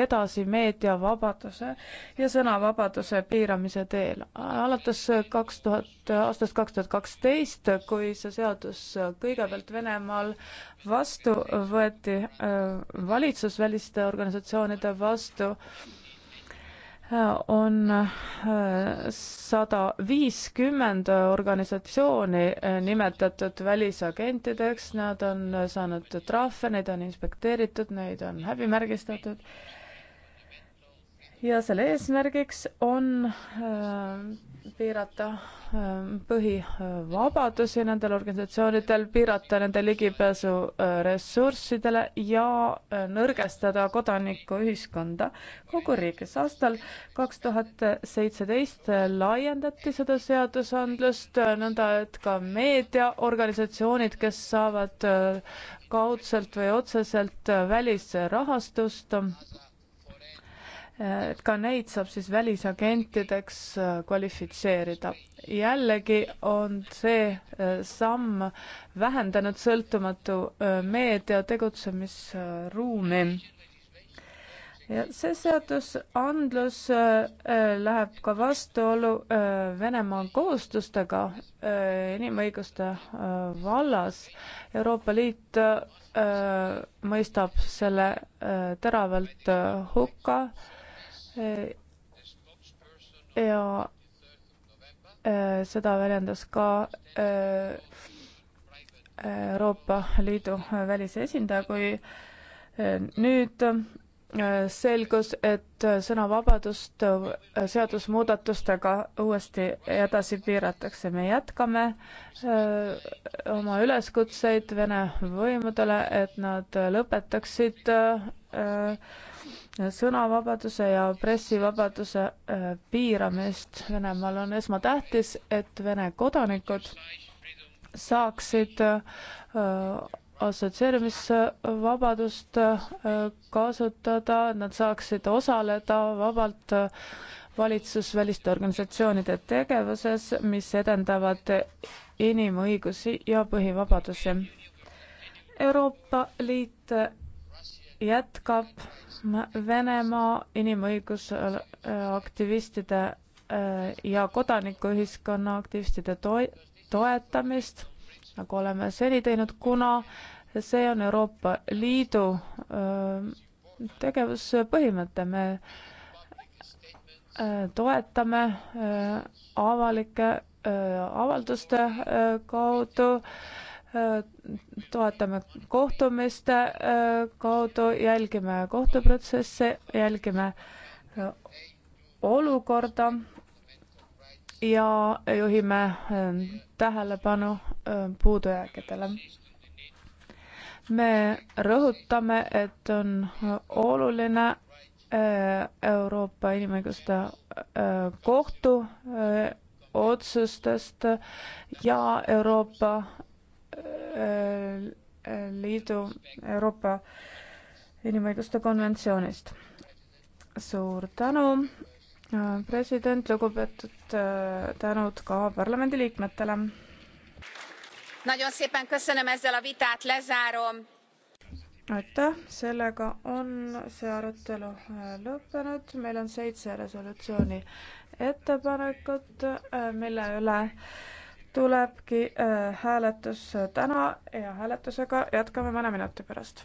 edasi meediavabaduse ja sõnavabaduse piiramise teel. alates kaks tuhat, aastast kaks tuhat kaksteist, kui see seadus kõigepealt Venemaal vastu võeti valitsusväliste organisatsioonide vastu, on äh, sada viiskümmend organisatsiooni äh, nimetatud välisagentideks, nad on äh, saanud trahve, neid on inspekteeritud, neid on häbimärgistatud. ja selle eesmärgiks on piirata ähm, põhivabadusi nendel organisatsioonidel, piirata nende ligipääsu äh, ressurssidele ja äh, nõrgestada kodanikuühiskonda kogu riigis. aastal kaks tuhat seitseteist laiendati seda seadusandlust äh, nõnda, et ka meediaorganisatsioonid, kes saavad kaudselt või otseselt välisrahastust, et ka neid saab siis välisagentideks äh, kvalifitseerida. jällegi on see äh, samm vähendanud sõltumatu äh, meedia tegutsemisruumi. ja see seadusandlus läheb ka vastuollu Venemaa kohustustega inimõiguste vallas. Euroopa Liit mõistab selle teravalt hukka Äh, ja äh, seda väljendas ka äh, Euroopa Liidu välisesindaja, kui nüüd selgus, et sõnavabadust seadusmuudatustega uuesti edasi piiratakse. me jätkame oma üleskutseid Vene võimudele, et nad lõpetaksid sõnavabaduse ja pressivabaduse äh, piiramist Venemaal on esmatähtis, et Vene kodanikud saaksid äh, assotsieerimisvabadust äh, kasutada, et nad saaksid osaleda vabalt valitsusväliste organisatsioonide tegevuses, mis edendavad inimõigusi ja põhivabadusi. Euroopa Liit jätkab Venemaa inimõigusaktivistide äh, ja kodanikuühiskonna aktivistide to-, toetamist, nagu oleme seni teinud, kuna see on Euroopa Liidu äh, tegevuspõhimõte, me äh, toetame avalike avalduste kaudu äh, toetame kohtumiste äh, kaudu, jälgime kohtuprotsesse, jälgime äh, olukorda ja juhime äh, tähelepanu puudujääkidele. me rõhutame, et on oluline Euroopa Inimõiguste Kohtu otsustest ja Euroopa Liidu Euroopa inimõiguste konventsioonist. suur tänu, äh, president, lugupeetud äh, tänud ka parlamendiliikmetele. aitäh, sellega on see arutelu äh, lõppenud, meil on seitse resolutsiooni ettepanekut, mille üle tulebki äh, hääletus täna ja hääletusega jätkame mõne minuti pärast.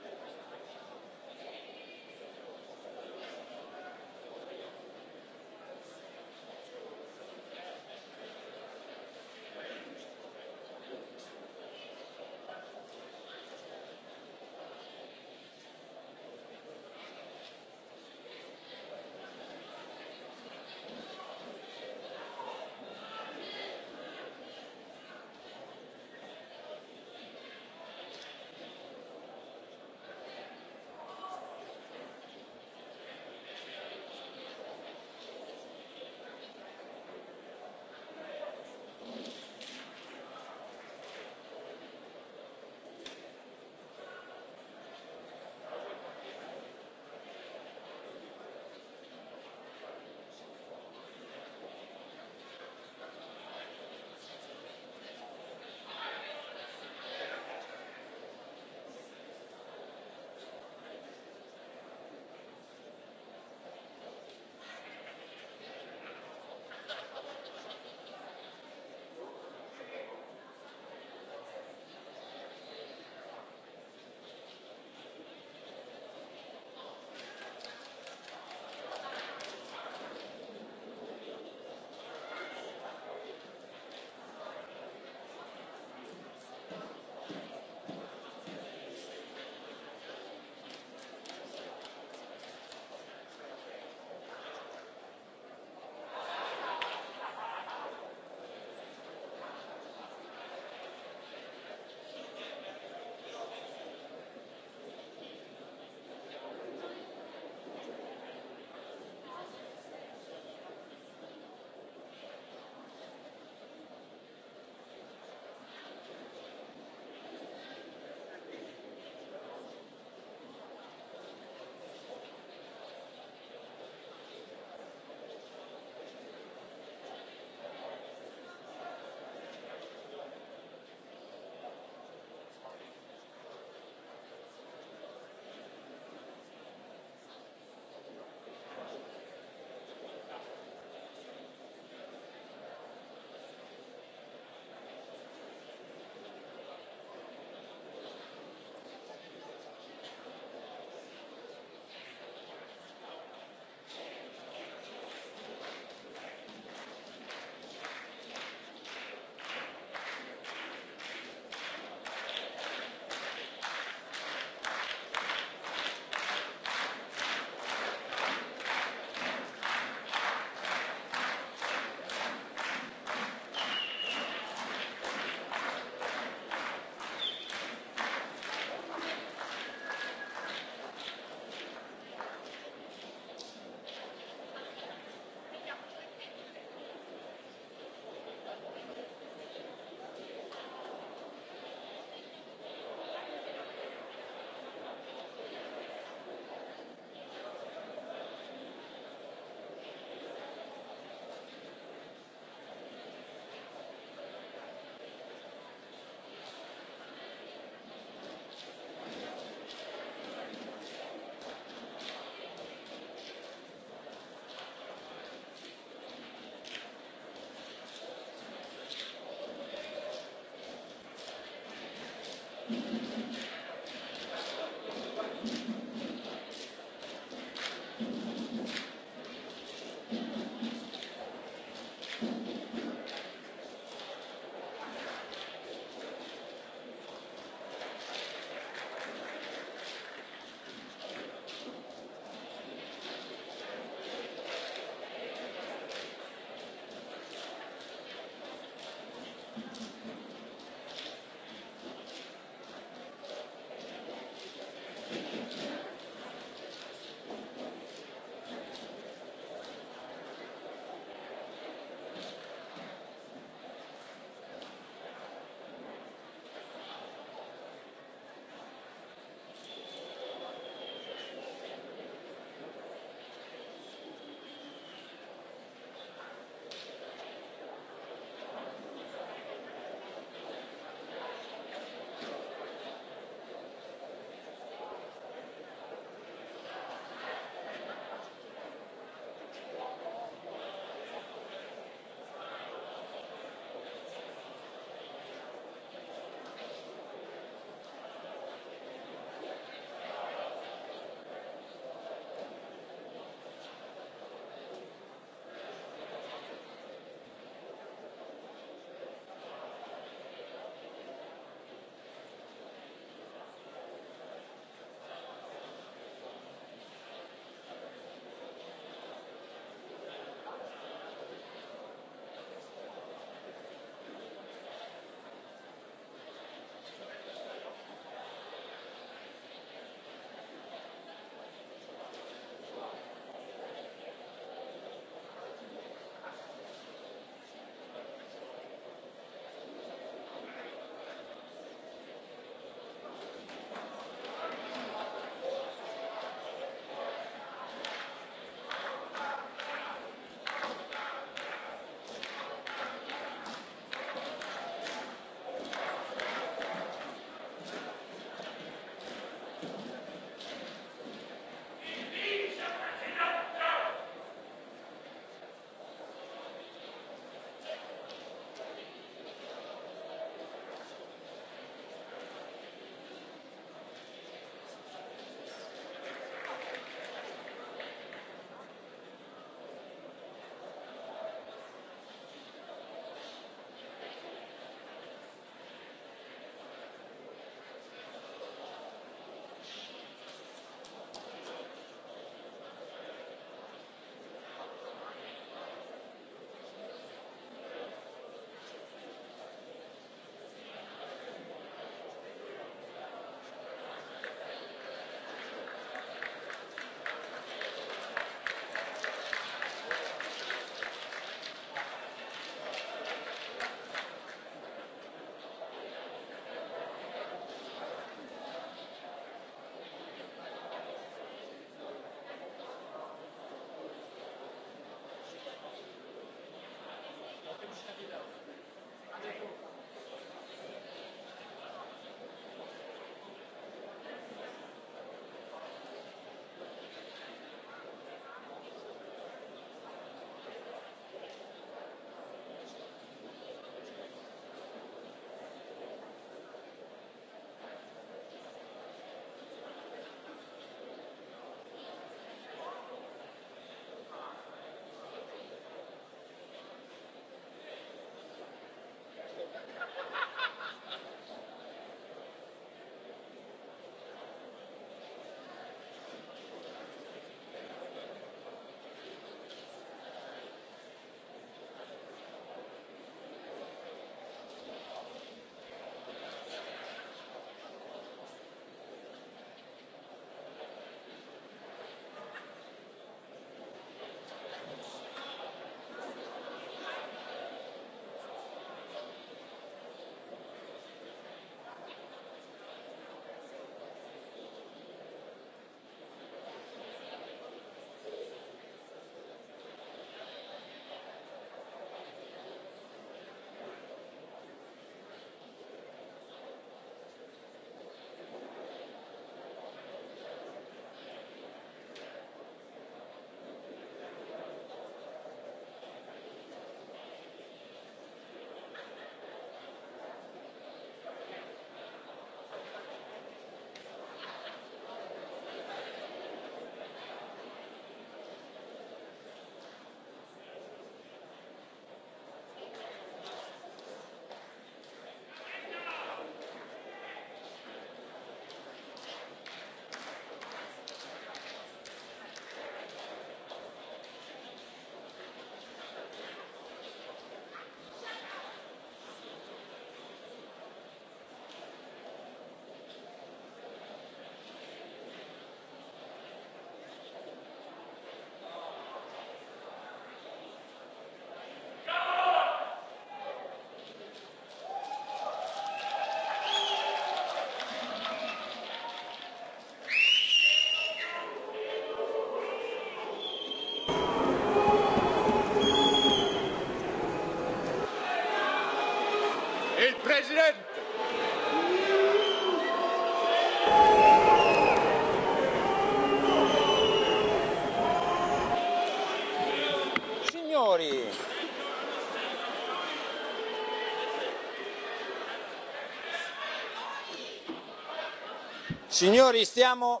Signori, stiamo...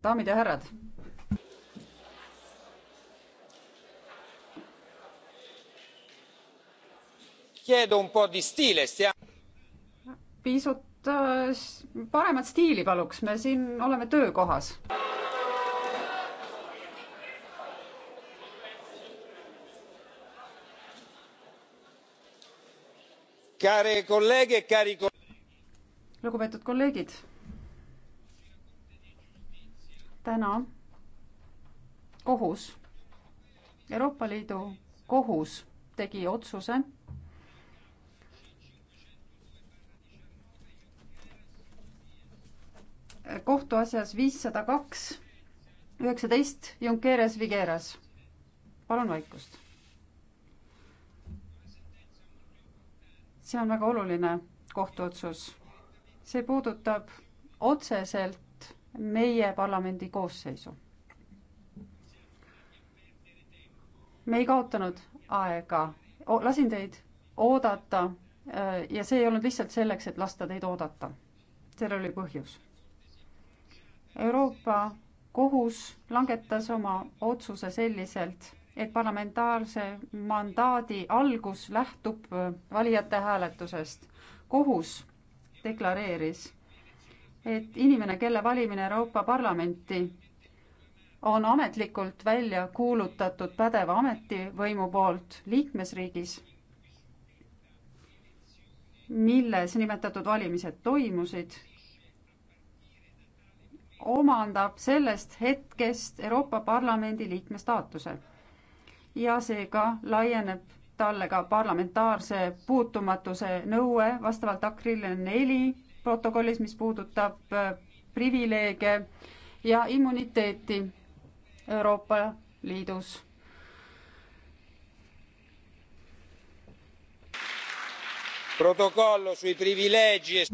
daamid ja härrad. Chiedo un po' di stile, stiamo... pisut eh, paremat stiili paluks, me siin oleme töökohas E lugupeetud kolleegid, täna kohus, Euroopa Liidu kohus tegi otsuse kohtuasjas viissada kaks üheksateist Junqueras Figueras. palun vaikust see on väga oluline kohtuotsus. see puudutab otseselt meie parlamendi koosseisu. me ei kaotanud aega, lasin teid oodata äh, ja see ei olnud lihtsalt selleks, et lasta teid oodata. sellel oli põhjus. Euroopa kohus langetas oma otsuse selliselt, et parlamentaarse mandaadi algus lähtub äh, valijate hääletusest. kohus deklareeris, et inimene, kelle valimine Euroopa Parlamenti on ametlikult välja kuulutatud pädeva ametivõimu poolt liikmesriigis, milles nimetatud valimised toimusid, omandab sellest hetkest Euroopa Parlamendi liikme staatuse ja seega laieneb talle ka parlamentaarse puutumatuse nõue vastavalt akrile neli protokollis, mis puudutab äh, privileege ja immuniteeti Euroopa Liidus. protokollo sui privilegi e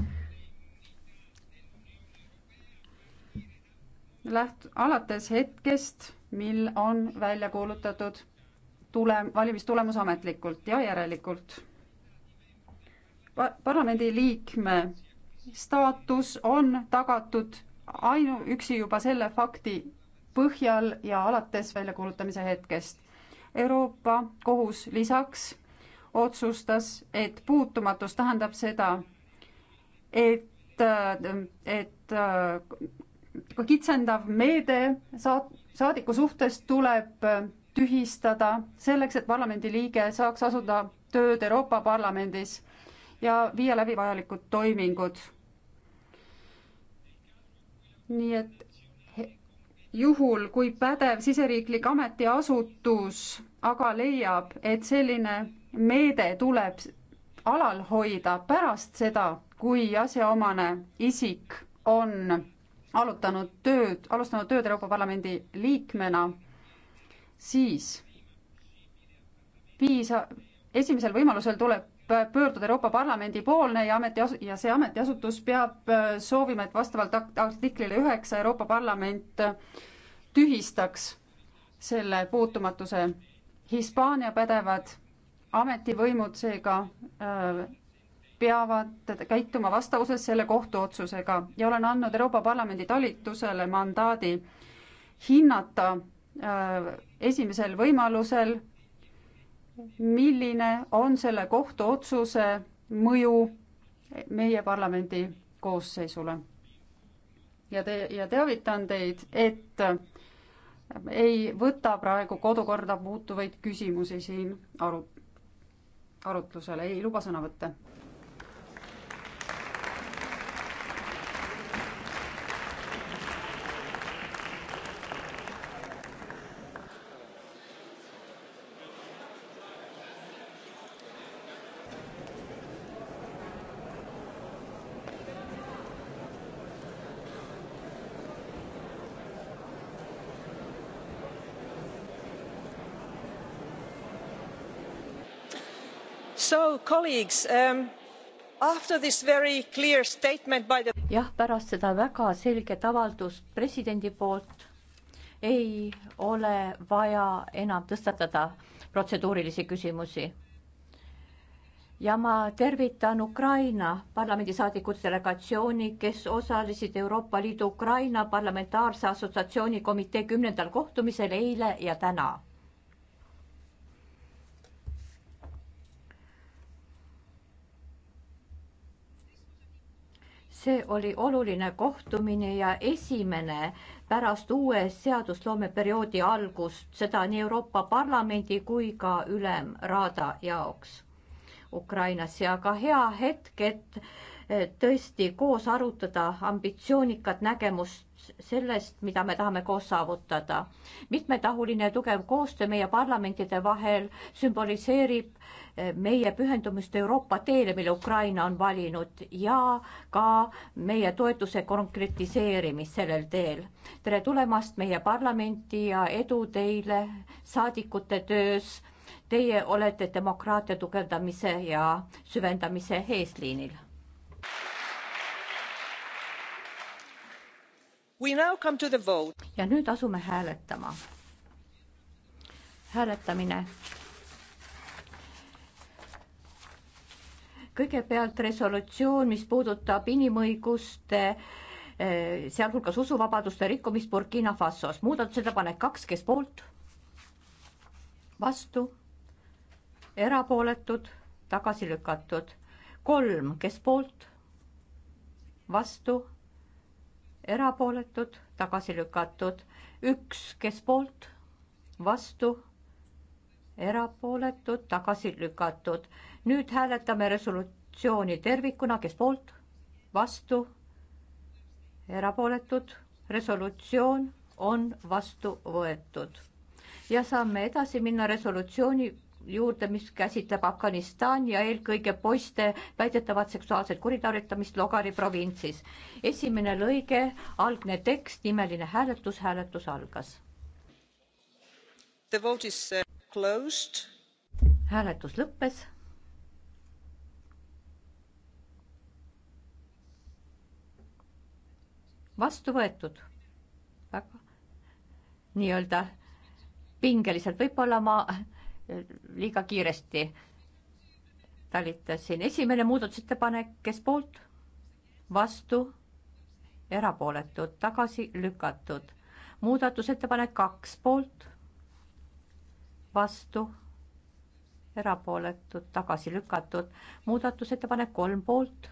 läht-, alates hetkest, mil on välja kuulutatud tule, valimistulemus ametlikult ja järelikult pa. parlamendiliikme staatus on tagatud ainuüksi juba selle fakti põhjal ja alates väljakuulutamise hetkest. Euroopa Kohus lisaks otsustas, et puutumatus tähendab seda, et, et ka kitsendav meede saat-, saadiku suhtes tuleb tühistada selleks, et parlamendi liige saaks asuda tööd Euroopa Parlamendis ja viia läbi vajalikud toimingud. nii et juhul, kui pädev siseriiklik ametiasutus aga leiab, et selline meede tuleb alal hoida pärast seda, kui asjaomane isik on alutanud tööd, alustanud tööd Euroopa Parlamendi liikmena siis viis, esimesel võimalusel tuleb pöörduda Euroopa Parlamendi poolne ja ametiasu- ja see ametiasutus peab äh, soovima, et vastavalt artiklile üheksa Euroopa Parlament äh, tühistaks selle puutumatuse. Hispaania pädevad ametivõimud seega äh, peavad käituma vastavuses selle kohtuotsusega ja olen andnud Euroopa Parlamendi talitusele mandaadi hinnata Äh, esimesel võimalusel, milline on selle kohtuotsuse mõju meie parlamendi koosseisule. ja te, ja teavitan teid, et ei võta praegu kodukorda puutuvaid küsimusi siin aru, arutlusele, ei luba sõna võtta colleagues um, after this very clear statement by the jah, pärast seda väga selget avaldust presidendi poolt ei ole vaja enam tõstatada protseduurilisi küsimusi. ja ma tervitan Ukraina parlamendisaadikute delegatsiooni, kes osalesid Euroopa Liidu Ukraina Parlamentaarse Assotsiatsiooni komitee kümnendal kohtumisel eile ja täna see oli oluline kohtumine ja esimene pärast uue seadusloomeperioodi algust, seda nii Euroopa Parlamendi kui ka Ülemraada jaoks Ukrainas ja ka hea hetk, et tõesti koos arutada ambitsioonikat nägemust sellest, mida me tahame koos saavutada. mitmetahuline tugev koostöö meie parlamentide vahel sümboliseerib eh, meie pühendumist Euroopa teele, mille Ukraina on valinud ja ka meie toetuse konkretiseerimist sellel teel. tere tulemast meie parlamenti ja edu teile saadikute töös. Teie olete demokraatia tugevdamise ja süvendamise eesliinil ja nüüd asume hääletama. hääletamine. kõigepealt resolutsioon, mis puudutab inimõiguste, eh, sealhulgas usuvabaduste rikkumist Burkina Fasos. muudatusettepanek kaks, kes poolt? vastu? erapooletud? tagasi lükatud? kolm, kes poolt? vastu, erapooletud, tagasi lükatud, üks, kes poolt, vastu, erapooletud, tagasi lükatud. nüüd hääletame resolutsiooni tervikuna, kes poolt, vastu, erapooletud, resolutsioon on vastu võetud ja saame edasi minna resolutsiooni juurde, mis käsitleb Afganistani ja eelkõige poiste väidetavat seksuaalset kuritarvitamist Logari provintsis. esimene lõige, algne tekst, nimeline hääletus, hääletus algas. Uh, hääletus lõppes. vastu võetud. väga nii-öelda pingeliselt, võib-olla ma liiga kiiresti talitasin. esimene muudatusettepanek, kes poolt? vastu? erapooletud, tagasi lükatud. muudatusettepanek kaks poolt? vastu? erapooletud, tagasi lükatud. muudatusettepanek kolm poolt?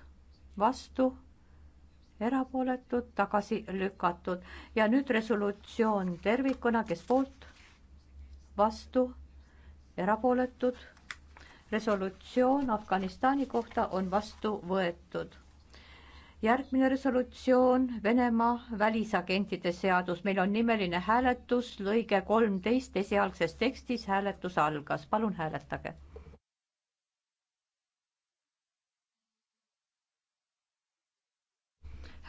vastu? erapooletud, tagasi lükatud ja nüüd resolutsioon tervikuna, kes poolt? vastu? erapooletud. resolutsioon Afganistani kohta on vastu võetud. järgmine resolutsioon Venemaa välisagentide seadus, meil on nimeline hääletus, lõige kolmteist esialgses tekstis hääletus algas, palun hääletage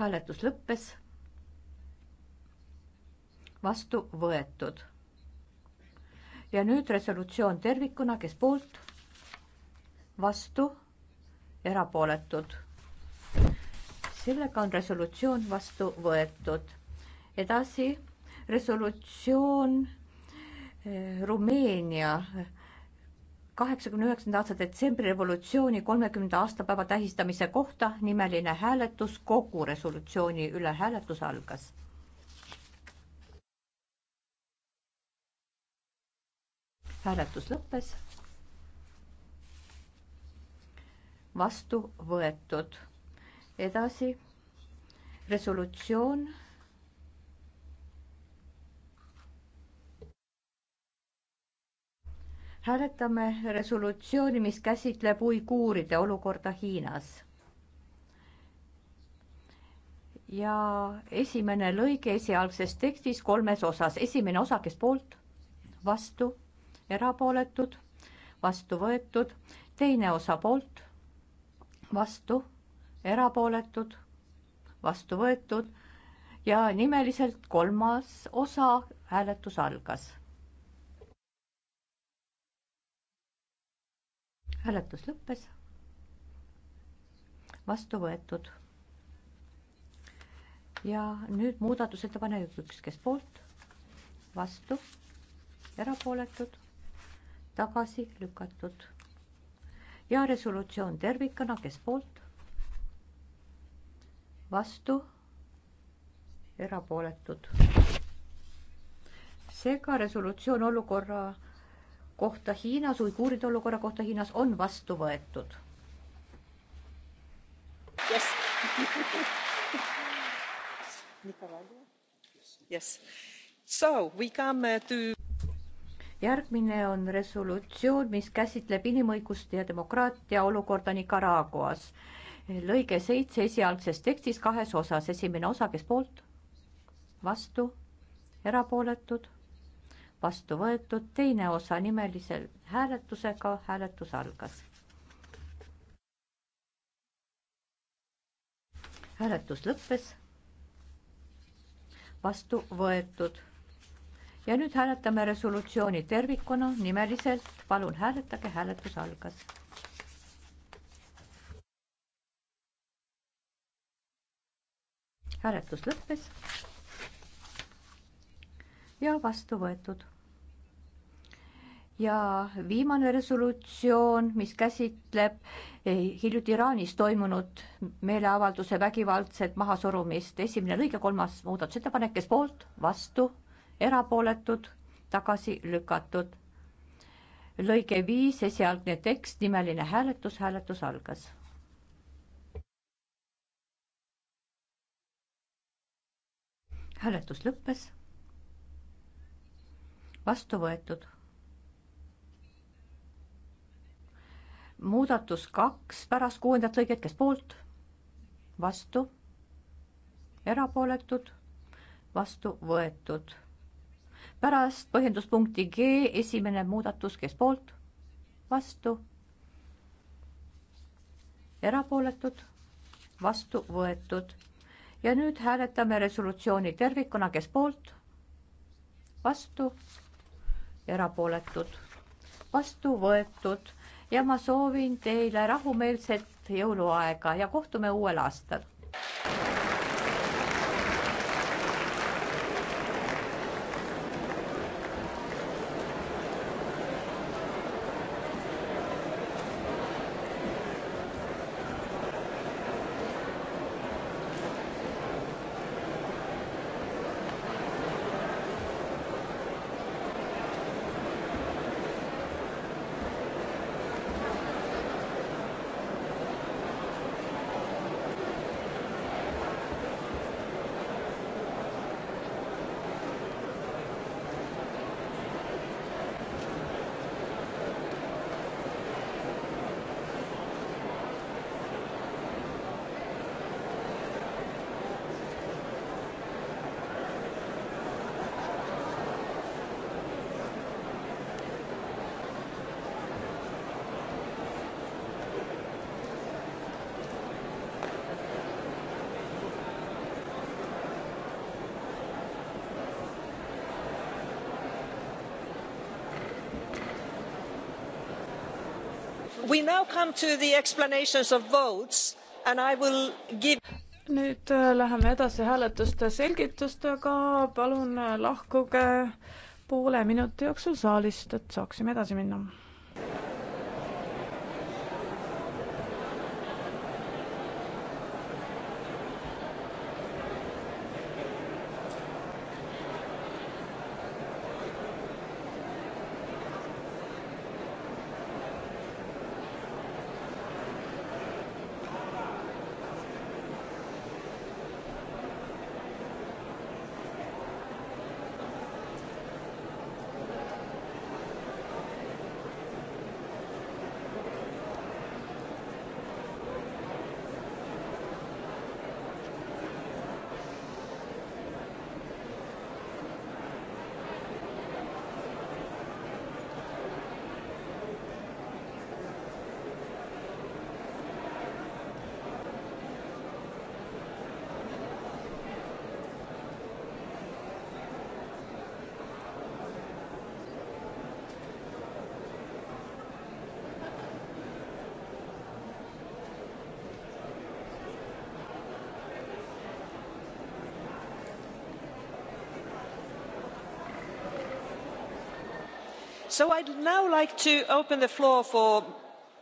hääletus lõppes. vastu võetud ja nüüd resolutsioon tervikuna, kes poolt, vastu, erapooletud. sellega on resolutsioon vastu võetud. edasi resolutsioon eh, Rumeenia kaheksakümne üheksanda aasta detsembri revolutsiooni kolmekümnenda aastapäeva tähistamise kohta nimeline hääletus kogu resolutsiooni üle hääletus algas hääletus lõppes. vastu võetud. edasi resolutsioon. hääletame resolutsiooni, mis käsitleb uiguuride olukorda Hiinas. ja esimene lõige esialgses tekstis kolmes osas, esimene osa, kes poolt, vastu erapooletud, vastu võetud, teine osa poolt, vastu, erapooletud, vastu võetud ja nimeliselt kolmas osa hääletus algas. hääletus lõppes. vastu võetud. ja nüüd muudatusettepanek üks, kes poolt, vastu, erapooletud, tagasi lükatud. ja resolutsioon tervikuna, kes poolt? vastu? erapooletud. seega resolutsioon olukorra kohta Hiinas, uiguuride olukorra kohta Hiinas on vastu võetud yes.. Yes. So we come uh, to järgmine on resolutsioon, mis käsitleb inimõiguste ja demokraatia olukorda Nicaraguas. lõige seitse esialgses tekstis kahes osas, esimene osa, kes poolt, vastu, erapooletud, vastu võetud, teine osa nimelise hääletusega, hääletus algas. hääletus lõppes, vastu võetud ja nüüd hääletame resolutsiooni tervikuna nimeliselt. palun hääletage, hääletus algas. hääletus lõppes ja vastu võetud. ja viimane resolutsioon, mis käsitleb eh, hiljuti Iraanis toimunud meeleavalduse vägivaldset mahasurumist, esimene lõige, kolmas muudatusettepanek, kes poolt, vastu erapooletud, tagasi lükatud. lõige viis, esialgne tekst, nimeline hääletus, hääletus algas. hääletus lõppes. vastu võetud muudatus kaks pärast kuuendat lõiget, kes poolt, vastu, erapooletud, vastu võetud pärast põhjenduspunkti G esimene muudatus, kes poolt, vastu, erapooletud, vastu võetud. ja nüüd hääletame resolutsiooni tervikuna, kes poolt, vastu, erapooletud, vastu võetud ja ma soovin teile rahumeelset jõuluaega ja kohtume uuel aastal. We now come to the explanations of votes and I will give nüüd äh, läheme edasi hääletuste selgitustega, palun äh, lahkuge poole minuti jooksul saalist, et saaksime edasi minna. I'd now like to open the floor for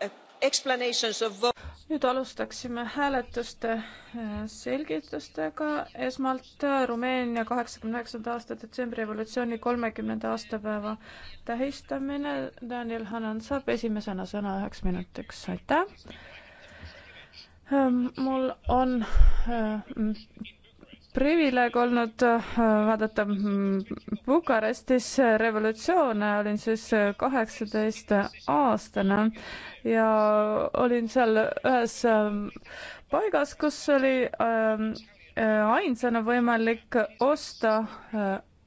uh, explanations of vote. nüüd alustaksime hääletuste äh, selgitustega. esmalt äh, Rumeenia kaheksakümne üheksanda aasta detsembri revolutsiooni kolmekümnenda aastapäeva tähistamine. Daniel Hanan saab esimesena sõna üheks minutiks, aitäh. Ähm, mul on äh, privileeg olnud äh, vaadata mm, Bukarestis revolutsioone, olin siis äh, kaheksateistaastane ja olin seal ühes ähm, paigas, kus oli ähm, äh, ainsana võimalik osta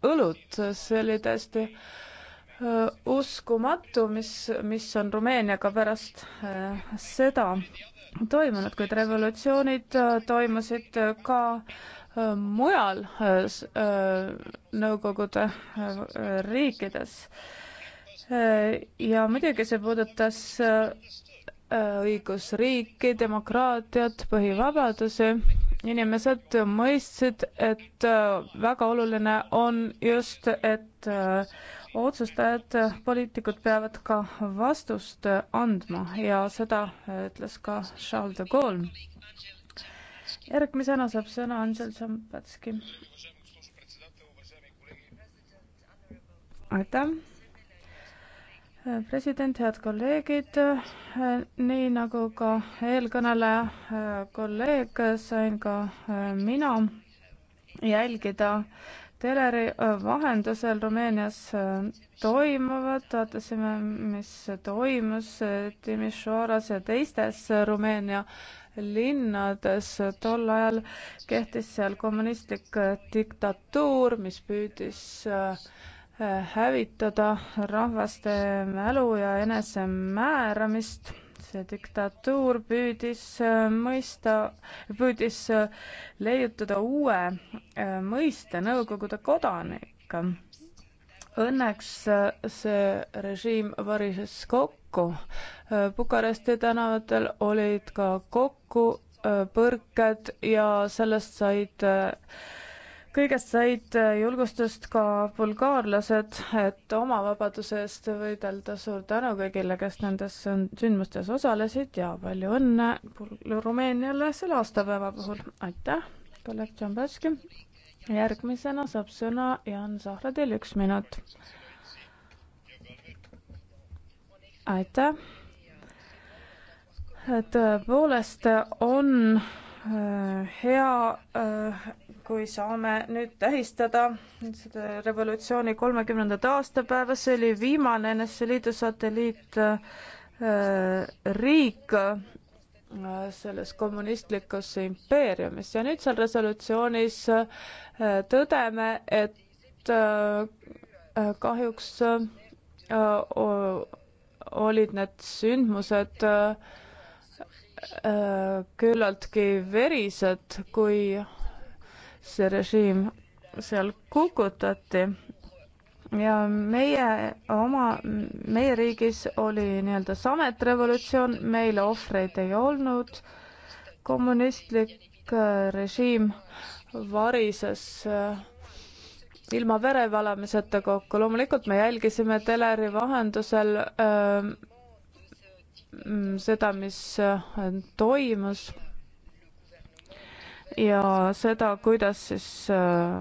õlut, see oli täiesti uskumatu, mis, mis on Rumeeniaga pärast seda toimunud, kuid revolutsioonid toimusid ka Äh, mujal äh, Nõukogude äh, riikides. ja muidugi see puudutas õigusriiki, demokraatiat, põhivabadusi. inimesed mõistsid, et väga oluline on just, et otsustajad, poliitikud peavad ka vastust andma ja seda ütles ka Charles de Gaulle järgmisena saab sõna Ansel Šampatski. aitäh president, head kolleegid, nii nagu ka eelkõneleja kolleeg, sain ka äh, mina jälgida teleri äh, vahendusel Rumeenias äh, toimuvat, vaatasime, mis toimus Timisoaras ja teistes Rumeenia linnades. tol ajal kehtis seal kommunistlik diktatuur, mis püüdis äh, hävitada rahvaste mälu ja enesemääramist. see diktatuur püüdis äh, mõista, püüdis äh, leiutada uue mõiste Nõukogude kodanik Õnneks äh, see režiim varises kokku. Äh, Bukaresti tänavatel olid ka kokkupõrked äh, ja sellest said, kõigest said julgustust ka bulgaarlased, et oma vabaduse eest võidelda. suur tänu kõigile, kes nendes sündmustes osalesid ja palju õnne Rumeeniale selle aastapäeva puhul. aitäh, kolleeg Tšambaski järgmisena saab sõna Jan Zahra, teil üks minut. aitäh. tõepoolest on äh, hea, äh, kui saame nüüd tähistada seda revolutsiooni kolmekümnendat aastapäeva, see oli viimane NSV Liidu satelliitriik äh, selles kommunistlikus impeeriumis ja nüüd seal resolutsioonis äh, tõdeme, et äh, kahjuks äh, olid need sündmused küllaltki verised, kui see režiim seal kukutati ja meie oma, meie riigis oli nii-öelda sametrevolutsioon, meil ohvreid ei olnud, kommunistlik äh, režiim varises äh, ilma verevalamiseta kokku, loomulikult me jälgisime teleri vahendusel öö, äh, seda, mis toimus ja seda, kuidas siis öö,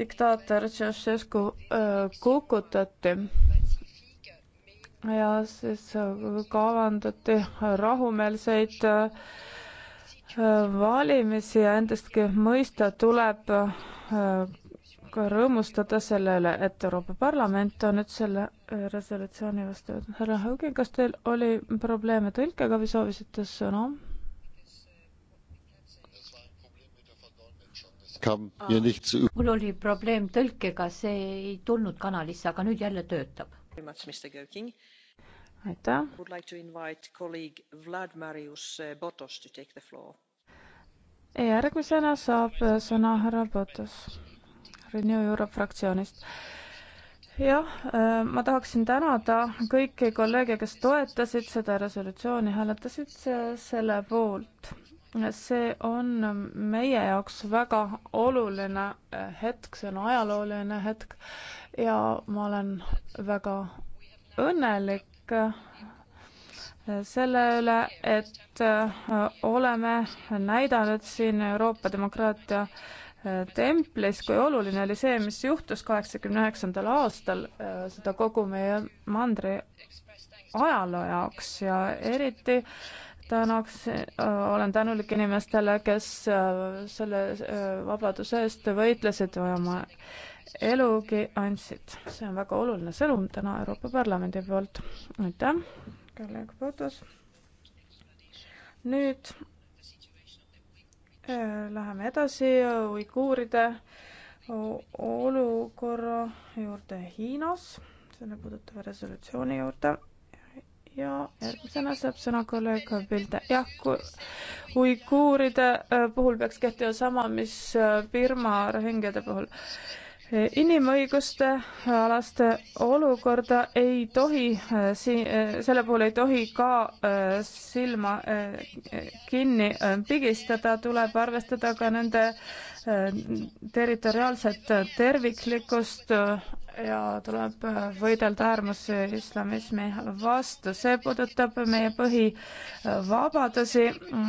diktaator Ceausescu äh, kukutati ja siis äh, kavandati rahumeelseid äh, valimisi ja endastki mõista tuleb ka rõõmustada selle üle, et Euroopa Parlament on nüüd selle resolutsiooni vastu võtnud. härra Haugin, kas teil oli probleeme tõlkega või soovisite sõna no?? mul oli probleem tõlkega, see ei tulnud kanalisse, aga nüüd jälle töötab. aitäh. Eh, järgmisena saab eh, sõna härra Botos Renew Europe fraktsioonist jah, eh, ma tahaksin tänada kõiki kolleege, kes toetasid seda resolutsiooni, hääletasid selle poolt see on meie jaoks väga oluline hetk, see on ajalooline hetk ja ma olen väga õnnelik selle üle, et oleme näidanud siin Euroopa demokraatia templis, kui oluline oli see, mis juhtus kaheksakümne üheksandal aastal, seda kogu meie mandri ajaloo jaoks ja eriti äh, tänaks, äh, olen tänulik inimestele, kes äh, selle äh, vabaduse eest võitlesid või oma elugi andsid. see on väga oluline sõnum täna Euroopa Parlamendi poolt. aitäh, kolleeg Putus. nüüd läheme edasi uiguuride olukorra juurde Hiinas, selle puudutava resolutsiooni juurde ja järgmisena saab sõna kolleeg Pilde. jah, uiguuride äh, puhul peaks kehtima sama, mis äh, Birma rohingjade puhul inimõiguste alast olukorda ei tohi, äh, äh, selle puhul ei tohi ka äh, silma kinni pigistada, tuleb arvestada ka nende territoriaalset terviklikkust ja tuleb võidelda äärmusislamismi vastu. see puudutab meie põhivabadusi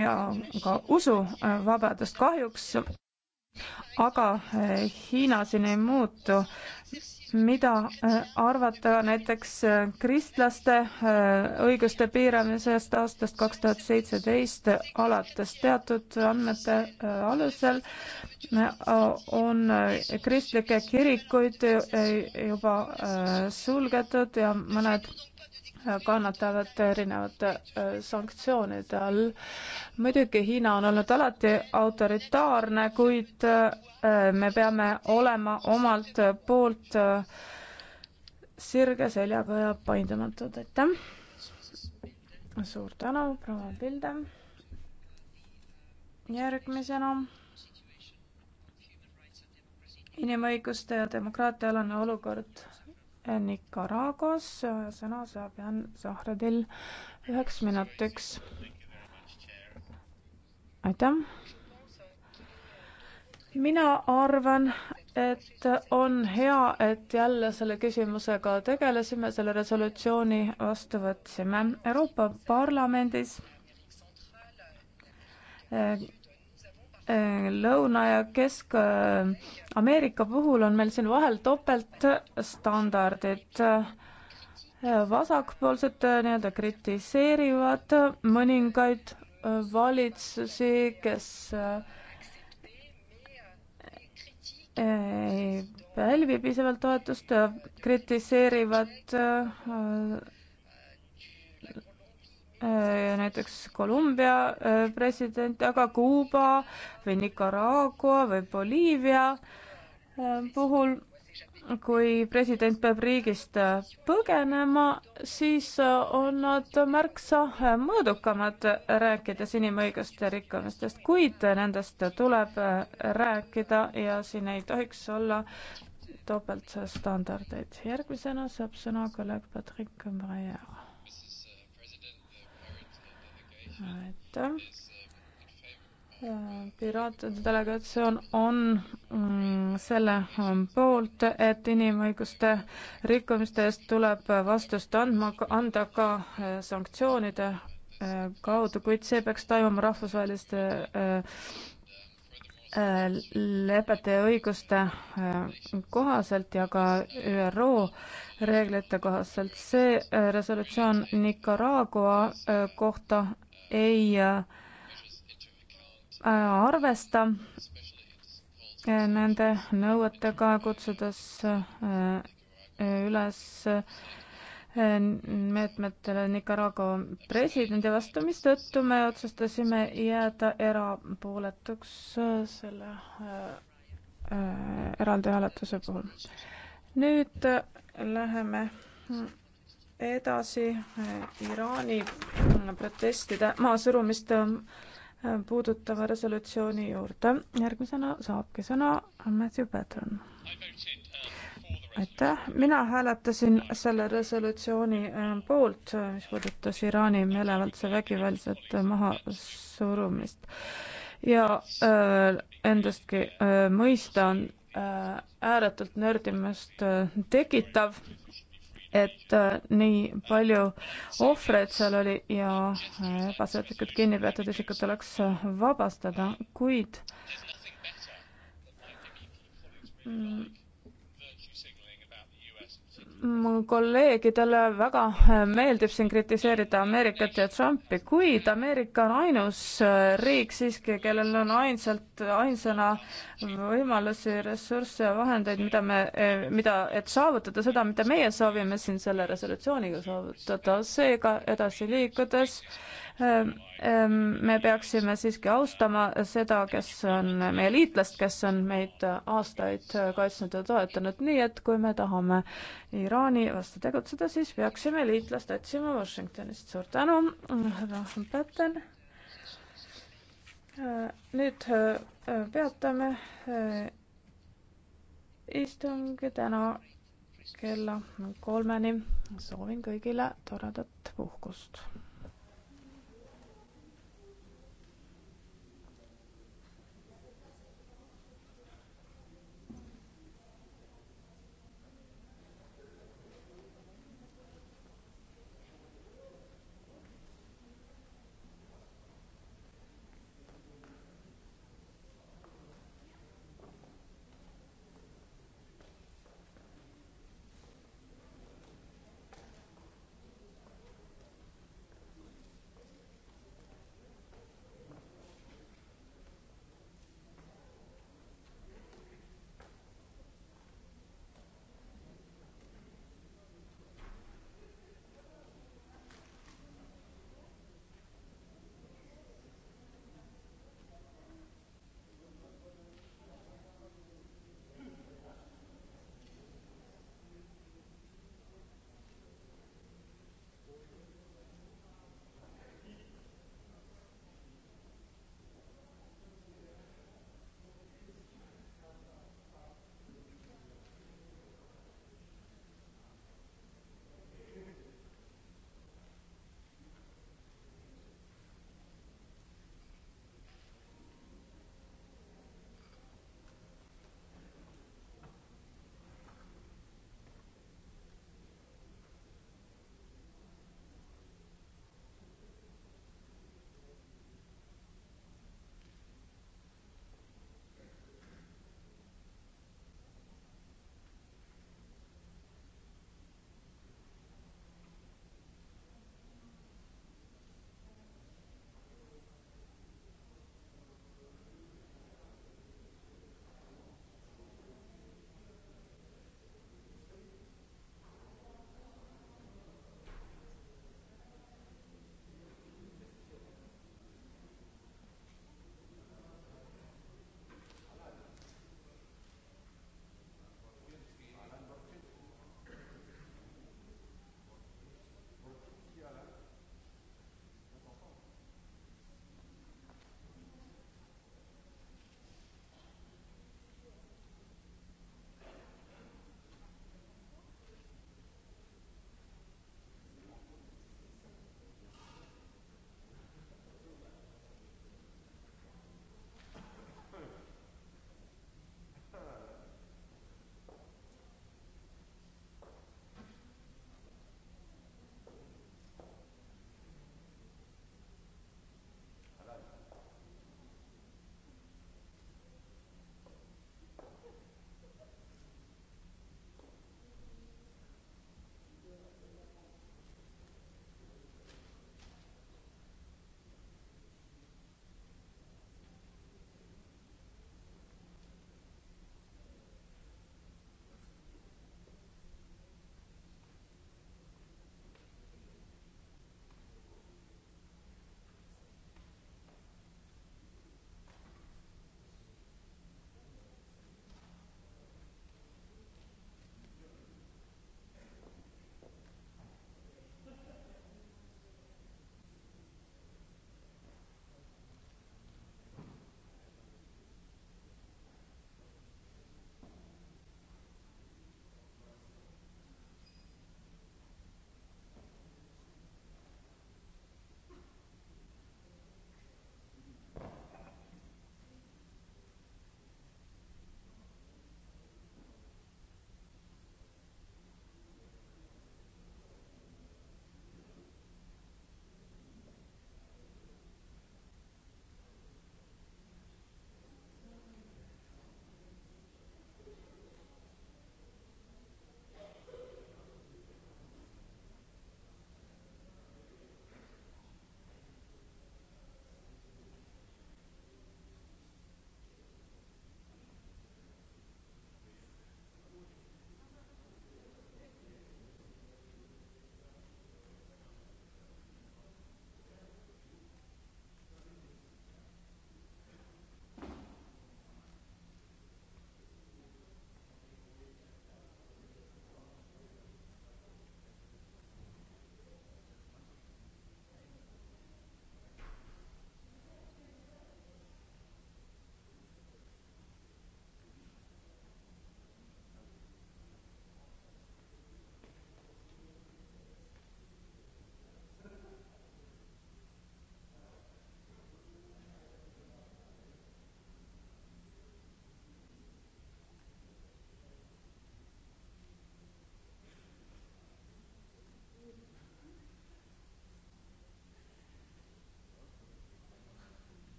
ja ka usuvabadusi. kahjuks aga eh, Hiina siin ei muutu. mida eh, arvata näiteks eh, kristlaste õiguste piiramisest aastast kaks tuhat seitseteist alates teatud andmete alusel on kristlikke kirikuid juba sulgetud ja mõned kannatavad erinevate äh, sanktsioonide all. muidugi Hiina on olnud alati autoritaarne, kuid äh, me peame olema omalt poolt äh, sirge seljaga ja paindumatud, aitäh. suur tänu, proua Pilde. järgmisena inimõiguste ja demokraatia alane olukord Nicaraguas. sõna saab Jan Zahradil üheks minutiks. aitäh. mina arvan, et on hea, et jälle selle küsimusega tegelesime, selle resolutsiooni vastu võtsime Euroopa Parlamendis Lõuna- ja Kesk-Ameerika puhul on meil siin vahel topeltstandardid. vasakpoolsed äh, nii-öelda kritiseerivad mõningaid äh, valitsusi, kes äh, ei pälvi piisavalt toetust, kritiseerivad Äh, näiteks Kolumbia äh, president, aga Kuuba või Nicaragua või Boliivia äh, puhul, kui president peab riigist põgenema, siis on nad märksa mõõdukamad, rääkides inimõiguste rikkumistest, kuid nendest tuleb rääkida ja siin ei tohiks olla topeltstandardeid. järgmisena saab sõna kolleeg Patrick Breyer aitäh. Äh, piraatide delegatsioon on mm, selle mm, poolt, et inimõiguste rikkumiste eest tuleb vastust andma, anda ka äh, sanktsioonide äh, kaudu, kuid see peaks toimuma rahvusvaheliste äh, lepete ja õiguste kohaselt ja ka ÜRO reeglite kohaselt. see resolutsioon Nicaragua kohta ei äh, arvesta äh, nende nõuetega, kutsudes äh, üles meetmetele Nicaragua presidendi vastu, mistõttu me otsustasime jääda erapooletuks selle äh, eraldi hääletuse puhul. nüüd läheme edasi Iraani protestida maasurumist äh, puudutava resolutsiooni juurde. järgmisena saabki sõna Matthew Patron. aitäh, mina hääletasin selle resolutsiooni äh, poolt, äh, mis puudutas Iraani meelevaldse vägivaldset mahasurumist ja äh, endastki äh, mõista on äh, ääretult nördimust äh, tekitav et äh, nii palju ohvreid seal oli ja äh, ebaseaduslikult kinni peetud isikud tuleks äh, vabastada, kuid mm, mu kolleegidele väga meeldib siin kritiseerida Ameerikat ja Trumpi, kuid Ameerika on ainus äh, riik siiski, kellel on ainsalt, ainsana võimalusi, ressursse ja vahendeid, mida me, äh, mida, et saavutada seda, mida meie soovime siin selle resolutsiooniga saavutada, seega edasi liikudes Ehm, ehm, me peaksime siiski austama seda, kes on meie liitlast, kes on meid äh, aastaid äh, kaitsnud ja toetanud, nii et kui me tahame Iraani vastu tegutseda, siis peaksime liitlast otsima Washingtonist. suur tänu, härra Patten. Äh, nüüd peatame istungi täna kella kolmeni. soovin kõigile toredat puhkust.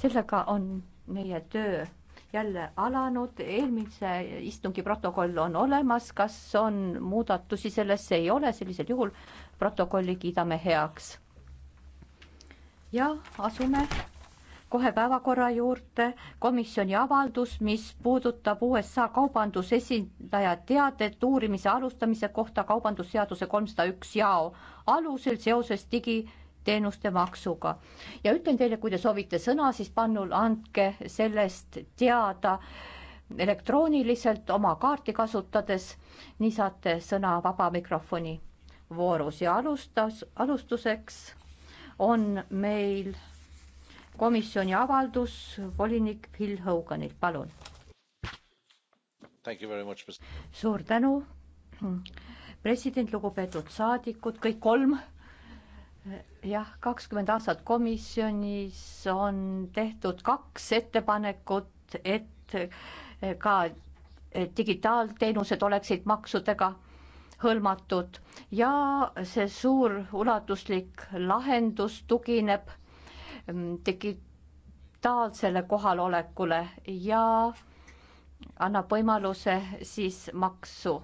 sellega on meie töö jälle alanud, eelmise istungi protokoll on olemas, kas on muudatusi sellesse, ei ole, sellisel juhul protokolli kiidame heaks. ja asume kohe päevakorra juurde komisjoni avaldus, mis puudutab USA kaubandusesindaja teadet uurimise alustamise kohta kaubandusseaduse kolmsada üks jao alusel seoses digi teenuste maksuga. ja ütlen teile, kui te soovite sõna, siis pannul andke sellest teada elektrooniliselt oma kaarti kasutades, nii saate sõna vaba mikrofoni voorus ja alustas, alustuseks on meil komisjoni avaldus volinik Phil Hoganilt, palun. suur tänu, president, lugupeetud saadikud, kõik kolm jah, kakskümmend aastat komisjonis on tehtud kaks ettepanekut, et ka digitaalteenused oleksid maksudega hõlmatud ja see suur ulatuslik lahendus tugineb mm, digitaalsele kohalolekule ja annab võimaluse siis maksu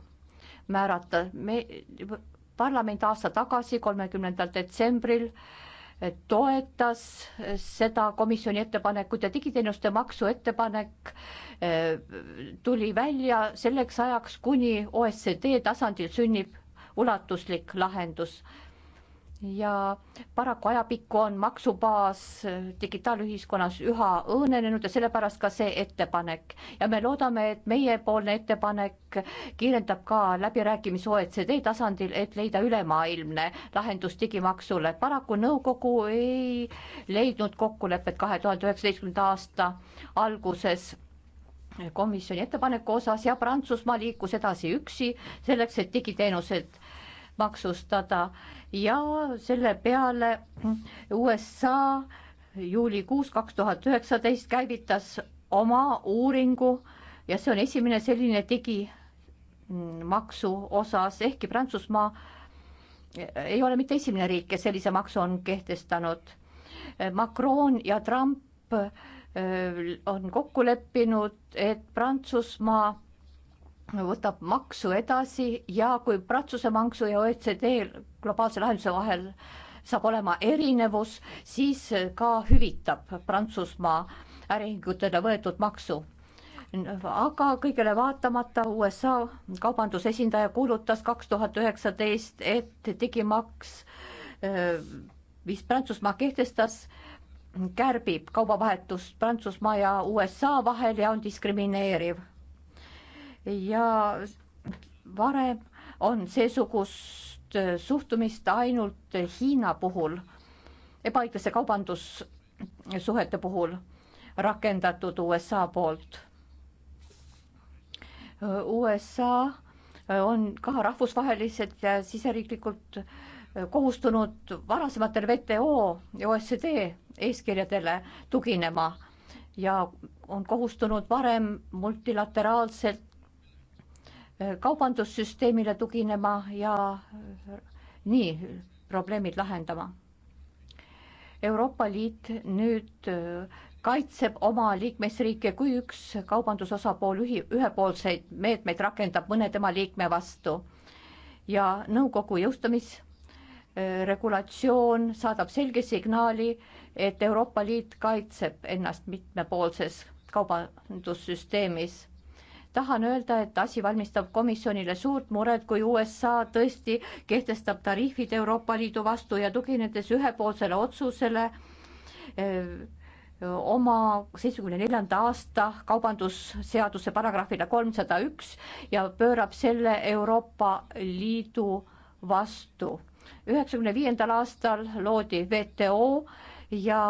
määrata. me parlament aasta tagasi, kolmekümnendal detsembril eh, toetas eh, seda komisjoni ettepanekut ja digiteenuste maksu ettepanek eh, tuli välja selleks ajaks, kuni OECD tasandil sünnib ulatuslik lahendus ja paraku ajapikku on maksubaas digitaalühiskonnas üha õõnenenud ja sellepärast ka see ettepanek ja me loodame, et meiepoolne ettepanek kiirendab ka läbirääkimisi OECD tasandil, et leida ülemaailmne lahendus digimaksule. paraku nõukogu ei leidnud kokkulepet kahe tuhande üheksateistkümnenda aasta alguses komisjoni ettepaneku osas ja Prantsusmaa liikus edasi üksi selleks, et digiteenused maksustada ja selle peale USA juulikuus kaks tuhat üheksateist käivitas oma uuringu ja see on esimene selline digimaksu osas, ehkki Prantsusmaa ei ole mitte esimene riik, kes sellise maksu on kehtestanud. Macron ja Trump äh, on kokku leppinud, et Prantsusmaa võtab maksu edasi ja kui Prantsuse maksu ja OECD globaalse lahenduse vahel saab olema erinevus, siis ka hüvitab Prantsusmaa äriühingutele võetud maksu. aga kõigele vaatamata USA kaubandusesindaja kuulutas kaks tuhat üheksateist, et digimaks, eh, mis Prantsusmaa kehtestas, kärbib kaubavahetust Prantsusmaa ja USA vahel ja on diskrimineeriv ja varem on seesugust äh, suhtumist ainult Hiina puhul, ebaõiglaste kaubandussuhete puhul rakendatud USA poolt. Äh, USA äh, on ka rahvusvaheliselt ja siseriiklikult kohustunud varasematel WTO ja OECD eeskirjadele tuginema ja on kohustunud varem multilateraalselt kaubandussüsteemile tuginema ja nii probleemid lahendama. Euroopa Liit nüüd kaitseb oma liikmesriike, kui üks kaubandusosapool ühi-, ühepoolseid meetmeid rakendab mõne tema liikme vastu. ja nõukogu jõustamisregulatsioon äh, saadab selge signaali, et Euroopa Liit kaitseb ennast mitmepoolses kaubandussüsteemis tahan öelda, et asi valmistab komisjonile suurt muret, kui USA tõesti kehtestab tariifid Euroopa Liidu vastu ja tuginedes ühepoolsele otsusele öö, eh, oma seitsmekümne neljanda aasta kaubandusseaduse paragrahvile kolmsada üks ja pöörab selle Euroopa Liidu vastu. üheksakümne viiendal aastal loodi WTO ja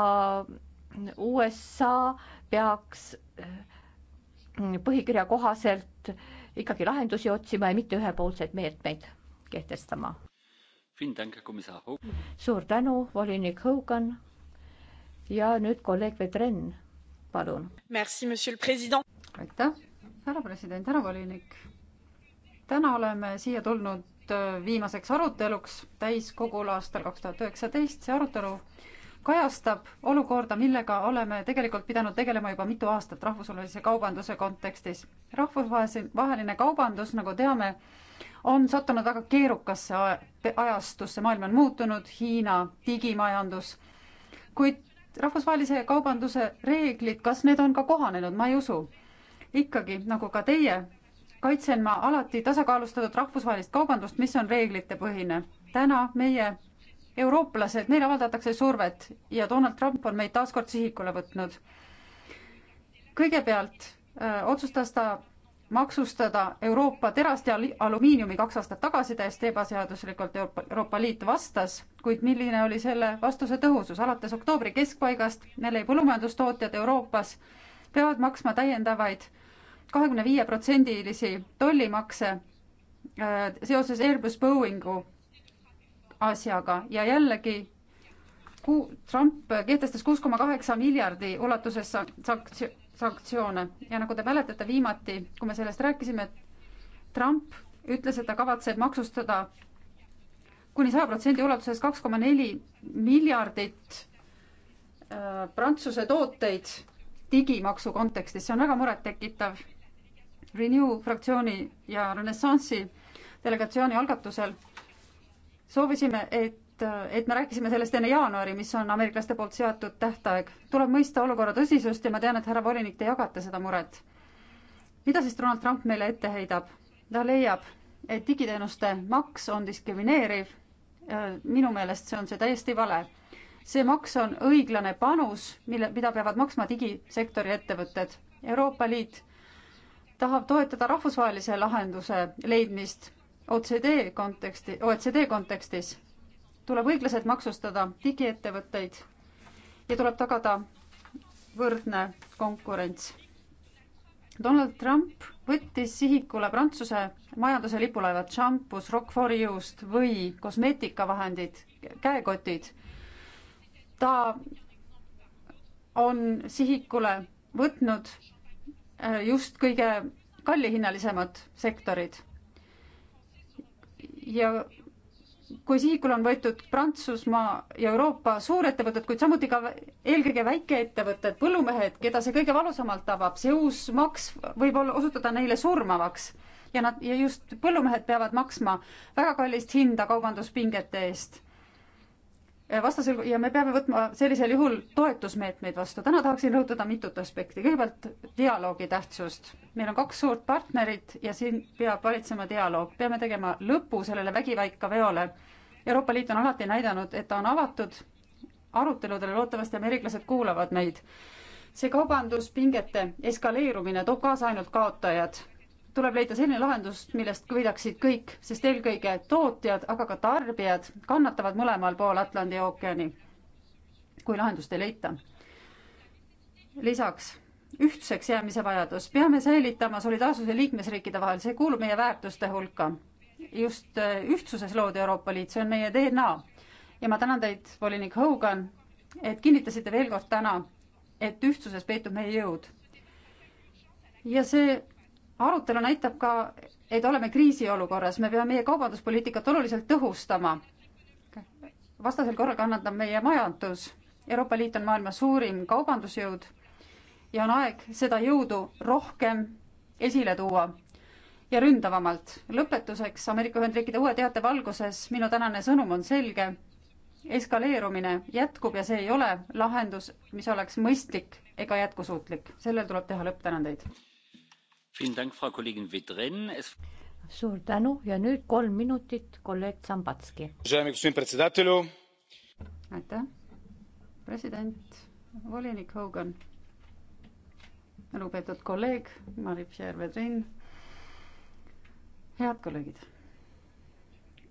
USA peaks öö, eh, põhikirja kohaselt ikkagi lahendusi otsima ja mitte ühepoolseid meetmeid kehtestama. suur tänu, volinik Hogan. ja nüüd kolleeg Vedren, palun. aitäh, härra president, härra volinik. täna oleme siia tulnud äh, viimaseks aruteluks täiskogul aastal kaks tuhat üheksateist, see arutelu kajastab olukorda, millega oleme tegelikult pidanud tegelema juba mitu aastat rahvusvahelise kaubanduse kontekstis. rahvusvahelise, vaheline kaubandus, nagu teame, on sattunud väga keerukasse ajastusse, maailm on muutunud, Hiina, digimajandus, kuid rahvusvahelise kaubanduse reeglid, kas need on ka kohanenud, ma ei usu. ikkagi, nagu ka teie, kaitsen ma alati tasakaalustatud rahvusvahelist kaubandust, mis on reeglitepõhine. täna meie eurooplased, neile avaldatakse survet ja Donald Trump on meid taas kord sihikule võtnud. kõigepealt öö, äh, otsustas ta maksustada Euroopa terast ja alumiiniumi kaks aastat tagasi täiesti ebaseaduslikult Euroopa, Euroopa Liit vastas, kuid milline oli selle vastuse tõhusus, alates oktoobri keskpaigast meil ei põllumajandustootjad Euroopas peavad maksma täiendavaid kahekümne viie protsendilisi tollimakse äh, seoses Airbus Boeingu asjaga ja jällegi ku-, Trump kehtestas kuus koma kaheksa miljardi ulatuses sanktsioone sanktsioone ja nagu te mäletate viimati, kui me sellest rääkisime, et Trump ütles, et ta kavatseb maksustada kuni saja protsendi ulatuses kaks koma neli miljardit äh, Prantsuse tooteid digimaksu kontekstis, see on väga murettekitav. Renew fraktsiooni ja Renessansi delegatsiooni algatusel soovisime, et et me rääkisime sellest enne jaanuari, mis on ameeriklaste poolt seatud tähtaeg. tuleb mõista olukorra tõsisust ja ma tean, et härra volinik, te jagate seda muret. mida siis Donald Trump meile ette heidab? ta leiab, et digiteenuste maks on diskrimineeriv. minu meelest see on see täiesti vale. see maks on õiglane panus, mille, mida peavad maksma digisektori ettevõtted. Euroopa Liit tahab toetada rahvusvahelise lahenduse leidmist OCD konteksti, OECD kontekstis tuleb õiglaselt maksustada digiettevõtteid ja tuleb tagada võrdne konkurents. Donald Trump võttis sihikule Prantsuse majanduse lipulaevad šampus, rokkforijuust või kosmeetikavahendid, käekotid. ta on sihikule võtnud äh, just kõige kallihinnalisemad sektorid ja kui sihikul on võetud Prantsusmaa ja Euroopa suurettevõtted, kuid samuti ka eelkõige väikeettevõtted, põllumehed, keda see kõige valusamalt tabab, see uus maks võib olla, osutuda neile surmavaks ja nad ja just põllumehed peavad maksma väga kallist hinda kaubanduspingete eest. Eh, vastasel ja me peame võtma sellisel juhul toetusmeetmeid vastu. täna tahaksin rõhutada mitut aspekti. kõigepealt dialoogi tähtsust. meil on kaks suurt partnerit ja siin peab valitsema dialoog. peame tegema lõpu sellele vägivaika veole. Euroopa Liit on alati näidanud, et ta on avatud aruteludele, loodetavasti ameeriklased kuulavad meid. see kaubanduspingete eskaleerumine toob kaasa ainult kaotajad tuleb leida selline lahendus, millest võidaksid kõik, sest eelkõige tootjad, aga ka tarbijad kannatavad mõlemal pool Atlandi ookeani, kui lahendust ei leita. lisaks ühtseks jäämise vajadus, peame säilitama solidaarsuse liikmesriikide vahel, see kuulub meie väärtuste hulka. just äh, ühtsuses loodi Euroopa Liit, see on meie DNA. ja ma tänan teid, volinik Hogan, et kinnitasite veel kord täna, et ühtsuses peitub meie jõud. ja see arutelu näitab ka, et oleme kriisiolukorras, me peame meie kaubanduspoliitikat oluliselt tõhustama. vastasel korral kannatab meie majandus. Euroopa Liit on maailma suurim kaubandusjõud ja on aeg seda jõudu rohkem esile tuua ja ründavamalt. lõpetuseks Ameerika Ühendriikide uue teate valguses minu tänane sõnum on selge. eskaleerumine jätkub ja see ei ole lahendus, mis oleks mõistlik ega jätkusuutlik. sellel tuleb teha lõpp, tänan teid suur tänu ja nüüd kolm minutit, kolleeg Zambatski. aitäh, president, volinik Hogan, lugupeetud kolleeg Marip Šervedrin, head kolleegid.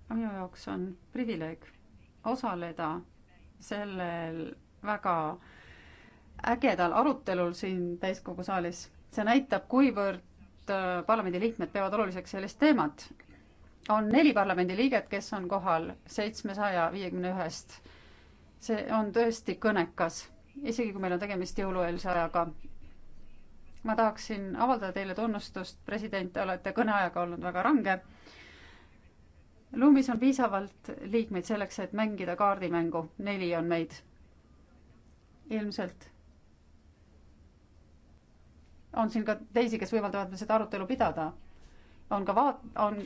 minu jaoks on privileeg osaleda sellel väga ägedal arutelul siin täiskogu saalis. see näitab, kuivõrd Äh, parlamendiliikmed peavad oluliseks sellist teemat. on neli parlamendiliiget, kes on kohal seitsmesaja viiekümne ühest. see on tõesti kõnekas, isegi kui meil on tegemist jõulueelse ajaga. ma tahaksin avaldada teile tunnustust, president, te olete kõneajaga olnud väga range. Lumis on piisavalt liikmeid selleks, et mängida kaardimängu, neli on meid. ilmselt on siin ka teisi, kes võimaldavad meil seda arutelu pidada. on ka vaat-, on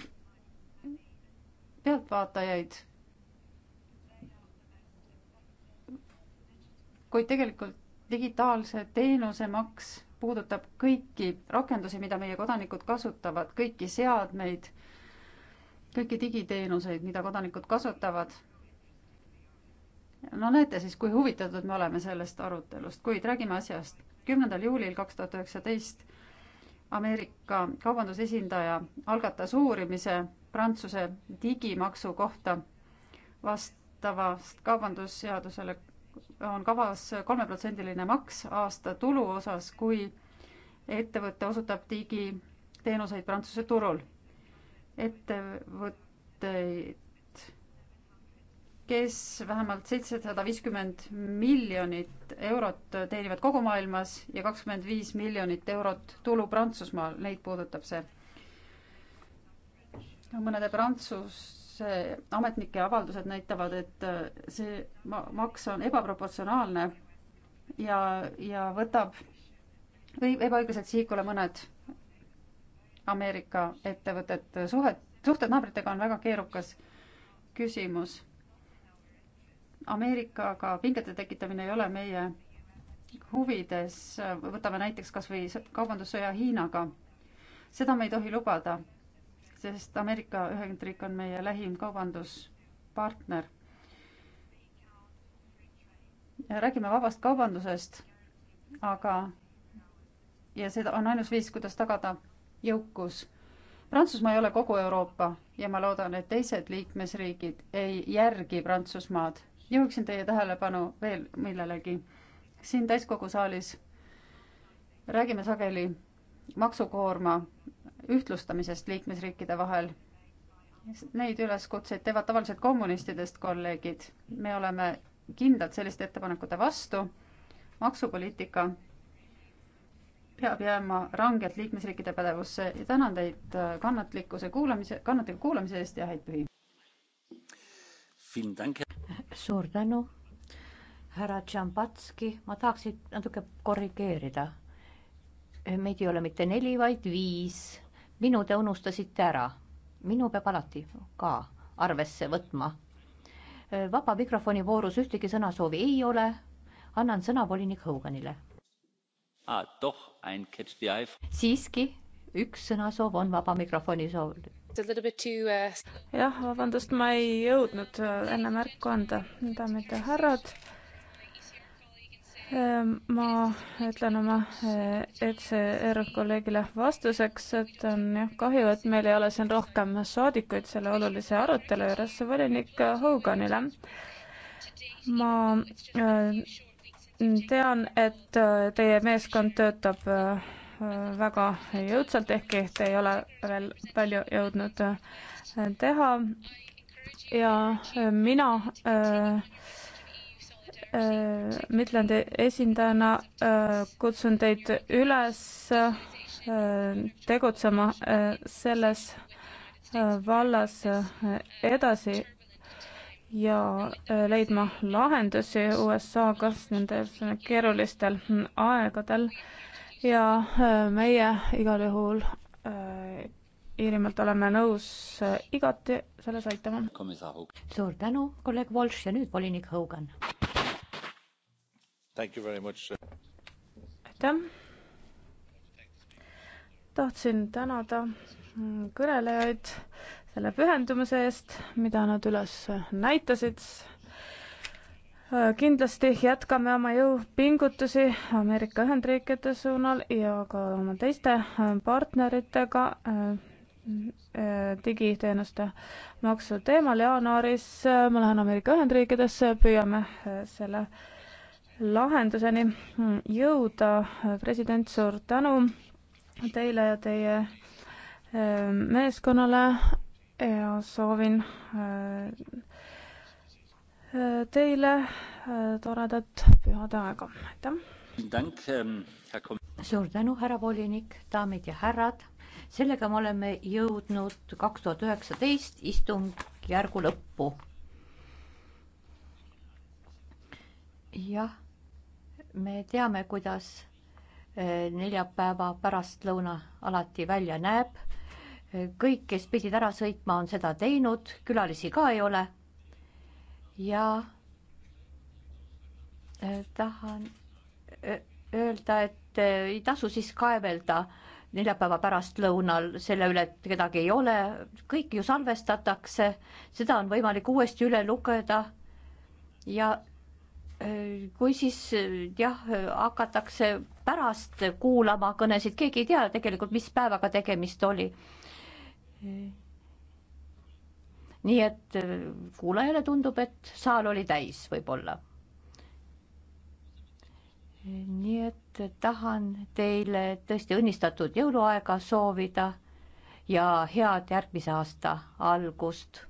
pealtvaatajaid. kuid tegelikult digitaalse teenuse maks puudutab kõiki rakendusi, mida meie kodanikud kasutavad, kõiki seadmeid, kõiki digiteenuseid, mida kodanikud kasutavad no näete siis, kui huvitatud me oleme sellest arutelust, kuid räägime asjast kümnendal juulil kaks tuhat üheksateist Ameerika kaubandusesindaja algatas uurimise Prantsuse digimaksu kohta. vastavast kaubandusseadusele on kavas kolmeprotsendiline maks aasta tulu osas, kui ettevõte osutab digiteenuseid Prantsuse turul. ettevõtteid kes vähemalt seitsesada viiskümmend miljonit eurot teenivad kogu maailmas ja kakskümmend viis miljonit eurot tulu Prantsusmaal, neid puudutab see. mõnede Prantsuse ametnike avaldused näitavad, et äh, see maks on ebaproportsionaalne ja, ja võtab või ebaõiglaselt sihikule mõned Ameerika ettevõtted. suhet, suhted naabritega on väga keerukas küsimus Ameerikaga pingete tekitamine ei ole meie huvides, võtame näiteks kas või kaubandussõja Hiinaga. seda me ei tohi lubada, sest Ameerika Ühendriik on meie lähim kaubanduspartner. räägime vabast kaubandusest, aga ja seda on ainus viis, kuidas tagada jõukus. Prantsusmaa ei ole kogu Euroopa ja ma loodan, et teised liikmesriigid ei järgi Prantsusmaad juhiksin teie tähelepanu veel millelegi. siin täiskogu saalis räägime sageli maksukoorma ühtlustamisest liikmesriikide vahel. Neid üleskutseid teevad tavaliselt kommunistidest kolleegid. me oleme kindlalt selliste ettepanekute vastu. maksupoliitika peab jääma rangelt liikmesriikide pädevusse ja tänan teid äh, kannatlikkuse kuulamise, kannatliku kuulamise eest ja häid pühi suur tänu, härra Tšambatski, ma tahaksin natuke korrigeerida. meid ei ole mitte neli, vaid viis. minu te unustasite ära. minu peab alati ka arvesse võtma. vaba mikrofoni voorus ühtegi sõnasoovi ei ole. annan sõna volinik Hoganile ah,. siiski, üks sõnasoov on vaba mikrofoni soov Uh, jah, vabandust, ma ei jõudnud äh, enne märku anda, daamid ja härrad ähm, ma ütlen oma äh, ECR kolleegile vastuseks, et on jah kahju, et meil ei ole siin rohkem saadikuid selle olulise arutelu juures volinik äh, Hoganile. ma tean, et teie meeskond töötab väga jõudsalt, ehkki te ei ole veel palju jõudnud äh, teha. ja äh, mina äh, äh, Midlandi esindajana äh, kutsun teid üles äh, tegutsema äh, selles äh, vallas äh, edasi ja äh, leidma lahendusi USA-ga nendel keerulistel aegadel äh, ja äh, meie igal juhul äh, Iirimaalt oleme nõus äh, igati selles aitama. suur tänu, kolleeg Walsh ja nüüd volinik Hogan. aitäh. tahtsin tänada mm, kõnelejaid selle pühendumise eest, mida nad üles näitasid Äh, kindlasti jätkame oma jõupingutusi Ameerika Ühendriikide suunal ja ka oma teiste äh, partneritega äh, digiteenuste maksu teemal. jaanuaris ma lähen Ameerika Ühendriikidesse, püüame selle lahenduseni mm, jõuda. president, suur tänu teile ja teie meeskonnale ja soovin teile äh, toredat pühade aega, aitäh! Ähm, suur tänu, härra volinik, daamid ja härrad. sellega me oleme jõudnud kaks tuhat üheksateist istungjärgu lõppu. jah, me teame, kuidas äh, neljapäeva pärastlõuna alati välja näeb. kõik, kes pidid ära sõitma, on seda teinud, külalisi ka ei ole ja äh, tahan äh, öelda, et äh, ei tasu siis kaevelda neljapäeva pärastlõunal selle üle, et kedagi ei ole, kõik ju salvestatakse, seda on võimalik uuesti üle lugeda. ja kui siis jah, hakatakse pärast kuulama kõnesid, keegi ei tea tegelikult, mis päevaga tegemist oli nii et äh, kuulajale tundub, et saal oli täis võib-olla. nii et tahan teile tõesti õnnistatud jõuluaega soovida ja head järgmise aasta algust.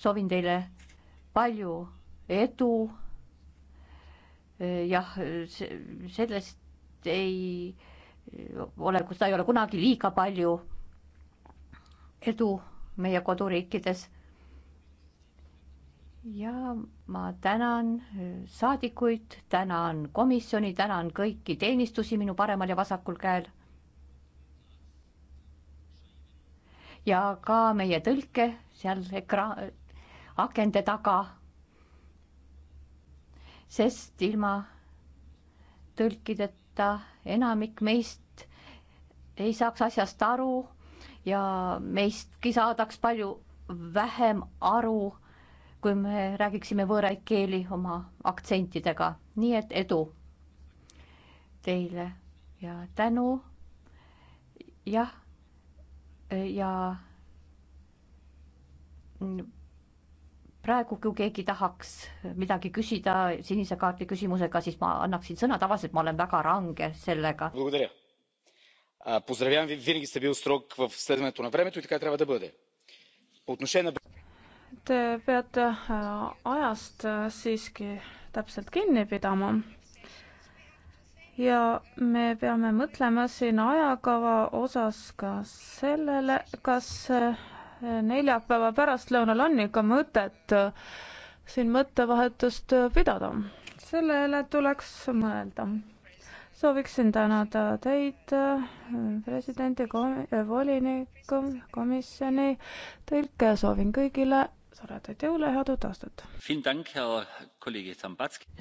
soovin teile palju edu. Äh, jah, sellest ei ole, seda ei ole kunagi liiga palju edu meie koduriikides ja ma tänan äh, saadikuid, tänan komisjoni, tänan kõiki teenistusi minu paremal ja vasakul käel. ja ka meie tõlke seal ekraan, akende taga. sest ilma tõlkideta enamik meist ei saaks asjast aru ja meistki saadaks palju vähem aru kui me räägiksime võõraid keeli oma aktsentidega, nii et edu teile ja tänu. jah, ja praegu, kui keegi tahaks midagi küsida sinise kaardi küsimusega, siis ma annaksin sõna, tavaliselt ma olen väga range sellega. Поздравявам ви, винаги сте бил строг в следването на времето и така трябва да бъде. По отношение на Te peate äh, ajast äh, siiski täpselt kinni pidama. ja me peame mõtlema siin ajakava osas ka sellele, kas äh, neljapäeva pärastlõunal on ikka mõtet siin mõttevahetust pidada. sellele tuleks mõelda sooviksin tänada teid, presidendi kom-, volinikku, komisjoni, tõlke, soovin kõigile soredaid jõule, head uut aastat!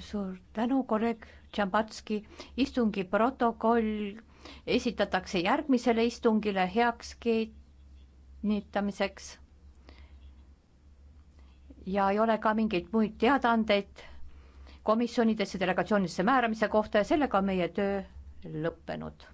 suur tänu, kolleeg Tšambatski. istungi protokoll esitatakse järgmisele istungile heaks kinnitamiseks. ja ei ole ka mingeid muid teadaandeid komisjonidesse, delegatsioonidesse määramise kohta ja sellega on meie töö lõppenud